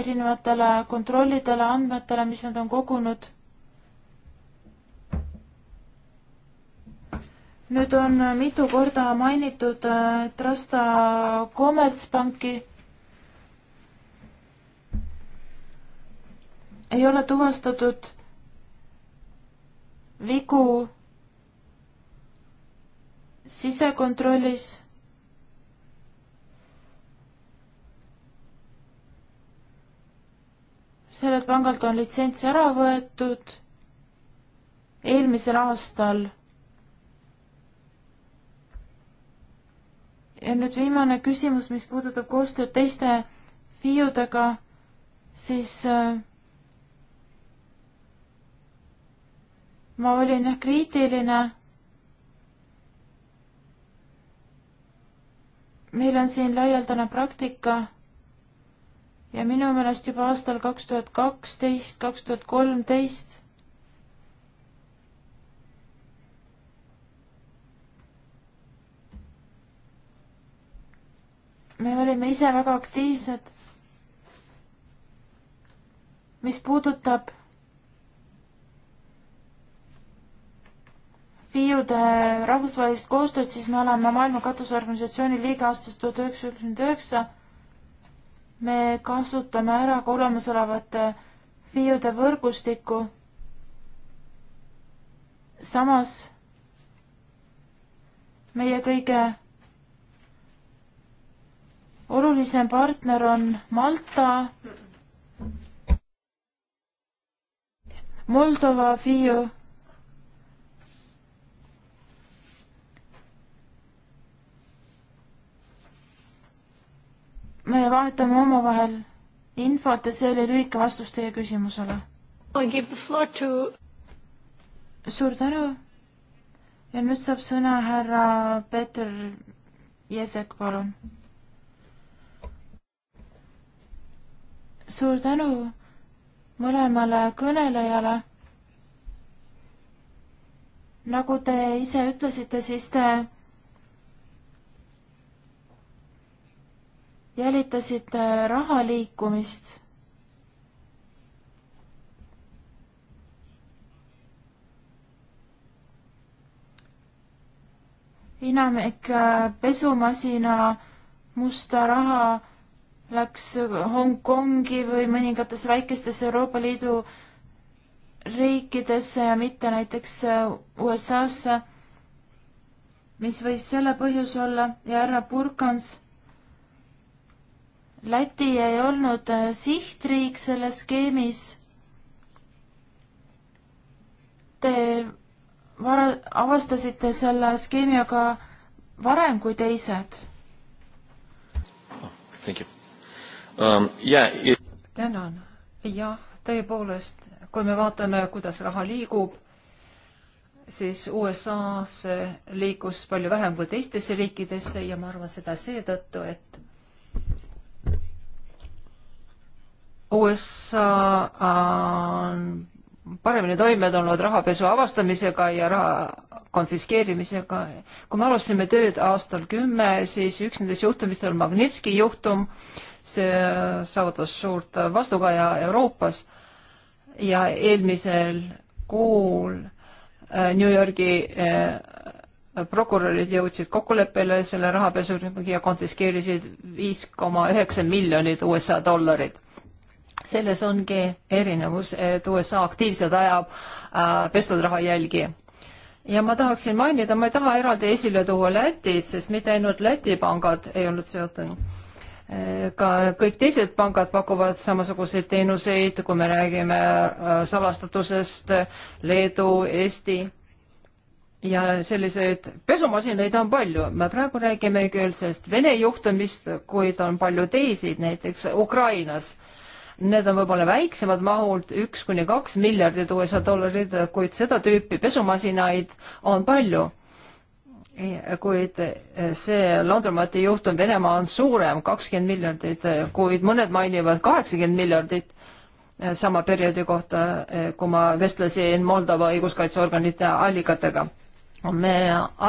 erinevatele kontrollidele, andmetele, mis nad on kogunud. nüüd on mitu korda mainitud äh, Trasta kommertspanki. ei ole tuvastatud vigu sisekontrollis sellelt pangalt on litsents ära võetud eelmisel aastal. ja nüüd viimane küsimus, mis puudutab koostööd teiste FIU-dega, siis äh, ma olin jah kriitiline meil on siin laialdane praktika ja minu meelest juba aastal kaks tuhat kaksteist, kaks tuhat kolmteist me olime ise väga aktiivsed. mis puudutab FIUde rahvusvahelist koostööd, siis me oleme Maailma Katusorganisatsiooni liige aastast tuhat üheksasada üheksakümmend üheksa. me kasutame ära ka olemasolevate FIUde võrgustikku. samas meie kõige olulisem partner on Malta, Moldova FIU me vahetame omavahel infot ja see oli lühike vastus teie küsimusele. To... suur tänu. ja nüüd saab sõna härra Peeter Jesek, palun. suur tänu mõlemale kõnelejale. nagu te ise ütlesite, siis te jälitasite raha liikumist. enamik pesumasina musta raha läks Hongkongi või mõningates väikestes Euroopa Liidu riikidesse ja mitte näiteks USA-sse, mis võis selle põhjus olla ja härra Burkans Läti ei olnud äh, sihtriik selles skeemis. Te vara-, avastasite selle skeemi aga
varem kui teised oh,.
Um, yeah, it...
tänan. jah, tõepoolest, kui me vaatame, kuidas raha liigub, siis USA-s liikus palju vähem kui teistesse riikidesse ja ma arvan seda seetõttu, et USA äh, on paremini toime tulnud rahapesu avastamisega ja raha konfiskeerimisega. kui me alustasime tööd aastal kümme, siis üks nendest juhtumist oli Magnitski juhtum, see saavutas suurt vastukaja Euroopas ja eelmisel kuul äh, New Yorgi äh, prokurörid jõudsid kokkuleppele selle rahapesurühmaga ja konfiskeerisid viis koma üheksa miljonit USA dollarit selles ongi erinevus, et USA aktiivselt ajab äh, pestud raha jälgi. ja ma tahaksin mainida, ma ei taha eraldi esile tuua Lätit, sest mitte ainult Läti pangad ei olnud seotud äh, ka kõik teised pangad pakuvad samasuguseid teenuseid, kui me räägime äh, salastatusest, Leedu, Eesti ja selliseid pesumasinaid on palju. me praegu räägime küll sellest Vene juhtumist, kuid on palju teisi, näiteks Ukrainas Need on võib-olla väiksemad mahult, üks kuni kaks miljardit USA dollarit, kuid seda tüüpi pesumasinaid on palju. kuid see laundromaati juhtum Venemaa on suurem, kakskümmend miljardit, kuid mõned mainivad kaheksakümmend miljardit sama perioodi kohta, kui ma vestlesin Moldova õiguskaitseorganite allikatega. me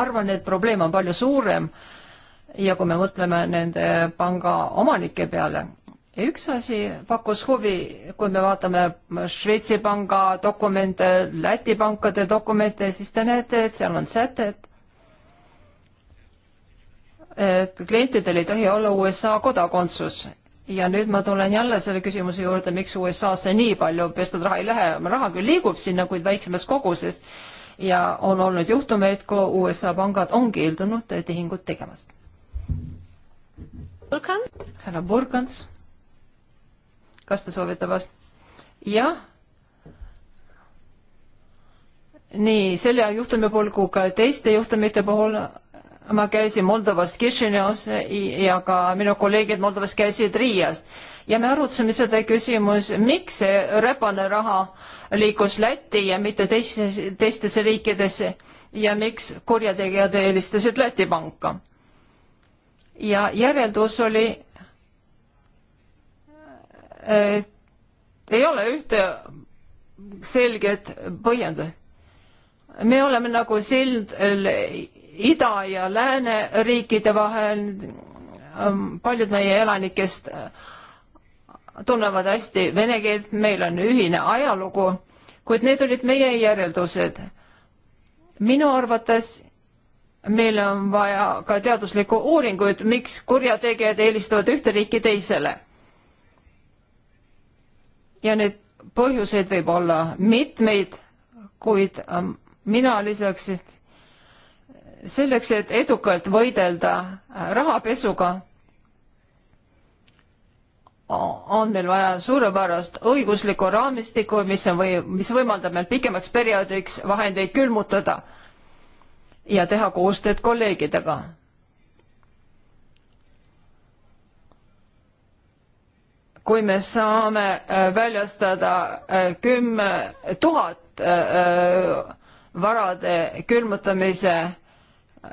arvan, et probleem on palju suurem ja kui me mõtleme nende panga omanike peale ja üks asi pakkus huvi, kui me vaatame Šveitsi panga dokumente, Läti pankade dokumente, siis te näete, et seal on sätted, et klientidel ei tohi olla USA kodakondsus. ja nüüd ma tulen jälle selle küsimuse juurde, miks USA-sse nii palju pestud raha ei lähe, raha küll liigub sinna, kuid väiksemas koguses ja on olnud juhtumeid, kui USA pangad on keeldunud tehingut tegemast. härra Burkans kas te soovite vast-? jah. nii, selle juhtumi puhul kui ka teiste juhtumite puhul ma käisin Moldovas Kišinevas ja ka minu kolleegid Moldovas käisid Riias ja me arutasime seda küsimus, miks see räpane raha liikus Lätti ja mitte teiste, teistesse riikidesse ja miks kurjategijad eelistasid Läti panka. ja järeldus oli, et ei ole ühte selget põhjendust. me oleme nagu sild ida ja lääne riikide vahel. Ähm, paljud meie elanikest äh, tunnevad hästi vene keelt, meil on ühine ajalugu, kuid need olid meie järeldused. minu arvates meil on vaja ka teaduslikku uuringuid, miks kurjategijad eelistavad ühte riiki teisele ja need põhjuseid võib olla mitmeid, kuid ähm, mina lisaks, et selleks, et edukalt võidelda äh, rahapesuga, on meil vaja suurepärast õiguslikku raamistikku, mis on või, mis võimaldab meil pikemaks perioodiks vahendeid külmutada ja teha koostööd kolleegidega kui me saame äh, väljastada äh, kümme tuhat äh, varade külmutamise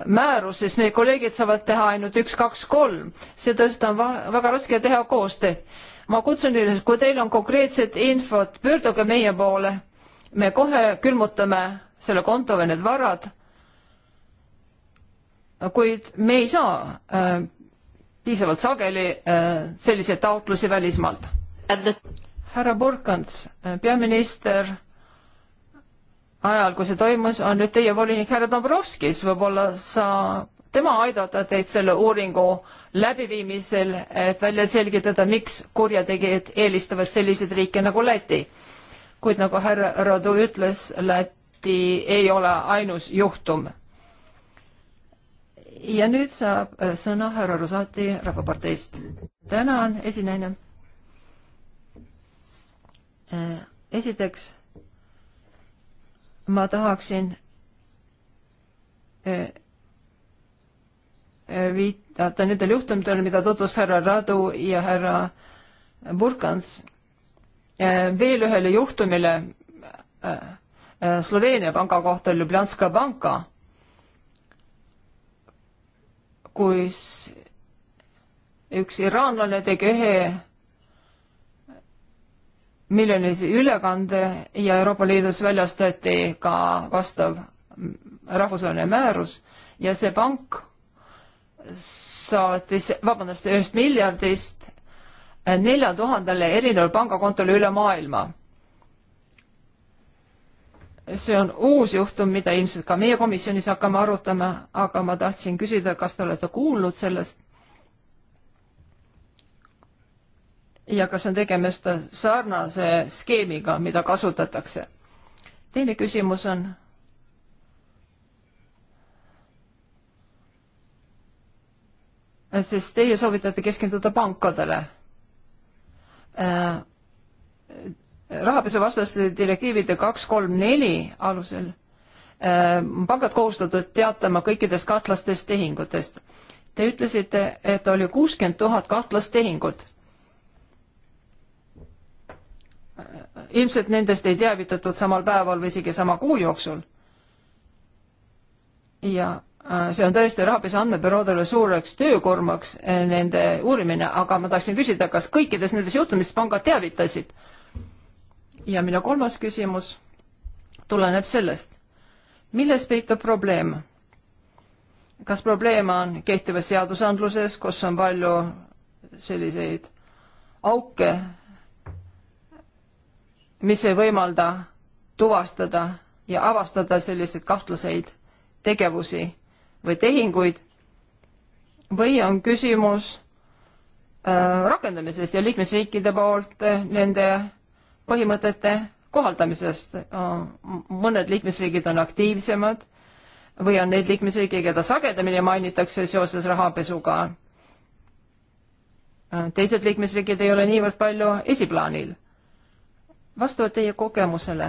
määrus, siis meie kolleegid saavad teha ainult üks, kaks, kolm. seetõttu on väga raske teha koostööd. ma kutsun üles, kui teil on konkreetset infot, pöörduge meie poole. me kohe külmutame selle konto või need varad. kuid me ei saa äh, piisavalt sageli äh, selliseid taotlusi välismaalt. härra Burkants, äh, peaminister ajal, kui see toimus, on nüüd teie volinik härra Dombrovskis, võib-olla saab tema aidata teid selle uuringu läbiviimisel, et välja selgitada, miks kurjategijad eelistavad selliseid riike nagu Läti. kuid nagu härra Radu ütles, Läti ei ole ainus juhtum ja nüüd saab äh, sõna härra Rosati Rahvaparteist. tänan, esinaine. Äh, esiteks ma tahaksin äh, viidata nendel juhtumitel, mida tutvus härra Radu ja härra Burkans veel ühele juhtumile Sloveenia panga kohta Ljubljanska panka kus üks iraanlane tegi ühe miljonilise ülekande ja Euroopa Liidus väljastati ka vastav rahvusvaheline määrus ja see pank saatis, vabandust, ühest miljardist nelja tuhandele erinevale pangakontole üle maailma see on uus juhtum, mida ilmselt ka meie komisjonis hakkame arutama, aga ma tahtsin küsida, kas te olete kuulnud sellest? ja kas on tegemist sarnase skeemiga, mida kasutatakse? teine küsimus on sest teie soovitate keskenduda pankadele. Äh, rahapesuvastaste direktiivide kaks, kolm, neli alusel on äh, pangad kohustatud teatama kõikidest kahtlastest tehingutest. Te ütlesite, et oli kuuskümmend tuhat kahtlast tehingut. Äh, ilmselt nendest ei teavitatud samal päeval või isegi sama kuu jooksul. ja äh, see on tõesti rahapesu andmebüroodele suureks töökoormaks, nende uurimine, aga ma tahtsin küsida, kas kõikides nendes juhtumites pangad teavitasid äh, ja minu kolmas küsimus tuleneb sellest, milles peitub probleem? kas probleem on kehtivas seadusandluses, kus on palju selliseid auke, mis ei võimalda tuvastada ja avastada selliseid kahtlaseid tegevusi või tehinguid või on küsimus äh, rakendamises ja liikmesriikide poolt nende põhimõtete kohaldamisest. Äh, mõned liikmesriigid on aktiivsemad või on neid liikmesriike, keda sagedamini mainitakse seoses rahapesuga. Äh, teised liikmesriigid ei ole niivõrd palju esiplaanil. vastavalt teie kogemusele,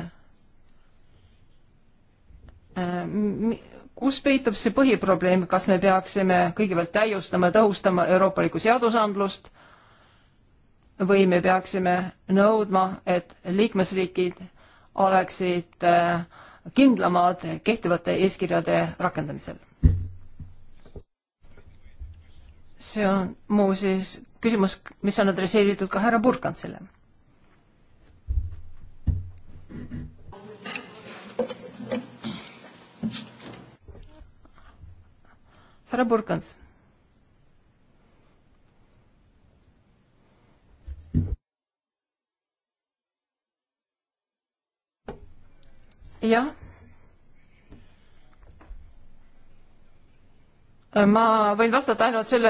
äh, kus peitub see põhiprobleem, kas me peaksime kõigepealt täiustama, tõhustama euroopalikku seadusandlust või me peaksime nõudma, et liikmesriigid oleksid äh, kindlamad kehtivate eeskirjade rakendamisel? see on muuseas küsimus, mis on adresseeritud ka härra Burkantsile härra Burkans. jah. ma võin vastata ainult selle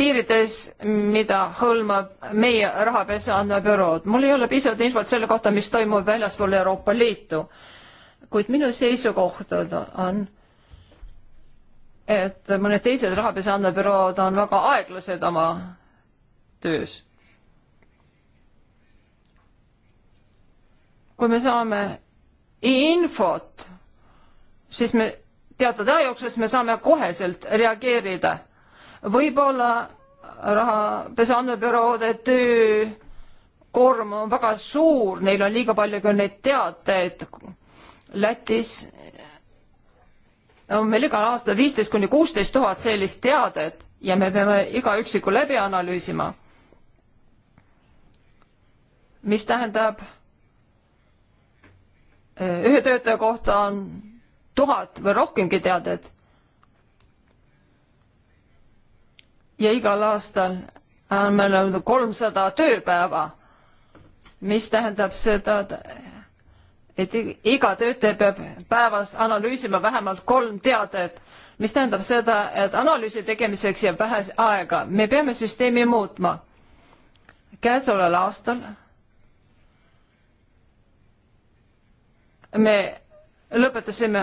piirides, mida hõlmab meie rahapesu andmebürood. mul ei ole piisavalt infot selle kohta, mis toimub väljaspool Euroopa Liitu, kuid minu seisukoht on, et mõned teised rahapesu andmebürood on väga aeglased oma töös. kui me saame infot, siis me teatud aja jooksul, siis me saame koheselt reageerida. võib-olla rahapesu andmebüroode töö koorm on väga suur, neil on liiga palju küll neid teateid. Lätis on meil igal aastal viisteist kuni kuusteist tuhat sellist teadet ja me peame iga üksiku läbi analüüsima. mis tähendab ühe töötaja kohta on tuhat või rohkemgi teadet. ja igal aastal on meil olnud kolmsada tööpäeva, mis tähendab seda, et iga töötaja peab päevas analüüsima vähemalt kolm teadet, mis tähendab seda, et analüüsi tegemiseks jääb vähe aega. me peame süsteemi muutma. käesoleval aastal me lõpetasime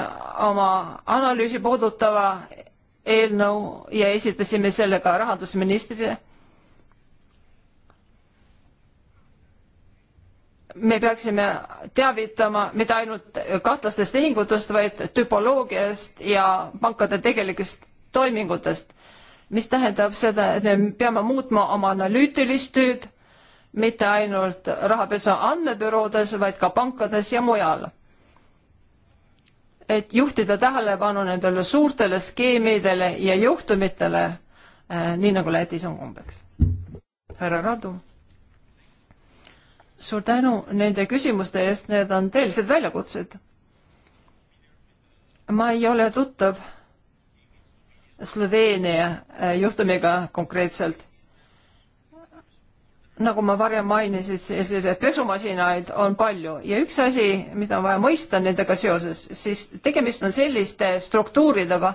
oma analüüsi puudutava eelnõu ja esitasime selle ka rahandusministrile. me peaksime teavitama mitte ainult kahtlastest tehingutest, vaid tüpoloogiast ja pankade tegelikest toimingutest, mis tähendab seda, et me peame muutma oma analüütilist tööd mitte ainult rahapesu andmebüroodes, vaid ka pankades ja mujal et juhtida tähelepanu nendele suurtele skeemidele ja juhtumitele, eh, nii nagu Lätis on kombeks. härra Radu. suur tänu nende küsimuste eest, need on tõelised väljakutsed. ma ei ole tuttav Sloveenia eh, juhtumiga konkreetselt nagu ma varem mainisin, selliseid pesumasinaid on palju ja üks asi, mida on vaja mõista nendega seoses, siis tegemist on selliste struktuuridega,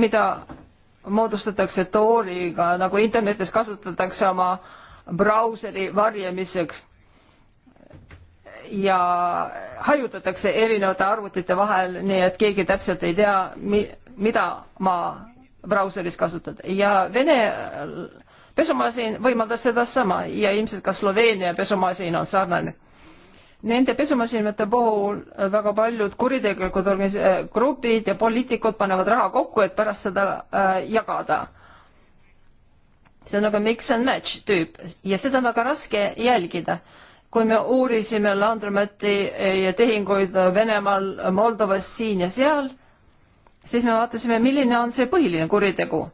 mida moodustatakse tooriga, nagu internetis kasutatakse oma brauseri varjamiseks ja hajutatakse erinevate arvutite vahel, nii et keegi täpselt ei tea, mida ma brauseris kasutada ja Vene äh, pesumasin võimaldas sedasama ja ilmselt ka Sloveenia pesumasin on sarnane. Nende pesumasinate puhul äh, väga paljud kuritegelikud äh, grupid ja poliitikud panevad raha kokku, et pärast seda äh, jagada. see on nagu mix and match tüüp ja seda on väga raske jälgida kui me uurisime Landrometi tehinguid Venemaal, Moldovas, siin ja seal, siis me vaatasime, milline on see põhiline kuritegu.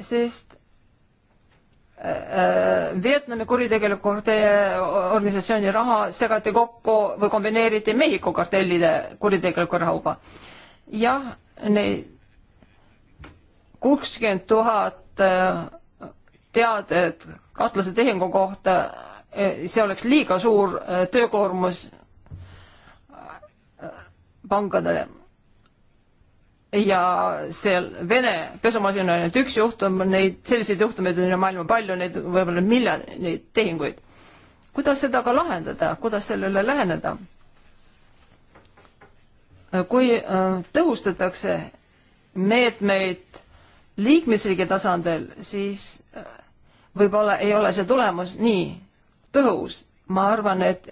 sest äh, äh, Vietnami kuritegelikurde organisatsiooni raha segati kokku või kombineeriti Mehhiko kartellide kuritegeliku rahuga. jah, neid kuuskümmend tuhat äh, teadet katlase tehingu kohta, see oleks liiga suur töökoormus pankadele ja seal Vene pesumasin on ainult üks juhtum, neid, selliseid juhtumeid on maailma palju, neid võib-olla miljoneid tehinguid. kuidas seda ka lahendada, kuidas sellele läheneda? kui äh, tõhustatakse meetmeid liikmesriigi tasandil, siis äh, võib-olla ei ole see tulemus nii tõhus. ma arvan, et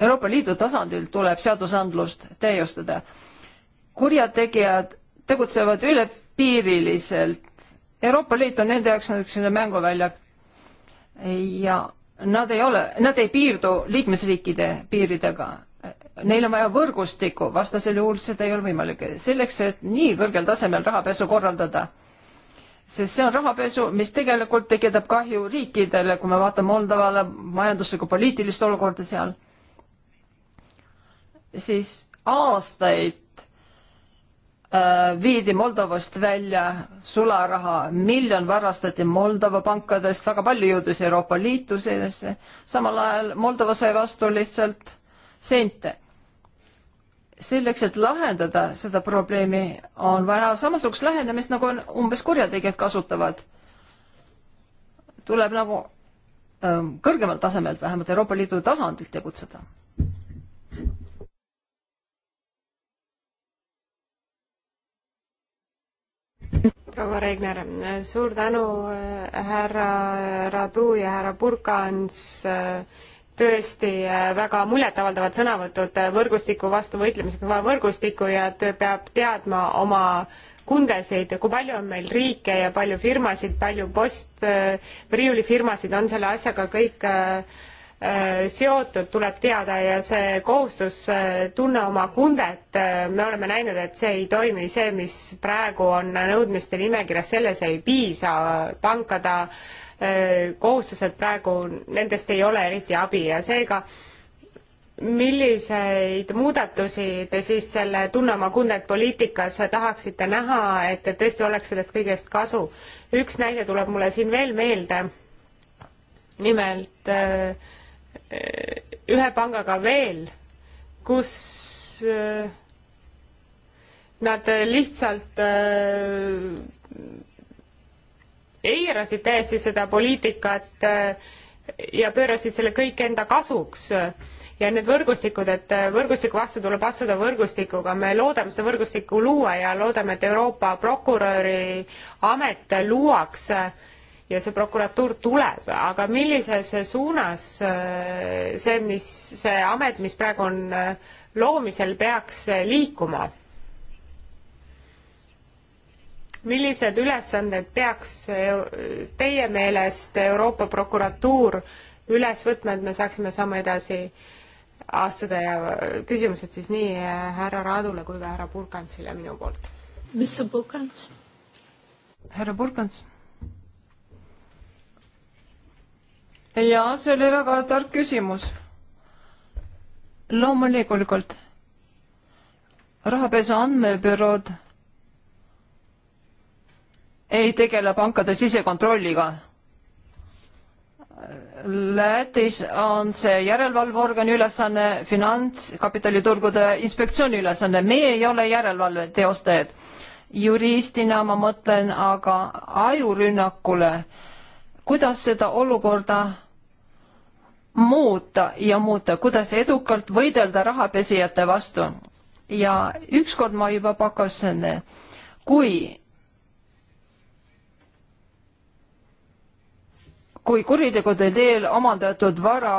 Euroopa Liidu tasandil tuleb seadusandlust täiustada kurjategijad tegutsevad ülepiiriliselt. Euroopa Liit on nende jaoks niisugune mänguväljak ja nad ei ole, nad ei piirdu liikmesriikide piiridega. Neil on vaja võrgustikku, vastasel juhul seda ei ole võimalik. selleks, et nii kõrgel tasemel rahapesu korraldada, sest see on rahapesu, mis tegelikult tekitab kahju riikidele, kui me vaatame Moldovale majanduslikku poliitilist olukorda seal, siis aastaid Äh, viidi Moldovast välja sularaha, miljon varastati Moldova pankadest, väga palju jõudis Euroopa Liitu sellesse, samal ajal Moldova sai vastu lihtsalt sente. selleks, et lahendada seda probleemi, on vaja samasugust lähenemist, nagu on umbes kurjategijad kasutavad. tuleb nagu öö, ähm, kõrgemalt tasemelt, vähemalt Euroopa Liidu tasandilt tegutseda
proua Regner, suur tänu, härra Radu ja härra Burkans, tõesti väga muljetavaldavad sõnavõtud võrgustiku vastu võitlemisega, aga võrgustiku ja töö peab teadma oma kundesid, kui palju on meil riike ja palju firmasid, palju post, äh, riiulifirmasid on selle asjaga kõik äh, Äh, seotud, tuleb teada ja see kohustus äh, tunne oma kundet, äh, me oleme näinud, et see ei toimi, see, mis praegu on nõudmiste nimekirjas, selles ei piisa, pankade kohustused praegu, nendest ei ole eriti abi ja seega milliseid muudatusi te siis selle Tunne oma kundet poliitikas tahaksite näha, et tõesti oleks sellest kõigest kasu? üks näide tuleb mulle siin veel meelde. nimelt äh, ühe pangaga veel, kus äh, nad lihtsalt äh, eirasid täiesti seda poliitikat äh, ja pöörasid selle kõik enda kasuks. ja need võrgustikud, et võrgustiku vastu tuleb astuda võrgustikuga, me loodame seda võrgustikku luua ja loodame, et Euroopa prokuröri amet luuakse ja see prokuratuur tuleb, aga millises suunas äh, see, mis, see amet, mis praegu on äh, loomisel, peaks äh, liikuma? millised ülesanded peaks teie meelest Euroopa prokuratuur üles võtma, et me saaksime samme edasi astuda ja küsimused siis nii härra Raadule kui ka härra Burkansile minu poolt.
mis on Burkans? härra Burkans ja see oli väga tark küsimus. loomulikult rahapesu andmebürood ei tegele pankade sisekontrolliga. Lätis on see järelevalveorgani ülesanne, finantskapitaliturgude inspektsiooni ülesanne, meie ei ole järelevalve teostajad. juristina ma mõtlen aga ajurünnakule, kuidas seda olukorda muuta ja muuta, kuidas edukalt võidelda rahapesijate vastu. ja ükskord ma juba pakkusin, kui kui kuritegude teel omandatud vara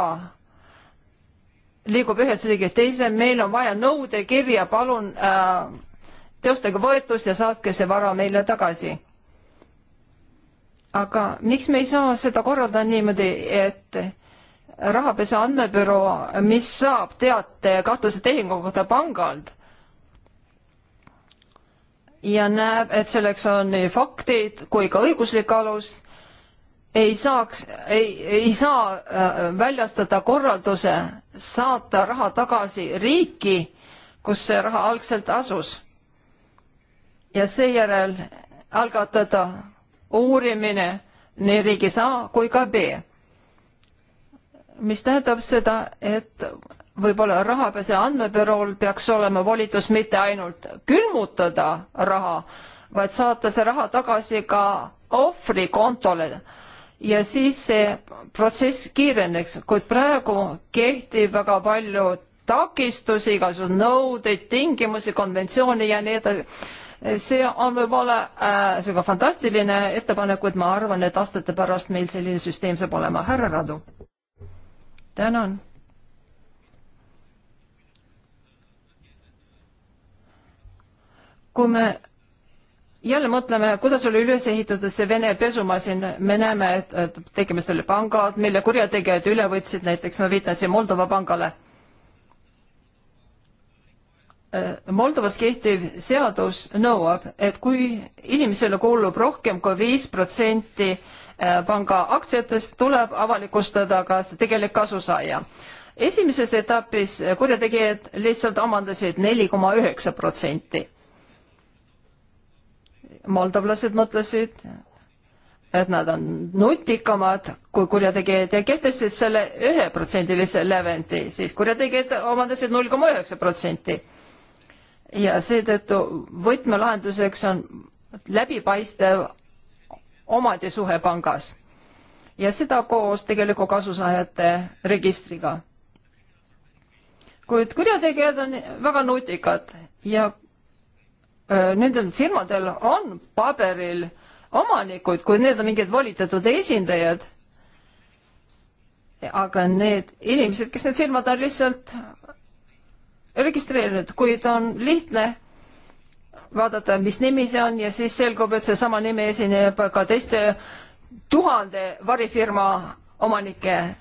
liigub ühest riigist teise, meil on vaja nõudekirja, palun äh, teostage võetus ja saatke see vara meile tagasi. aga miks me ei saa seda korraldada niimoodi, et rahapesu andmebüroo, mis saab teate kahtlase tehingu kohta pangalt ja näeb, et selleks on nii faktid kui ka õiguslik alus, ei saaks, ei, ei saa äh, väljastada korralduse saata raha tagasi riiki, kus see raha algselt asus. ja seejärel algatada uurimine nii riigis A kui ka B mis tähendab seda, et võib-olla rahapesu andmebürool peaks olema volitus mitte ainult külmutada raha, vaid saata see raha tagasi ka ohvri kontole ja siis see protsess kiireneks, kuid praegu kehtib väga palju takistusi, igasuguseid nõudeid, tingimusi, konventsioone ja nii edasi. see on võib-olla äh, selline fantastiline ettepanek, kuid ma arvan, et aastate pärast meil selline süsteem saab olema. härra Radu tänan. kui me jälle mõtleme, kuidas oli üles ehitatud see Vene pesumasin, me näeme, et, et tegemist oli pangad, mille kurjategijad üle võtsid, näiteks ma viitasin Moldova pangale. Äh, Moldovas kehtiv seadus nõuab, et kui inimesele kuulub rohkem kui viis protsenti Äh, panga aktsiatest tuleb avalikustada ka tegelik kasusaaja. esimeses etapis äh, kurjategijad lihtsalt omandasid neli koma üheksa protsenti. moldovlased mõtlesid, et nad on nutikamad kui kurjategijad ja kehtestasid selle üheprotsendilise lävendi, siis kurjategijad omandasid null koma üheksa protsenti. ja seetõttu võtmelahenduseks on läbipaistev omandisuhe pangas ja seda koos tegeliku kasusaajate registriga. kuid kurjategijad on väga nutikad ja öö, nendel firmadel on paberil omanikud, kuid need on mingid volitatud esindajad. aga need inimesed, kes need firmad on lihtsalt registreerinud, kuid on lihtne vaadata, mis nimi see on ja siis selgub, et seesama nimi esineb ka teiste tuhande varifirma omanike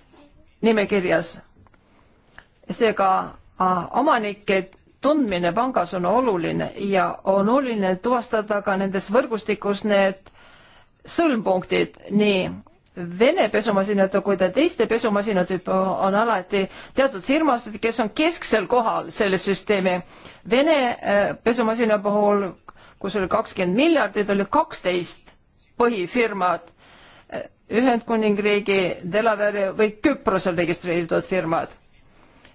nimekirjas. seega omanike tundmine pangas on oluline ja on oluline tuvastada ka nendes võrgustikus need sõlmpunktid nii Vene pesumasinate kui ka teiste pesumasinatüüpe on alati teatud firmasid, kes on kesksel kohal selle süsteemi. Vene äh, pesumasina puhul, kus oli kakskümmend miljardit, oli kaksteist põhifirmat. Äh, Ühendkuningriigi, Delaware'i või Küprosel registreeritud firmad.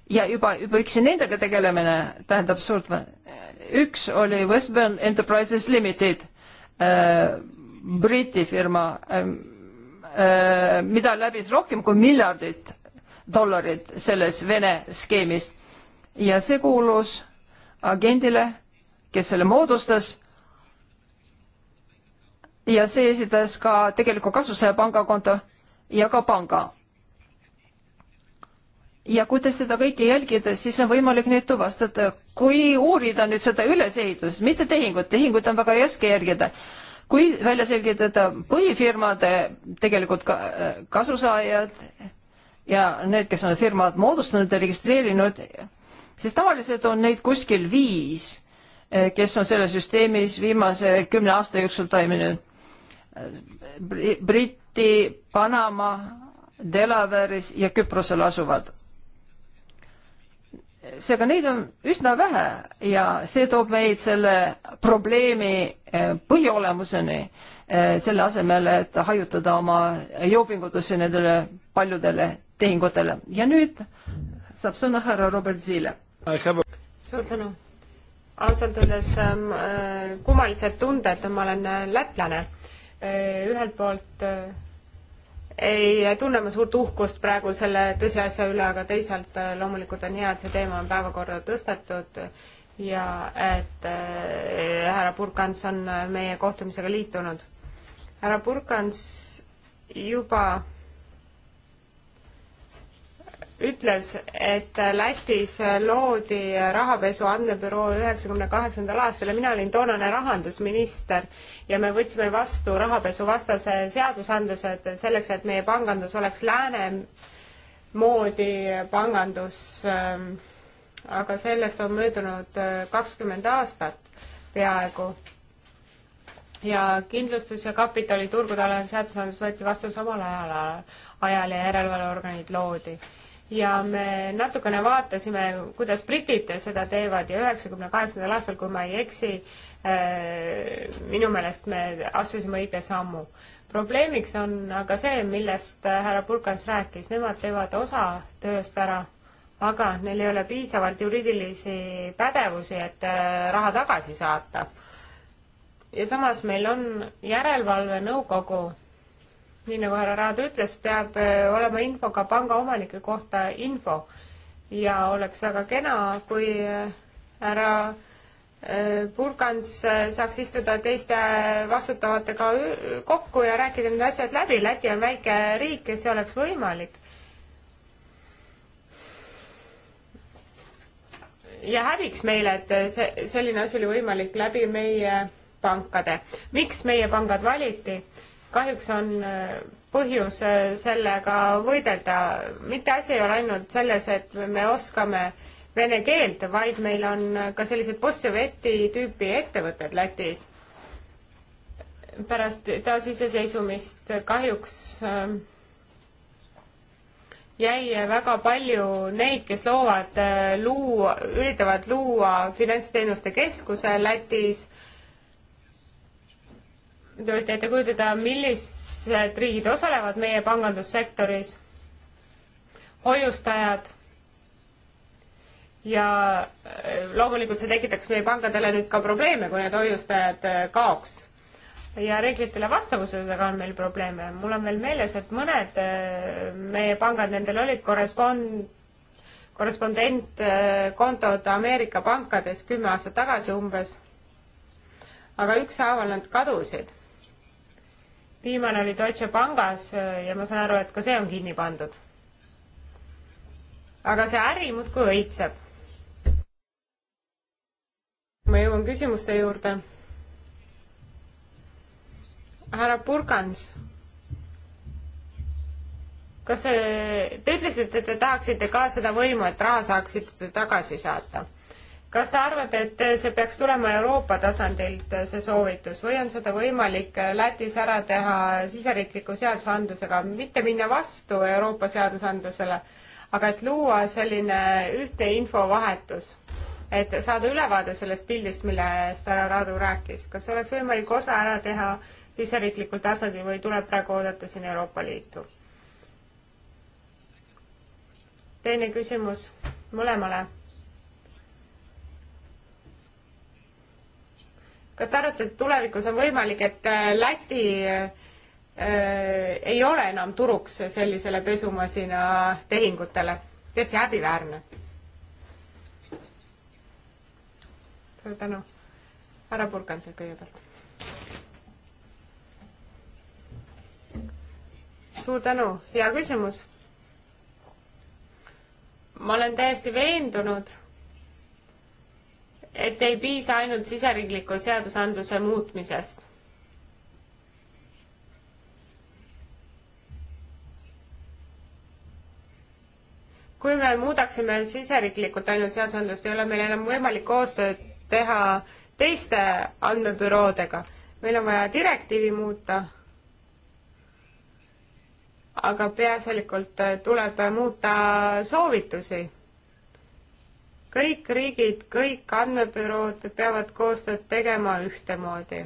ja juba, juba üksi nendega tegelemine tähendab suurt, üks oli Westman Enterprises Limited äh,, Briti firma äh,, Äh, mida läbis rohkem kui miljardit dollarit selles Vene skeemis ja see kuulus agendile, kes selle moodustas. ja see esitas ka tegeliku kasusaaja pangakonto ja ka panga. ja kui te seda kõike jälgite, siis on võimalik neid tuvastada, kui uurida nüüd seda ülesehitust, mitte tehingut, tehingut on väga raske järgida kui välja selgitada põhifirmade tegelikult ka, kasusaajad ja need, kes on firmad moodustanud ja registreerinud, siis tavaliselt on neid kuskil viis, eh, kes on selles süsteemis viimase kümne aasta jooksul toiminud. Briti, Panama, Delaware'is ja Küprosel asuvad seega neid on üsna vähe ja see toob meid selle probleemi eh, põhiolemuseni, eh, selle asemel, et hajutada oma jõupingutusi nendele paljudele tehingutele. ja nüüd saab sõna härra Robert Ziile. suur tänu.
ausalt öeldes ähm, äh, kummalised tunded, ma olen äh, lätlane. Äh, ühelt poolt ei tunne ma suurt uhkust praegu selle tõsiasja üle, aga teisalt äh, loomulikult on hea, et see teema on päevakorda tõstetud ja et äh, härra Burkans on äh, meie kohtumisega liitunud. härra Burkans juba ütles, et Lätis loodi rahapesu andmebüroo üheksakümne kaheksandal aastal ja mina olin toonane rahandusminister ja me võtsime vastu rahapesuvastase seadusandlused selleks, et meie pangandus oleks lääne moodi pangandus. aga sellest on möödunud kakskümmend aastat peaaegu. ja kindlustus- ja kapitaliturgude alane seadusandlus võeti vastu samal ajal, ajal ja järelevalveorganid loodi ja me natukene vaatasime, kuidas britid seda teevad ja üheksakümne kaheksandal aastal, kui ma ei eksi, äh, minu meelest me astusime õige sammu. probleemiks on aga see, millest härra Purkas rääkis, nemad teevad osa tööst ära, aga neil ei ole piisavalt juriidilisi pädevusi, et äh, raha tagasi saata. ja samas meil on järelevalvenõukogu nii nagu härra Raad ütles, peab äh, olema info ka pangaomanike kohta info ja oleks väga kena, kui äh, härra äh, Burgans saaks istuda teiste vastutavatega kokku ja rääkida need asjad läbi. Läti on väike riik ja see oleks võimalik. ja häbiks meile, et see, selline asi oli võimalik läbi meie pankade. miks meie pangad valiti? kahjuks on äh, põhjus äh, sellega võidelda. mitte asi ei ole ainult selles, et me oskame vene keelt, vaid meil on äh, ka sellised Bossoveti tüüpi ettevõtted Lätis. pärast taasiseseisvumist kahjuks jäi väga palju neid, kes loovad, luua, üritavad luua finantsteenuste keskuse Lätis te võite ette kujutada, millised riigid osalevad meie pangandussektoris, hoiustajad ja äh, loomulikult see tekitaks meie pankadele nüüd ka probleeme, kui need hoiustajad äh, kaoks. ja reeglitele vastavusega on meil probleeme. mul on veel meeles, et mõned äh, meie pangad, nendel olid korrespond-, korrespondentkontod Ameerika pankades kümme aastat tagasi umbes, aga ükshaaval nad kadusid viimane oli Deutsche Pangas äh, ja ma saan aru, et ka see on kinni pandud. aga see äri muudkui õitseb. ma jõuan küsimuste juurde. härra Purgans, kas see, te ütlesite, et te tahaksite ka seda võimu, et raha saaksite tagasi saata kas te arvate, et see peaks tulema Euroopa tasandilt, see soovitus, või on seda võimalik Lätis ära teha siseriikliku seadusandlusega, mitte minna vastu Euroopa seadusandlusele, aga et luua selline ühtne infovahetus? et saada ülevaade sellest pildist, millest härra Raadu rääkis, kas oleks võimalik osa ära teha siseriiklikul tasandil või tuleb praegu oodata siin Euroopa Liitu? teine küsimus mõlemale kas te arvate, et tulevikus on võimalik, et äh, Läti äh, äh, ei ole enam turuks sellisele pesumasina tehingutele? tõesti häbiväärne. suur tänu. härra Purkansepp kõigepealt. suur tänu, hea küsimus. ma olen täiesti veendunud et ei piisa ainult siseriikliku seadusandluse muutmisest. kui me muudaksime siseriiklikult ainult seadusandlust, ei ole meil enam võimalik koostööd teha teiste andmebüroodega. meil on vaja direktiivi muuta, aga peaasjalikult tuleb muuta soovitusi kõik riigid, kõik andmebürood peavad koostööd tegema ühtemoodi.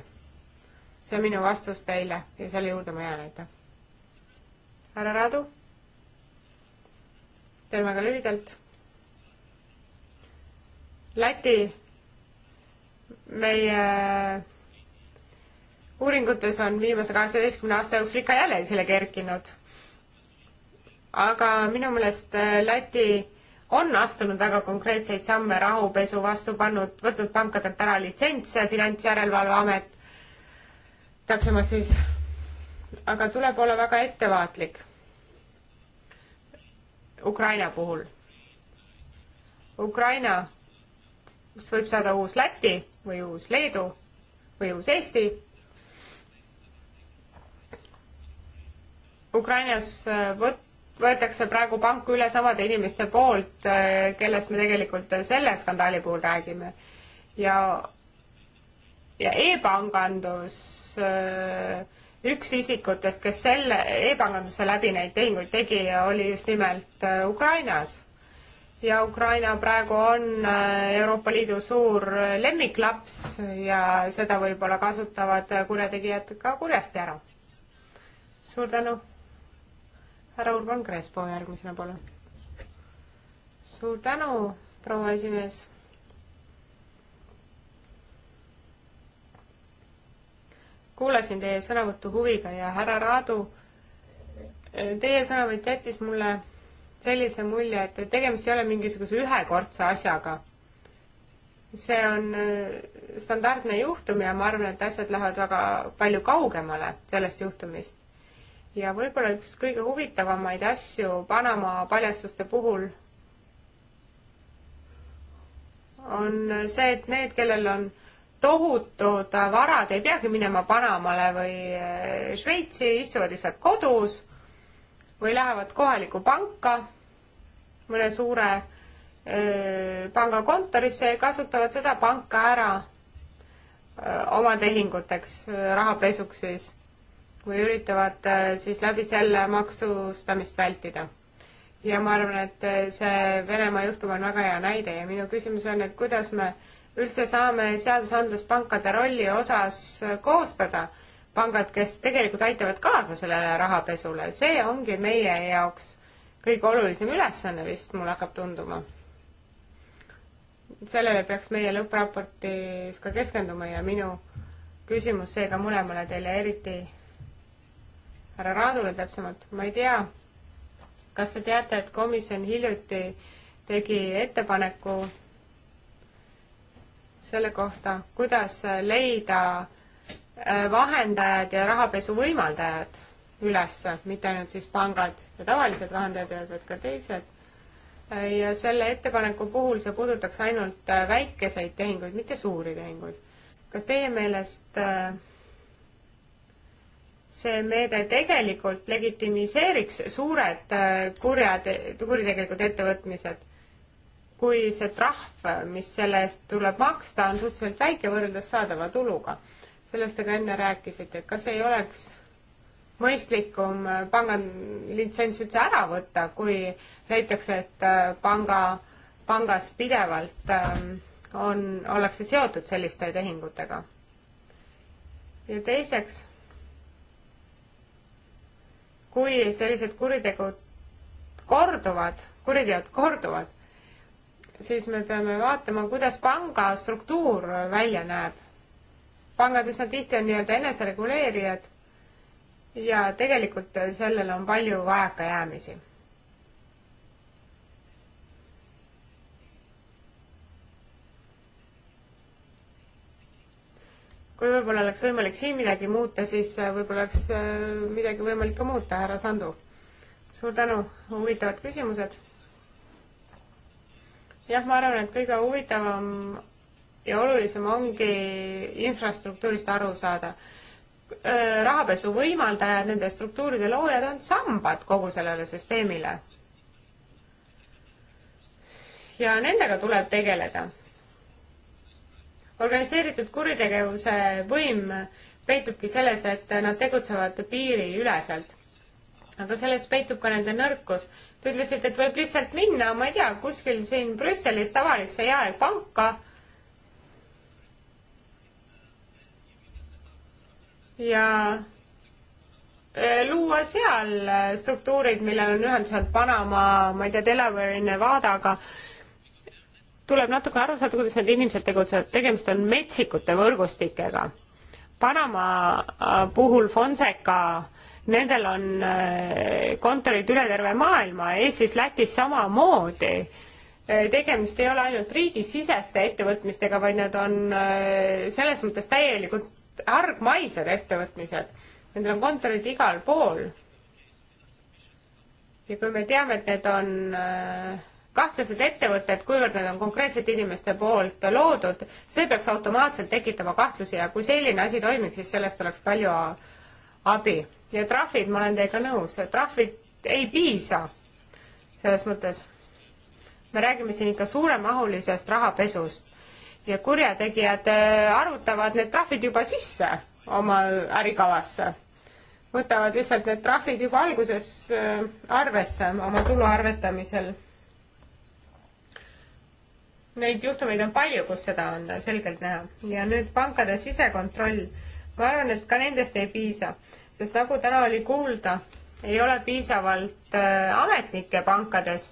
see on minu vastus teile ja selle juurde ma jään, aitäh. härra Radu? teen väga lühidalt. Läti meie uuringutes on viimase kaheksateistkümne aasta jooksul ikka jälle esile kerkinud. aga minu meelest Läti on astunud väga konkreetseid samme rahupesu vastu, pannud, võtnud pankadelt ära litsentse, Finantsjärelevalveamet, täpsemalt siis, aga tuleb olla väga ettevaatlik Ukraina puhul. Ukraina, kas võib saada uus Läti või uus Leedu või uus Eesti? Ukrainas võt-, võetakse praegu panku üle samade inimeste poolt, eh, kellest me tegelikult selle skandaali puhul räägime. ja, ja e-pangandus, eh, üks isikutest, kes selle e-panganduse läbi neid tehinguid tegi, oli just nimelt eh, Ukrainas. ja Ukraina praegu on Euroopa Liidu suur lemmiklaps ja seda võib-olla kasutavad kurjategijad ka kurjasti ära. suur tänu! härra Urban Crespo järgmisena, palun. suur tänu, proua esimees. kuulasin teie sõnavõttu huviga ja härra Raadu, teie sõnavõtt jättis mulle sellise mulje, et tegemist ei ole mingisuguse ühekordse asjaga see on äh, standardne juhtum ja ma arvan, et asjad lähevad väga palju kaugemale sellest juhtumist ja võib-olla üks kõige huvitavamaid asju Panama paljastuste puhul on see, et need, kellel on tohutud varad, ei peagi minema Panamale või eh, Šveitsi, istuvad lihtsalt kodus või lähevad kohalikku panka, mõne suure öö, eh, pangakontorisse ja kasutavad seda panka ära öö, eh, oma tehinguteks, rahapesuks siis kui üritavad äh, siis läbi selle maksustamist vältida. ja ma arvan, et äh, see Venemaa juhtum on väga hea näide ja minu küsimus on, et kuidas me üldse saame seadusandlust pankade rolli osas äh, koostada, pangad, kes tegelikult aitavad kaasa sellele rahapesule, see ongi meie jaoks kõige olulisem ülesanne vist, mulle hakkab tunduma. sellele peaks meie lõppraportis ka keskenduma ja minu küsimus seega mõlemale teile eriti härra Raadule täpsemalt, ma ei tea, kas te teate, et komisjon hiljuti tegi ettepaneku selle kohta, kuidas leida äh, vahendajad ja rahapesu võimaldajad üles, mitte ainult siis pangad ja tavalised vahendajad, vaid ka teised. Äh, ja selle ettepaneku puhul see puudutaks ainult äh, väikeseid tehinguid, mitte suuri tehinguid. kas teie meelest äh, see meede tegelikult legitimiseeriks suured äh, kurjad, kuritegelikud ettevõtmised. kui see trahv, mis selle eest tuleb maksta, on suhteliselt väike võrreldes saadava tuluga. sellest te ka enne rääkisite, et kas ei oleks mõistlikum äh, pangalitsents üldse ära võtta, kui leitakse, et äh, panga, pangas pidevalt ähm, on, ollakse seotud selliste tehingutega. ja teiseks kui sellised kuritegud korduvad, kuriteod korduvad, siis me peame vaatama, kuidas panga struktuur välja näeb. pangad üsna tihti on nii-öelda enesereguleerijad ja tegelikult sellel on palju vajakajäämisi kui võib-olla oleks võimalik siin midagi muuta, siis äh, võib-olla oleks äh, midagi võimalik ka muuta, härra Sandu. suur tänu, huvitavad küsimused. jah, ma arvan, et kõige huvitavam ja olulisem ongi infrastruktuurist aru saada. Äh, rahapesu võimaldajad, nende struktuuride loojad on sambad kogu sellele süsteemile. ja nendega tuleb tegeleda organiseeritud kuritegevuse võim peitubki selles, et nad tegutsevad piiriüleselt. aga selles peitub ka nende nõrkus. Te ütlesite, et võib lihtsalt minna, ma ei tea, kuskil siin Brüsselis tavalisse jaepanka. ja e, luua seal struktuurid, millel on ühendused Panama, ma ei tea, Delaware, Nevadaga tuleb natuke aru saada, kuidas need inimesed tegutsevad, tegemist on metsikute võrgustikega. Panama äh, puhul Fonseca, nendel on äh, kontorid üle terve maailma, Eestis, Lätis samamoodi. Äh, tegemist ei ole ainult riigisiseste ettevõtmistega, vaid nad on selles mõttes täielikult argmaised ettevõtmised. Nendel on kontorid igal pool. ja kui me teame, et need on äh, kahtlased ettevõtted, kuivõrd need on konkreetsete inimeste poolt loodud, see peaks automaatselt tekitama kahtlusi ja kui selline asi toimiks, siis sellest oleks palju abi. ja trahvid, ma olen teiega nõus, trahvid ei piisa selles mõttes. me räägime siin ikka suuremahulisest rahapesust ja kurjategijad äh, arvutavad need trahvid juba sisse oma ärikavasse võtavad lihtsalt need trahvid juba alguses äh, arvesse oma tulu arvetamisel neid juhtumeid on palju, kus seda on selgelt näha. ja nüüd pankade sisekontroll. ma arvan, et ka nendest ei piisa, sest nagu täna oli kuulda, ei ole piisavalt äh, ametnikke pankades,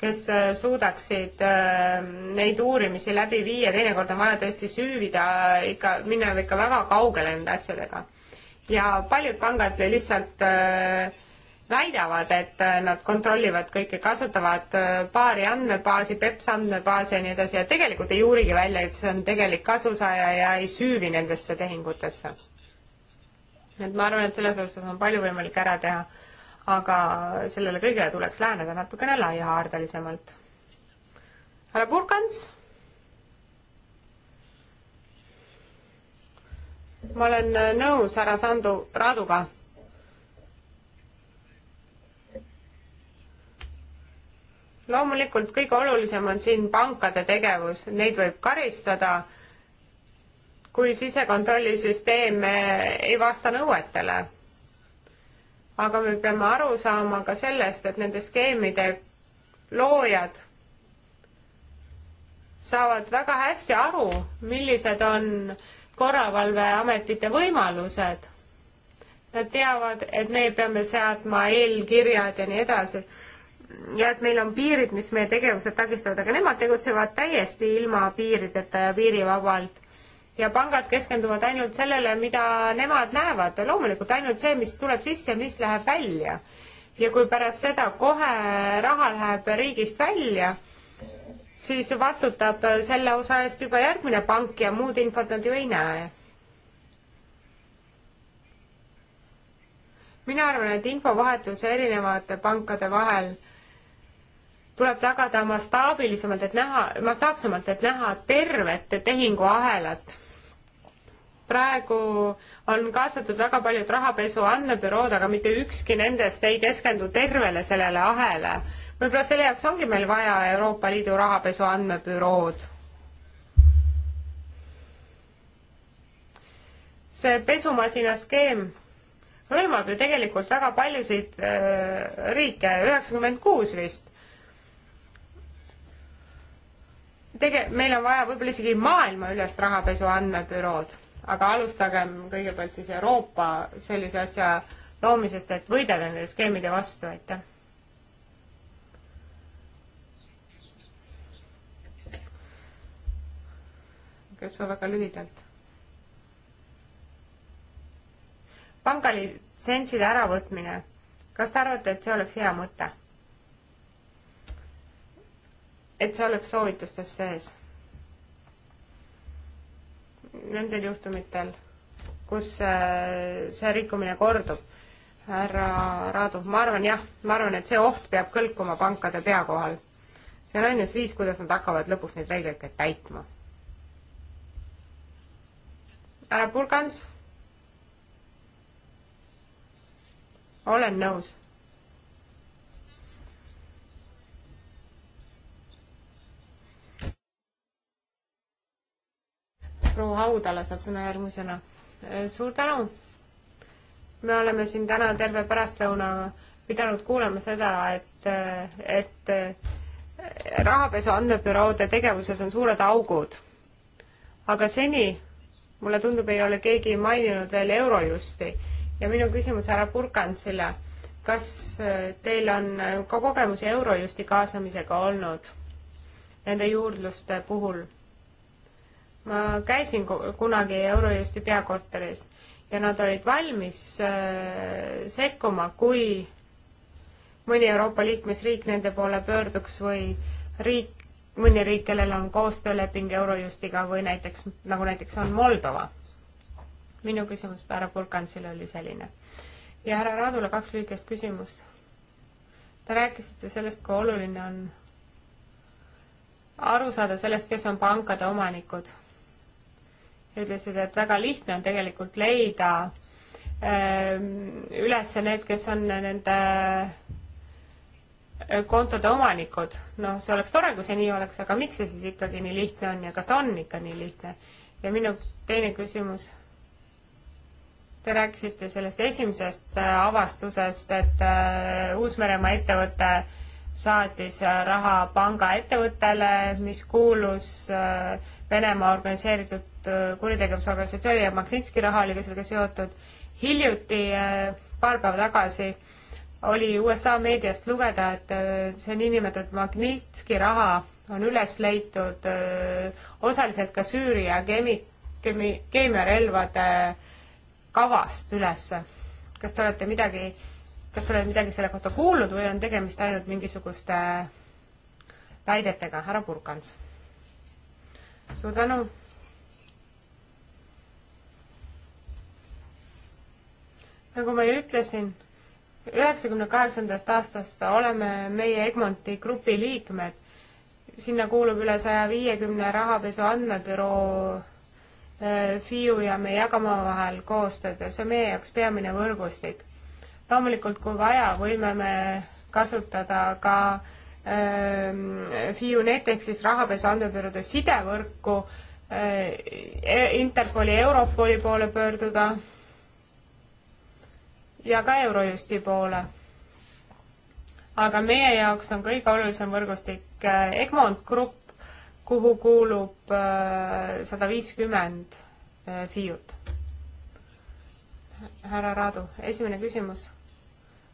kes äh, suudaksid äh, neid uurimisi läbi viia, teinekord on vaja tõesti süüvida äh, ikka, minna ikka väga kaugele nende asjadega. ja paljud pangad lihtsalt äh, väidavad, et äh, nad kontrollivad kõike, kasutavad äh, paari andmebaasi, PEPS andmebaasi ja nii edasi ja tegelikult ei uurigi välja, et see on tegelik kasusaaja ja ei süüvi nendesse tehingutesse. et ma arvan, et selles osas on palju võimalik ära teha, aga sellele kõigele tuleks läheneda natukene laiahaardelisemalt. härra Purkans? ma olen äh, nõus härra Sandu Raaduga loomulikult kõige olulisem on siin pankade tegevus, neid võib karistada, kui sisekontrollisüsteem eh, ei vasta nõuetele. aga me peame aru saama ka sellest, et nende skeemide loojad saavad väga hästi aru, millised on korravalveametite võimalused. Nad teavad, et me peame seadma eelkirjad ja nii edasi ja et meil on piirid, mis meie tegevused takistavad, aga nemad tegutsevad täiesti ilma piirideta ja piirivabalt. ja pangad keskenduvad ainult sellele, mida nemad näevad, loomulikult ainult see, mis tuleb sisse, mis läheb välja. ja kui pärast seda kohe raha läheb riigist välja, siis vastutab selle osa eest juba järgmine pank ja muud infot nad ju ei näe mina arvan, et infovahetus erinevate pankade vahel tuleb tagada mastaabilisemalt, et näha, mastaapsemalt, et näha tervet tehinguahelat. praegu on kaasatud väga paljud rahapesu andmebürood, aga mitte ükski nendest ei keskendu tervele sellele ahele. võib-olla selle jaoks ongi meil vaja Euroopa Liidu rahapesu andmebürood. see pesumasina skeem hõlmab ju tegelikult väga paljusid äh, riike, üheksakümmend kuus vist. tege-, meil on vaja võib-olla isegi maailmaülest rahapesu andmebürood, aga alustagem kõigepealt siis Euroopa sellise asja loomisest, et võidelda nende skeemide vastu, aitäh. kas ma väga lühidalt? pangalitsentside äravõtmine, kas te arvate, et see oleks hea mõte? et see oleks soovitustes sees. Nendel juhtumitel, kus äh, see rikkumine kordub. härra Raadu, ma arvan jah, ma arvan, et see oht peab kõlkuma pankade pea kohal. see on ainus viis, kuidas nad hakkavad lõpuks neid reegleid ka täitma. härra Purgans? olen nõus proua Haudala saab sõna järgmisena. Äh, suur tänu! me oleme siin täna terve pärastlõuna pidanud kuulema seda, et, äh, et äh, rahapesu andmebüroode tegevuses on suured augud. aga seni, mulle tundub, ei ole keegi maininud veel Eurojusti ja minu küsimus härra Purkansile, kas teil on ka kogemusi Eurojusti kaasamisega olnud nende juurdluste puhul? ma käisin kunagi Eurojusti peakorteris ja nad olid valmis äh, sekkuma, kui mõni Euroopa liikmesriik nende poole pöörduks või riik, mõni riik, kellel on koostööleping Eurojustiga või näiteks, nagu näiteks on Moldova. minu küsimus härra Purkansile oli selline. ja härra Raadule kaks lühikest küsimust. Te rääkisite sellest, kui oluline on aru saada sellest, kes on pankade omanikud ütlesid, et väga lihtne on tegelikult leida ähm, üles need, kes on nende äh, kontode omanikud. noh, see oleks tore, kui see nii oleks, aga miks see siis ikkagi nii lihtne on ja kas ta on ikka nii lihtne? ja minu teine küsimus. Te rääkisite sellest esimesest äh, avastusest, et äh, Uus-Meremaa ettevõte saatis raha pangaettevõttele, mis kuulus Venemaa organiseeritud äh, kuritegevusorganisatsiooni ja Magnitski raha oli ka sellega seotud. hiljuti, äh, paar päeva tagasi, oli USA meediast lugeda, et äh, see niinimetatud Magnitski raha on üles leitud osaliselt ka Süüria keemi-, keemi-, keemiarelvade kavast ülesse. kas te olete midagi, kas te olete midagi selle kohta kuulnud või on tegemist ainult mingisuguste väidetega, härra Purkans? suur tänu. nagu ma ütlesin, üheksakümne kaheksandast aastast oleme meie Egmonti grupi liikmed. sinna kuulub üle saja viiekümne rahapesu andmebüroo äh, FIU ja me jagame omavahel koostööd ja see on meie jaoks peamine võrgustik. loomulikult, kui vaja, võime me kasutada ka äh, Ehm, FIUNet ehk siis rahapesu andmebüroode sidevõrku eh, e-, Interpoli ja Europoli poole pöörduda ja ka Eurojusti poole. aga meie jaoks on kõige olulisem võrgustik eh, Egmont Grupp, kuhu kuulub eh, sada viiskümmend FIUt. härra Raadu, esimene küsimus.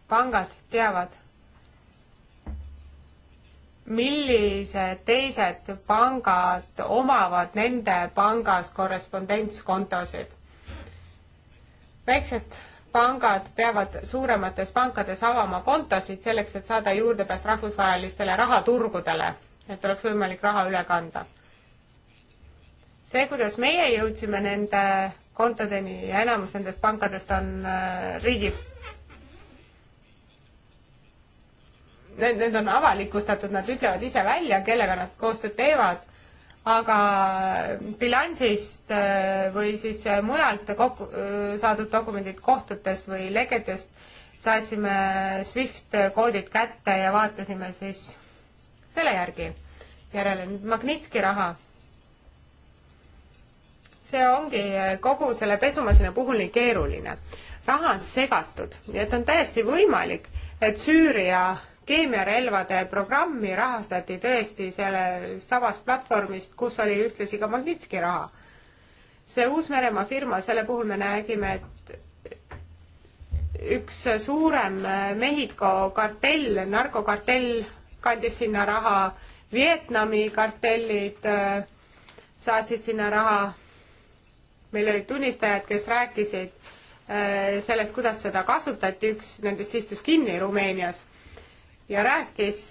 pangad teavad millised teised pangad omavad nende pangas korrespondentskontosid. väiksed pangad peavad suuremates pankades avama kontosid selleks, et saada juurdepääs rahvusvahelistele rahaturgudele, et oleks võimalik raha üle kanda. see, kuidas meie jõudsime nende kontodeni ja enamus nendest pankadest on äh, riigi need, need on avalikustatud, nad ütlevad ise välja, kellega nad koostööd teevad, aga bilansist äh, või siis äh, mujalt kokku äh, saadud dokumendid kohtutest või legedest saatsime Swift koodid kätte ja vaatasime siis selle järgi järele. nüüd Magnitski raha. see ongi kogu selle pesumasina puhul nii keeruline. raha on segatud, nii et on täiesti võimalik, et Süüria keemiarelvade programmi rahastati tõesti sellest samast platvormist, kus oli ühtlasi ka Magnitski raha. see Uus-Meremaa firma, selle puhul me nägime, et üks suurem Mehhiko kartell, narkokartell kandis sinna raha, Vietnami kartellid äh, saatsid sinna raha. meil olid tunnistajad, kes rääkisid äh, sellest, kuidas seda kasutati, üks nendest istus kinni Rumeenias ja rääkis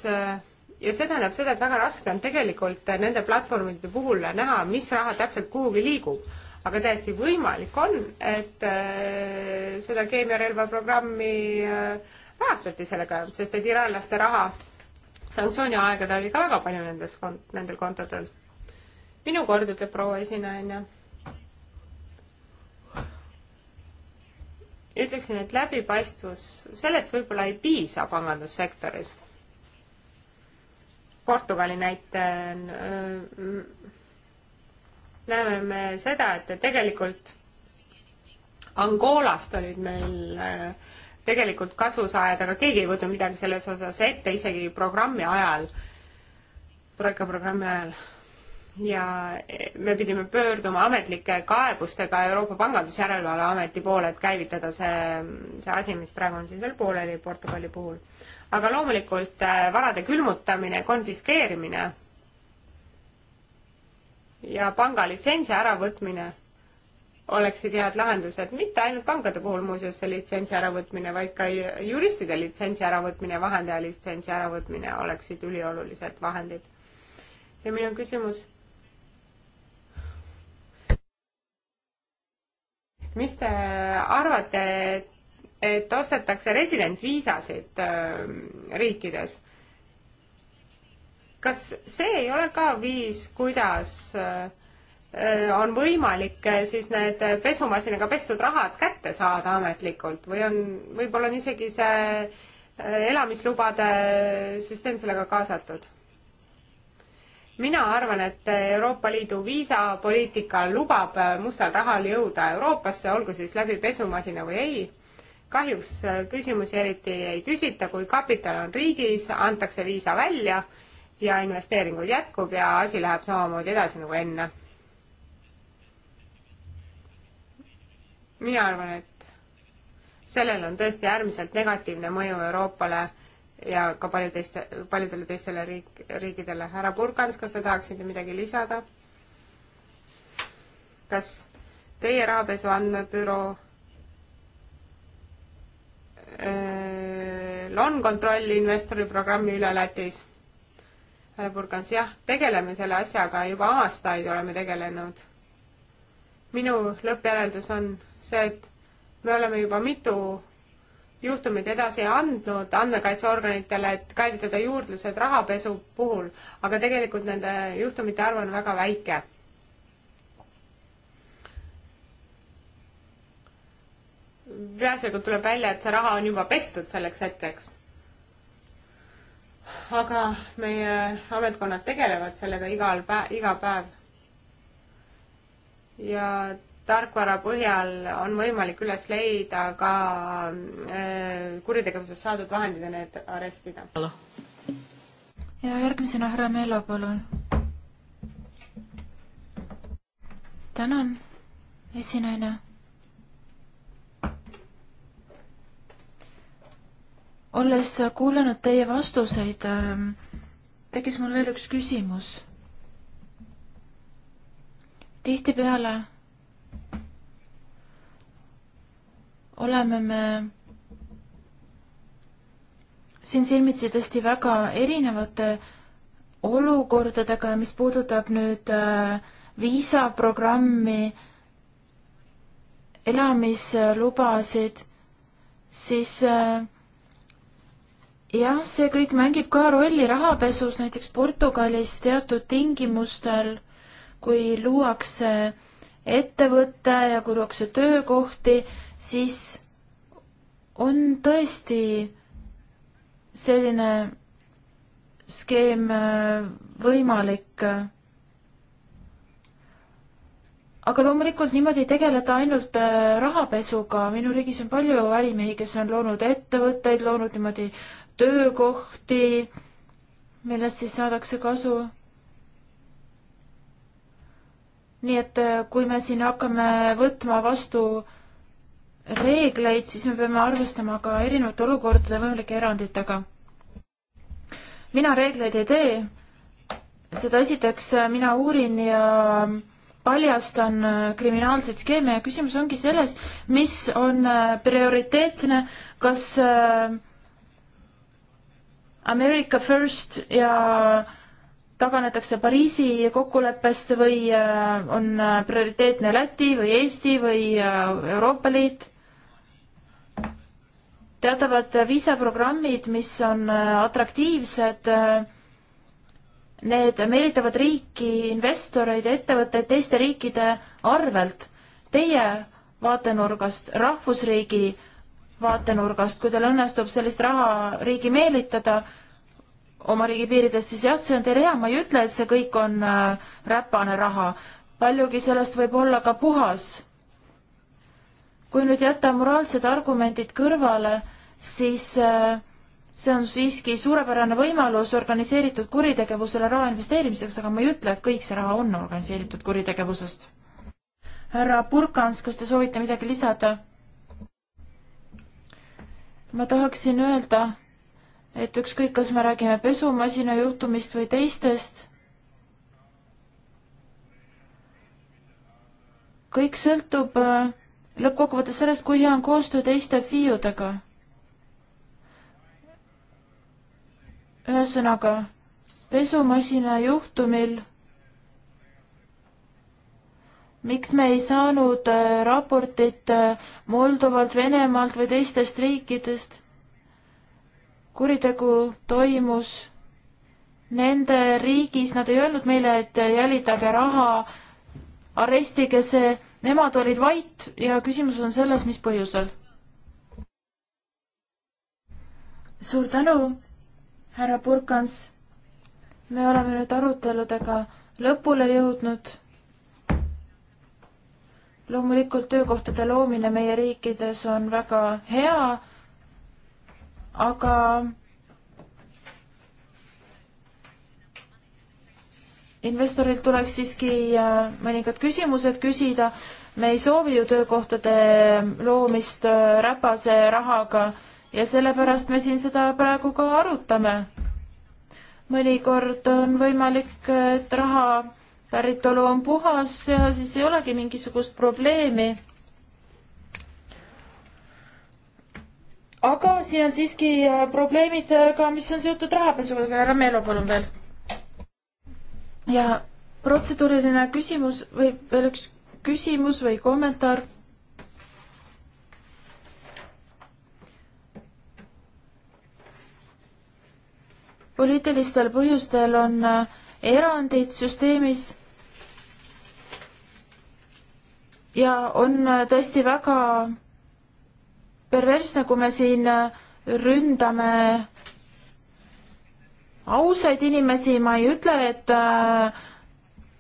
ja see tähendab seda, et väga raske on tegelikult nende platvormide puhul näha, mis raha täpselt kuhugi liigub. aga täiesti võimalik on, et äh, seda keemiarelvaprogrammi äh, rahastati sellega, sest et iraanlaste raha sanktsiooniaegadel oli ka väga palju nendes kont-, nendel kontodel. minu kord, ütleb proua esinaine ütleksin, et läbipaistvus, sellest võib-olla ei piisa pangandussektoris. Portugali näite näeme me seda, et tegelikult Angolast olid meil tegelikult kasusaajad, aga keegi ei võtnud midagi selles osas ette isegi programmi ajal, projektiprogrammi ajal ja me pidime pöörduma ametlike kaebustega Euroopa Pangandusjärelevalve Ameti poole, et käivitada see, see asi, mis praegu on siis veel pooleli Portugali puhul. aga loomulikult äh, varade külmutamine, konfiskeerimine ja pangalitsentsi äravõtmine oleksid head lahendused, mitte ainult pankade puhul muuseas see litsentsi äravõtmine, vaid ka juristide litsentsi äravõtmine, vahendaja litsentsi äravõtmine oleksid üliolulised vahendid. ja minu küsimus mis te arvate, et ostetakse residentviisasid äh, riikides? kas see ei ole ka viis, kuidas äh, on võimalik äh, siis need pesumasinaga pestud rahad kätte saada ametlikult või on, võib-olla on isegi see elamislubade süsteem sellega kaasatud? mina arvan, et Euroopa Liidu viisapoliitika lubab mustal rahal jõuda Euroopasse, olgu siis läbi pesumasina või ei. kahjuks küsimusi eriti ei küsita, kui kapital on riigis, antakse viisa välja ja investeeringuid jätkub ja asi läheb samamoodi edasi nagu enne. mina arvan, et sellel on tõesti äärmiselt negatiivne mõju Euroopale ja ka palju teiste, paljudele teistele riik, riikidele. härra Burkans, kas te tahaksite midagi lisada? kas teie rahapesu andmebüroo äh, on kontroll investori programmi üle Lätis? härra Burkans, jah, tegeleme selle asjaga, juba aastaid oleme tegelenud. minu lõppjäreldus on see, et me oleme juba mitu juhtumid edasi andnud andmekaitseorganitele, et käivitada juurdlused rahapesu puhul, aga tegelikult nende juhtumite arv on väga väike peaasjalikult tuleb välja, et see raha on juba pestud selleks hetkeks. aga meie ametkonnad tegelevad sellega igal päev, iga päev. ja tarkvara põhjal on võimalik üles leida ka äh, kuritegevusest saadud vahendid ja need arestida.
ja järgmisena härra Meelo, palun. tänan, esinaine. olles kuulanud teie vastuseid, ähm, tekkis mul veel üks küsimus. tihtipeale oleme me siin silmitsi tõesti väga erinevate olukordadega ja mis puudutab nüüd äh, viisaprogrammi, elamislubasid, siis äh, jah, see kõik mängib ka rolli rahapesus, näiteks Portugalis teatud tingimustel, kui luuakse ettevõte ja kui luuakse töökohti, siis on tõesti selline skeem äh, võimalik. aga loomulikult niimoodi ei tegeleta ainult äh, rahapesuga, minu riigis on palju ärimehi, kes on loonud ettevõtteid, loonud niimoodi töökohti, millest siis saadakse kasu nii et äh, kui me siin hakkame võtma vastu reegleid, siis me peame arvestama ka erinevate olukordade võimalike eranditega. mina reegleid ei tee, seda esiteks äh, mina uurin ja paljastan äh, kriminaalseid skeeme ja küsimus ongi selles, mis on prioriteetne, kas America First ja äh, taganetakse Pariisi kokkuleppest või äh, on äh, prioriteetne Läti või Eesti või äh, Euroopa Liit? teatavad viisaprogrammid, mis on atraktiivsed, need meelitavad riiki investoreid ja ettevõtteid teiste riikide arvelt. Teie vaatenurgast, rahvusriigi vaatenurgast, kui teil õnnestub sellist raha riigi meelitada, oma riigi piirides, siis jah, see on teil hea, ma ei ütle, et see kõik on äh, räpane raha. paljugi sellest võib olla ka puhas. kui nüüd jätta moraalsed argumendid kõrvale, siis äh, see on siiski suurepärane võimalus organiseeritud kuritegevusele raha investeerimiseks, aga ma ei ütle, et kõik see raha on organiseeritud kuritegevusest. härra Purkans, kas te soovite midagi lisada? ma tahaksin öelda et ükskõik, kas me räägime pesumasina juhtumist või teistest, kõik sõltub äh, lõppkokkuvõttes sellest, kui hea on koostöö teiste FIU-dega. ühesõnaga, pesumasina juhtumil miks me ei saanud äh, raportit äh, Moldovalt, Venemaalt või teistest riikidest kuritegu toimus nende riigis, nad ei öelnud meile, et jälitage raha, arestige see, nemad olid vait ja küsimus on selles, mis põhjusel. suur tänu, härra Burkans. me oleme nüüd aruteludega lõpule jõudnud. loomulikult töökohtade loomine meie riikides on väga hea aga investoril tuleks siiski äh, mõningad küsimused küsida. me ei soovi ju töökohtade loomist äh, räpase rahaga ja sellepärast me siin seda praegu ka arutame. mõnikord on võimalik, äh, et raha päritolu on puhas ja siis ei olegi mingisugust probleemi aga siin on siiski äh, probleemid äh, ka, mis on seotud rahapesuga, härra Meelo, palun veel. ja protseduuriline küsimus või veel üks küsimus või kommentaar. poliitilistel põhjustel on äh, erandid süsteemis ja on tõesti väga perversne, kui me siin äh, ründame ausaid inimesi, ma ei ütle, et äh,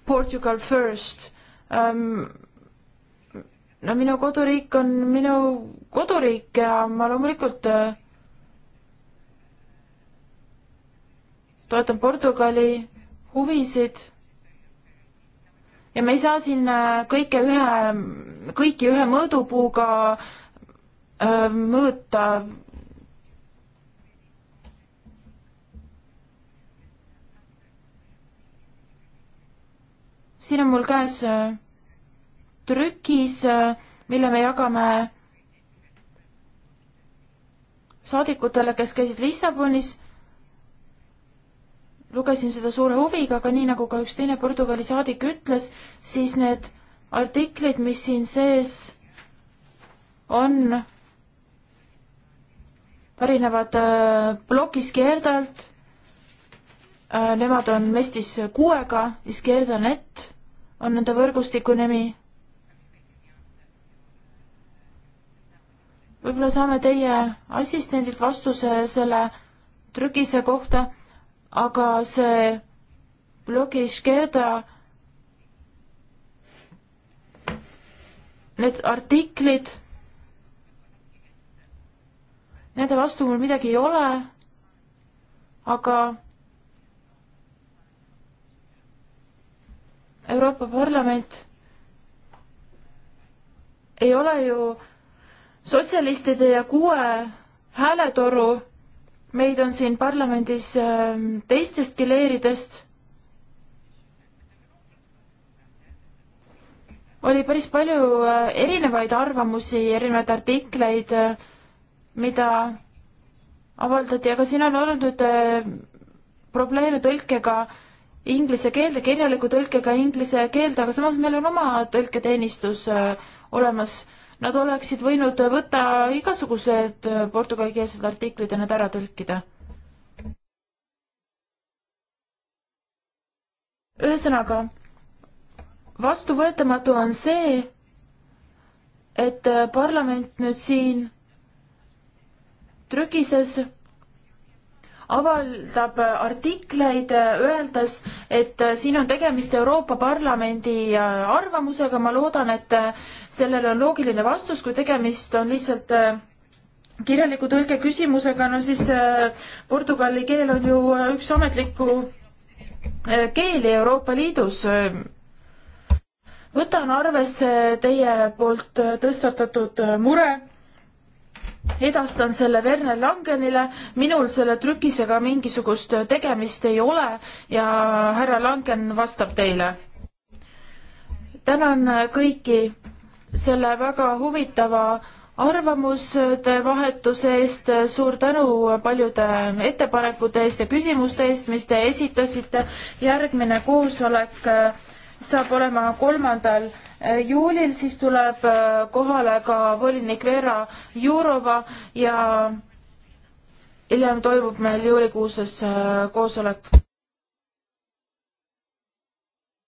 Portugal first ähm,. no minu koduriik on minu koduriik ja ma loomulikult äh, toetan Portugali huvisid. ja me ei saa siin äh, kõike ühe, kõiki ühe mõõdupuuga Äh, mõõta siin on mul käes äh, trükis, äh, mille me jagame saadikutele, kes käisid Lissabonis. lugesin seda suure huviga, aga nii nagu ka üks teine Portugali saadik ütles, siis need artiklid, mis siin sees on, pärinevad äh, plokist Gerdalt. Äh, nemad on Mestis kuuega, Iskerdanet on nende võrgustiku nimi. võib-olla saame teie assistendilt vastuse selle trükise kohta, aga see blogis Gerda need artiklid Nende vastu mul midagi ei ole, aga Euroopa Parlament ei ole ju sotsialistide ja kuue hääletoru, meid on siin parlamendis ähm, teistestki leeridest. oli päris palju äh, erinevaid arvamusi, erinevaid artikleid äh, mida avaldati, aga siin on olnud äh, probleeme tõlkega inglise keelde, kirjaliku tõlkega inglise keelde, aga samas meil on oma tõlketeenistus äh, olemas. Nad oleksid võinud võtta igasugused äh, portugalikeelsed artiklid ja need ära tõlkida. ühesõnaga, vastuvõetamatu on see, et parlament nüüd siin trükises avaldab artikleid, öeldes, et siin on tegemist Euroopa Parlamendi äh, arvamusega, ma loodan, et äh, sellele on loogiline vastus, kui tegemist on lihtsalt äh, kirjaliku tõlge küsimusega, no siis portugali keel on ju üks ametlikku keeli Euroopa Liidus. võtan arvesse teie poolt tõstatatud mure edastan selle Werner Langenile, minul selle trükisega mingisugust tegemist ei ole ja härra Langen vastab teile. tänan kõiki selle väga huvitava arvamuste vahetuse eest, suur tänu paljude ettepanekute eest ja küsimuste eest, mis te esitasite. järgmine koosolek saab olema kolmandal juulil, siis tuleb äh, kohale ka volinik Vera Jurova ja hiljem toimub meil juulikuuses äh, koosolek.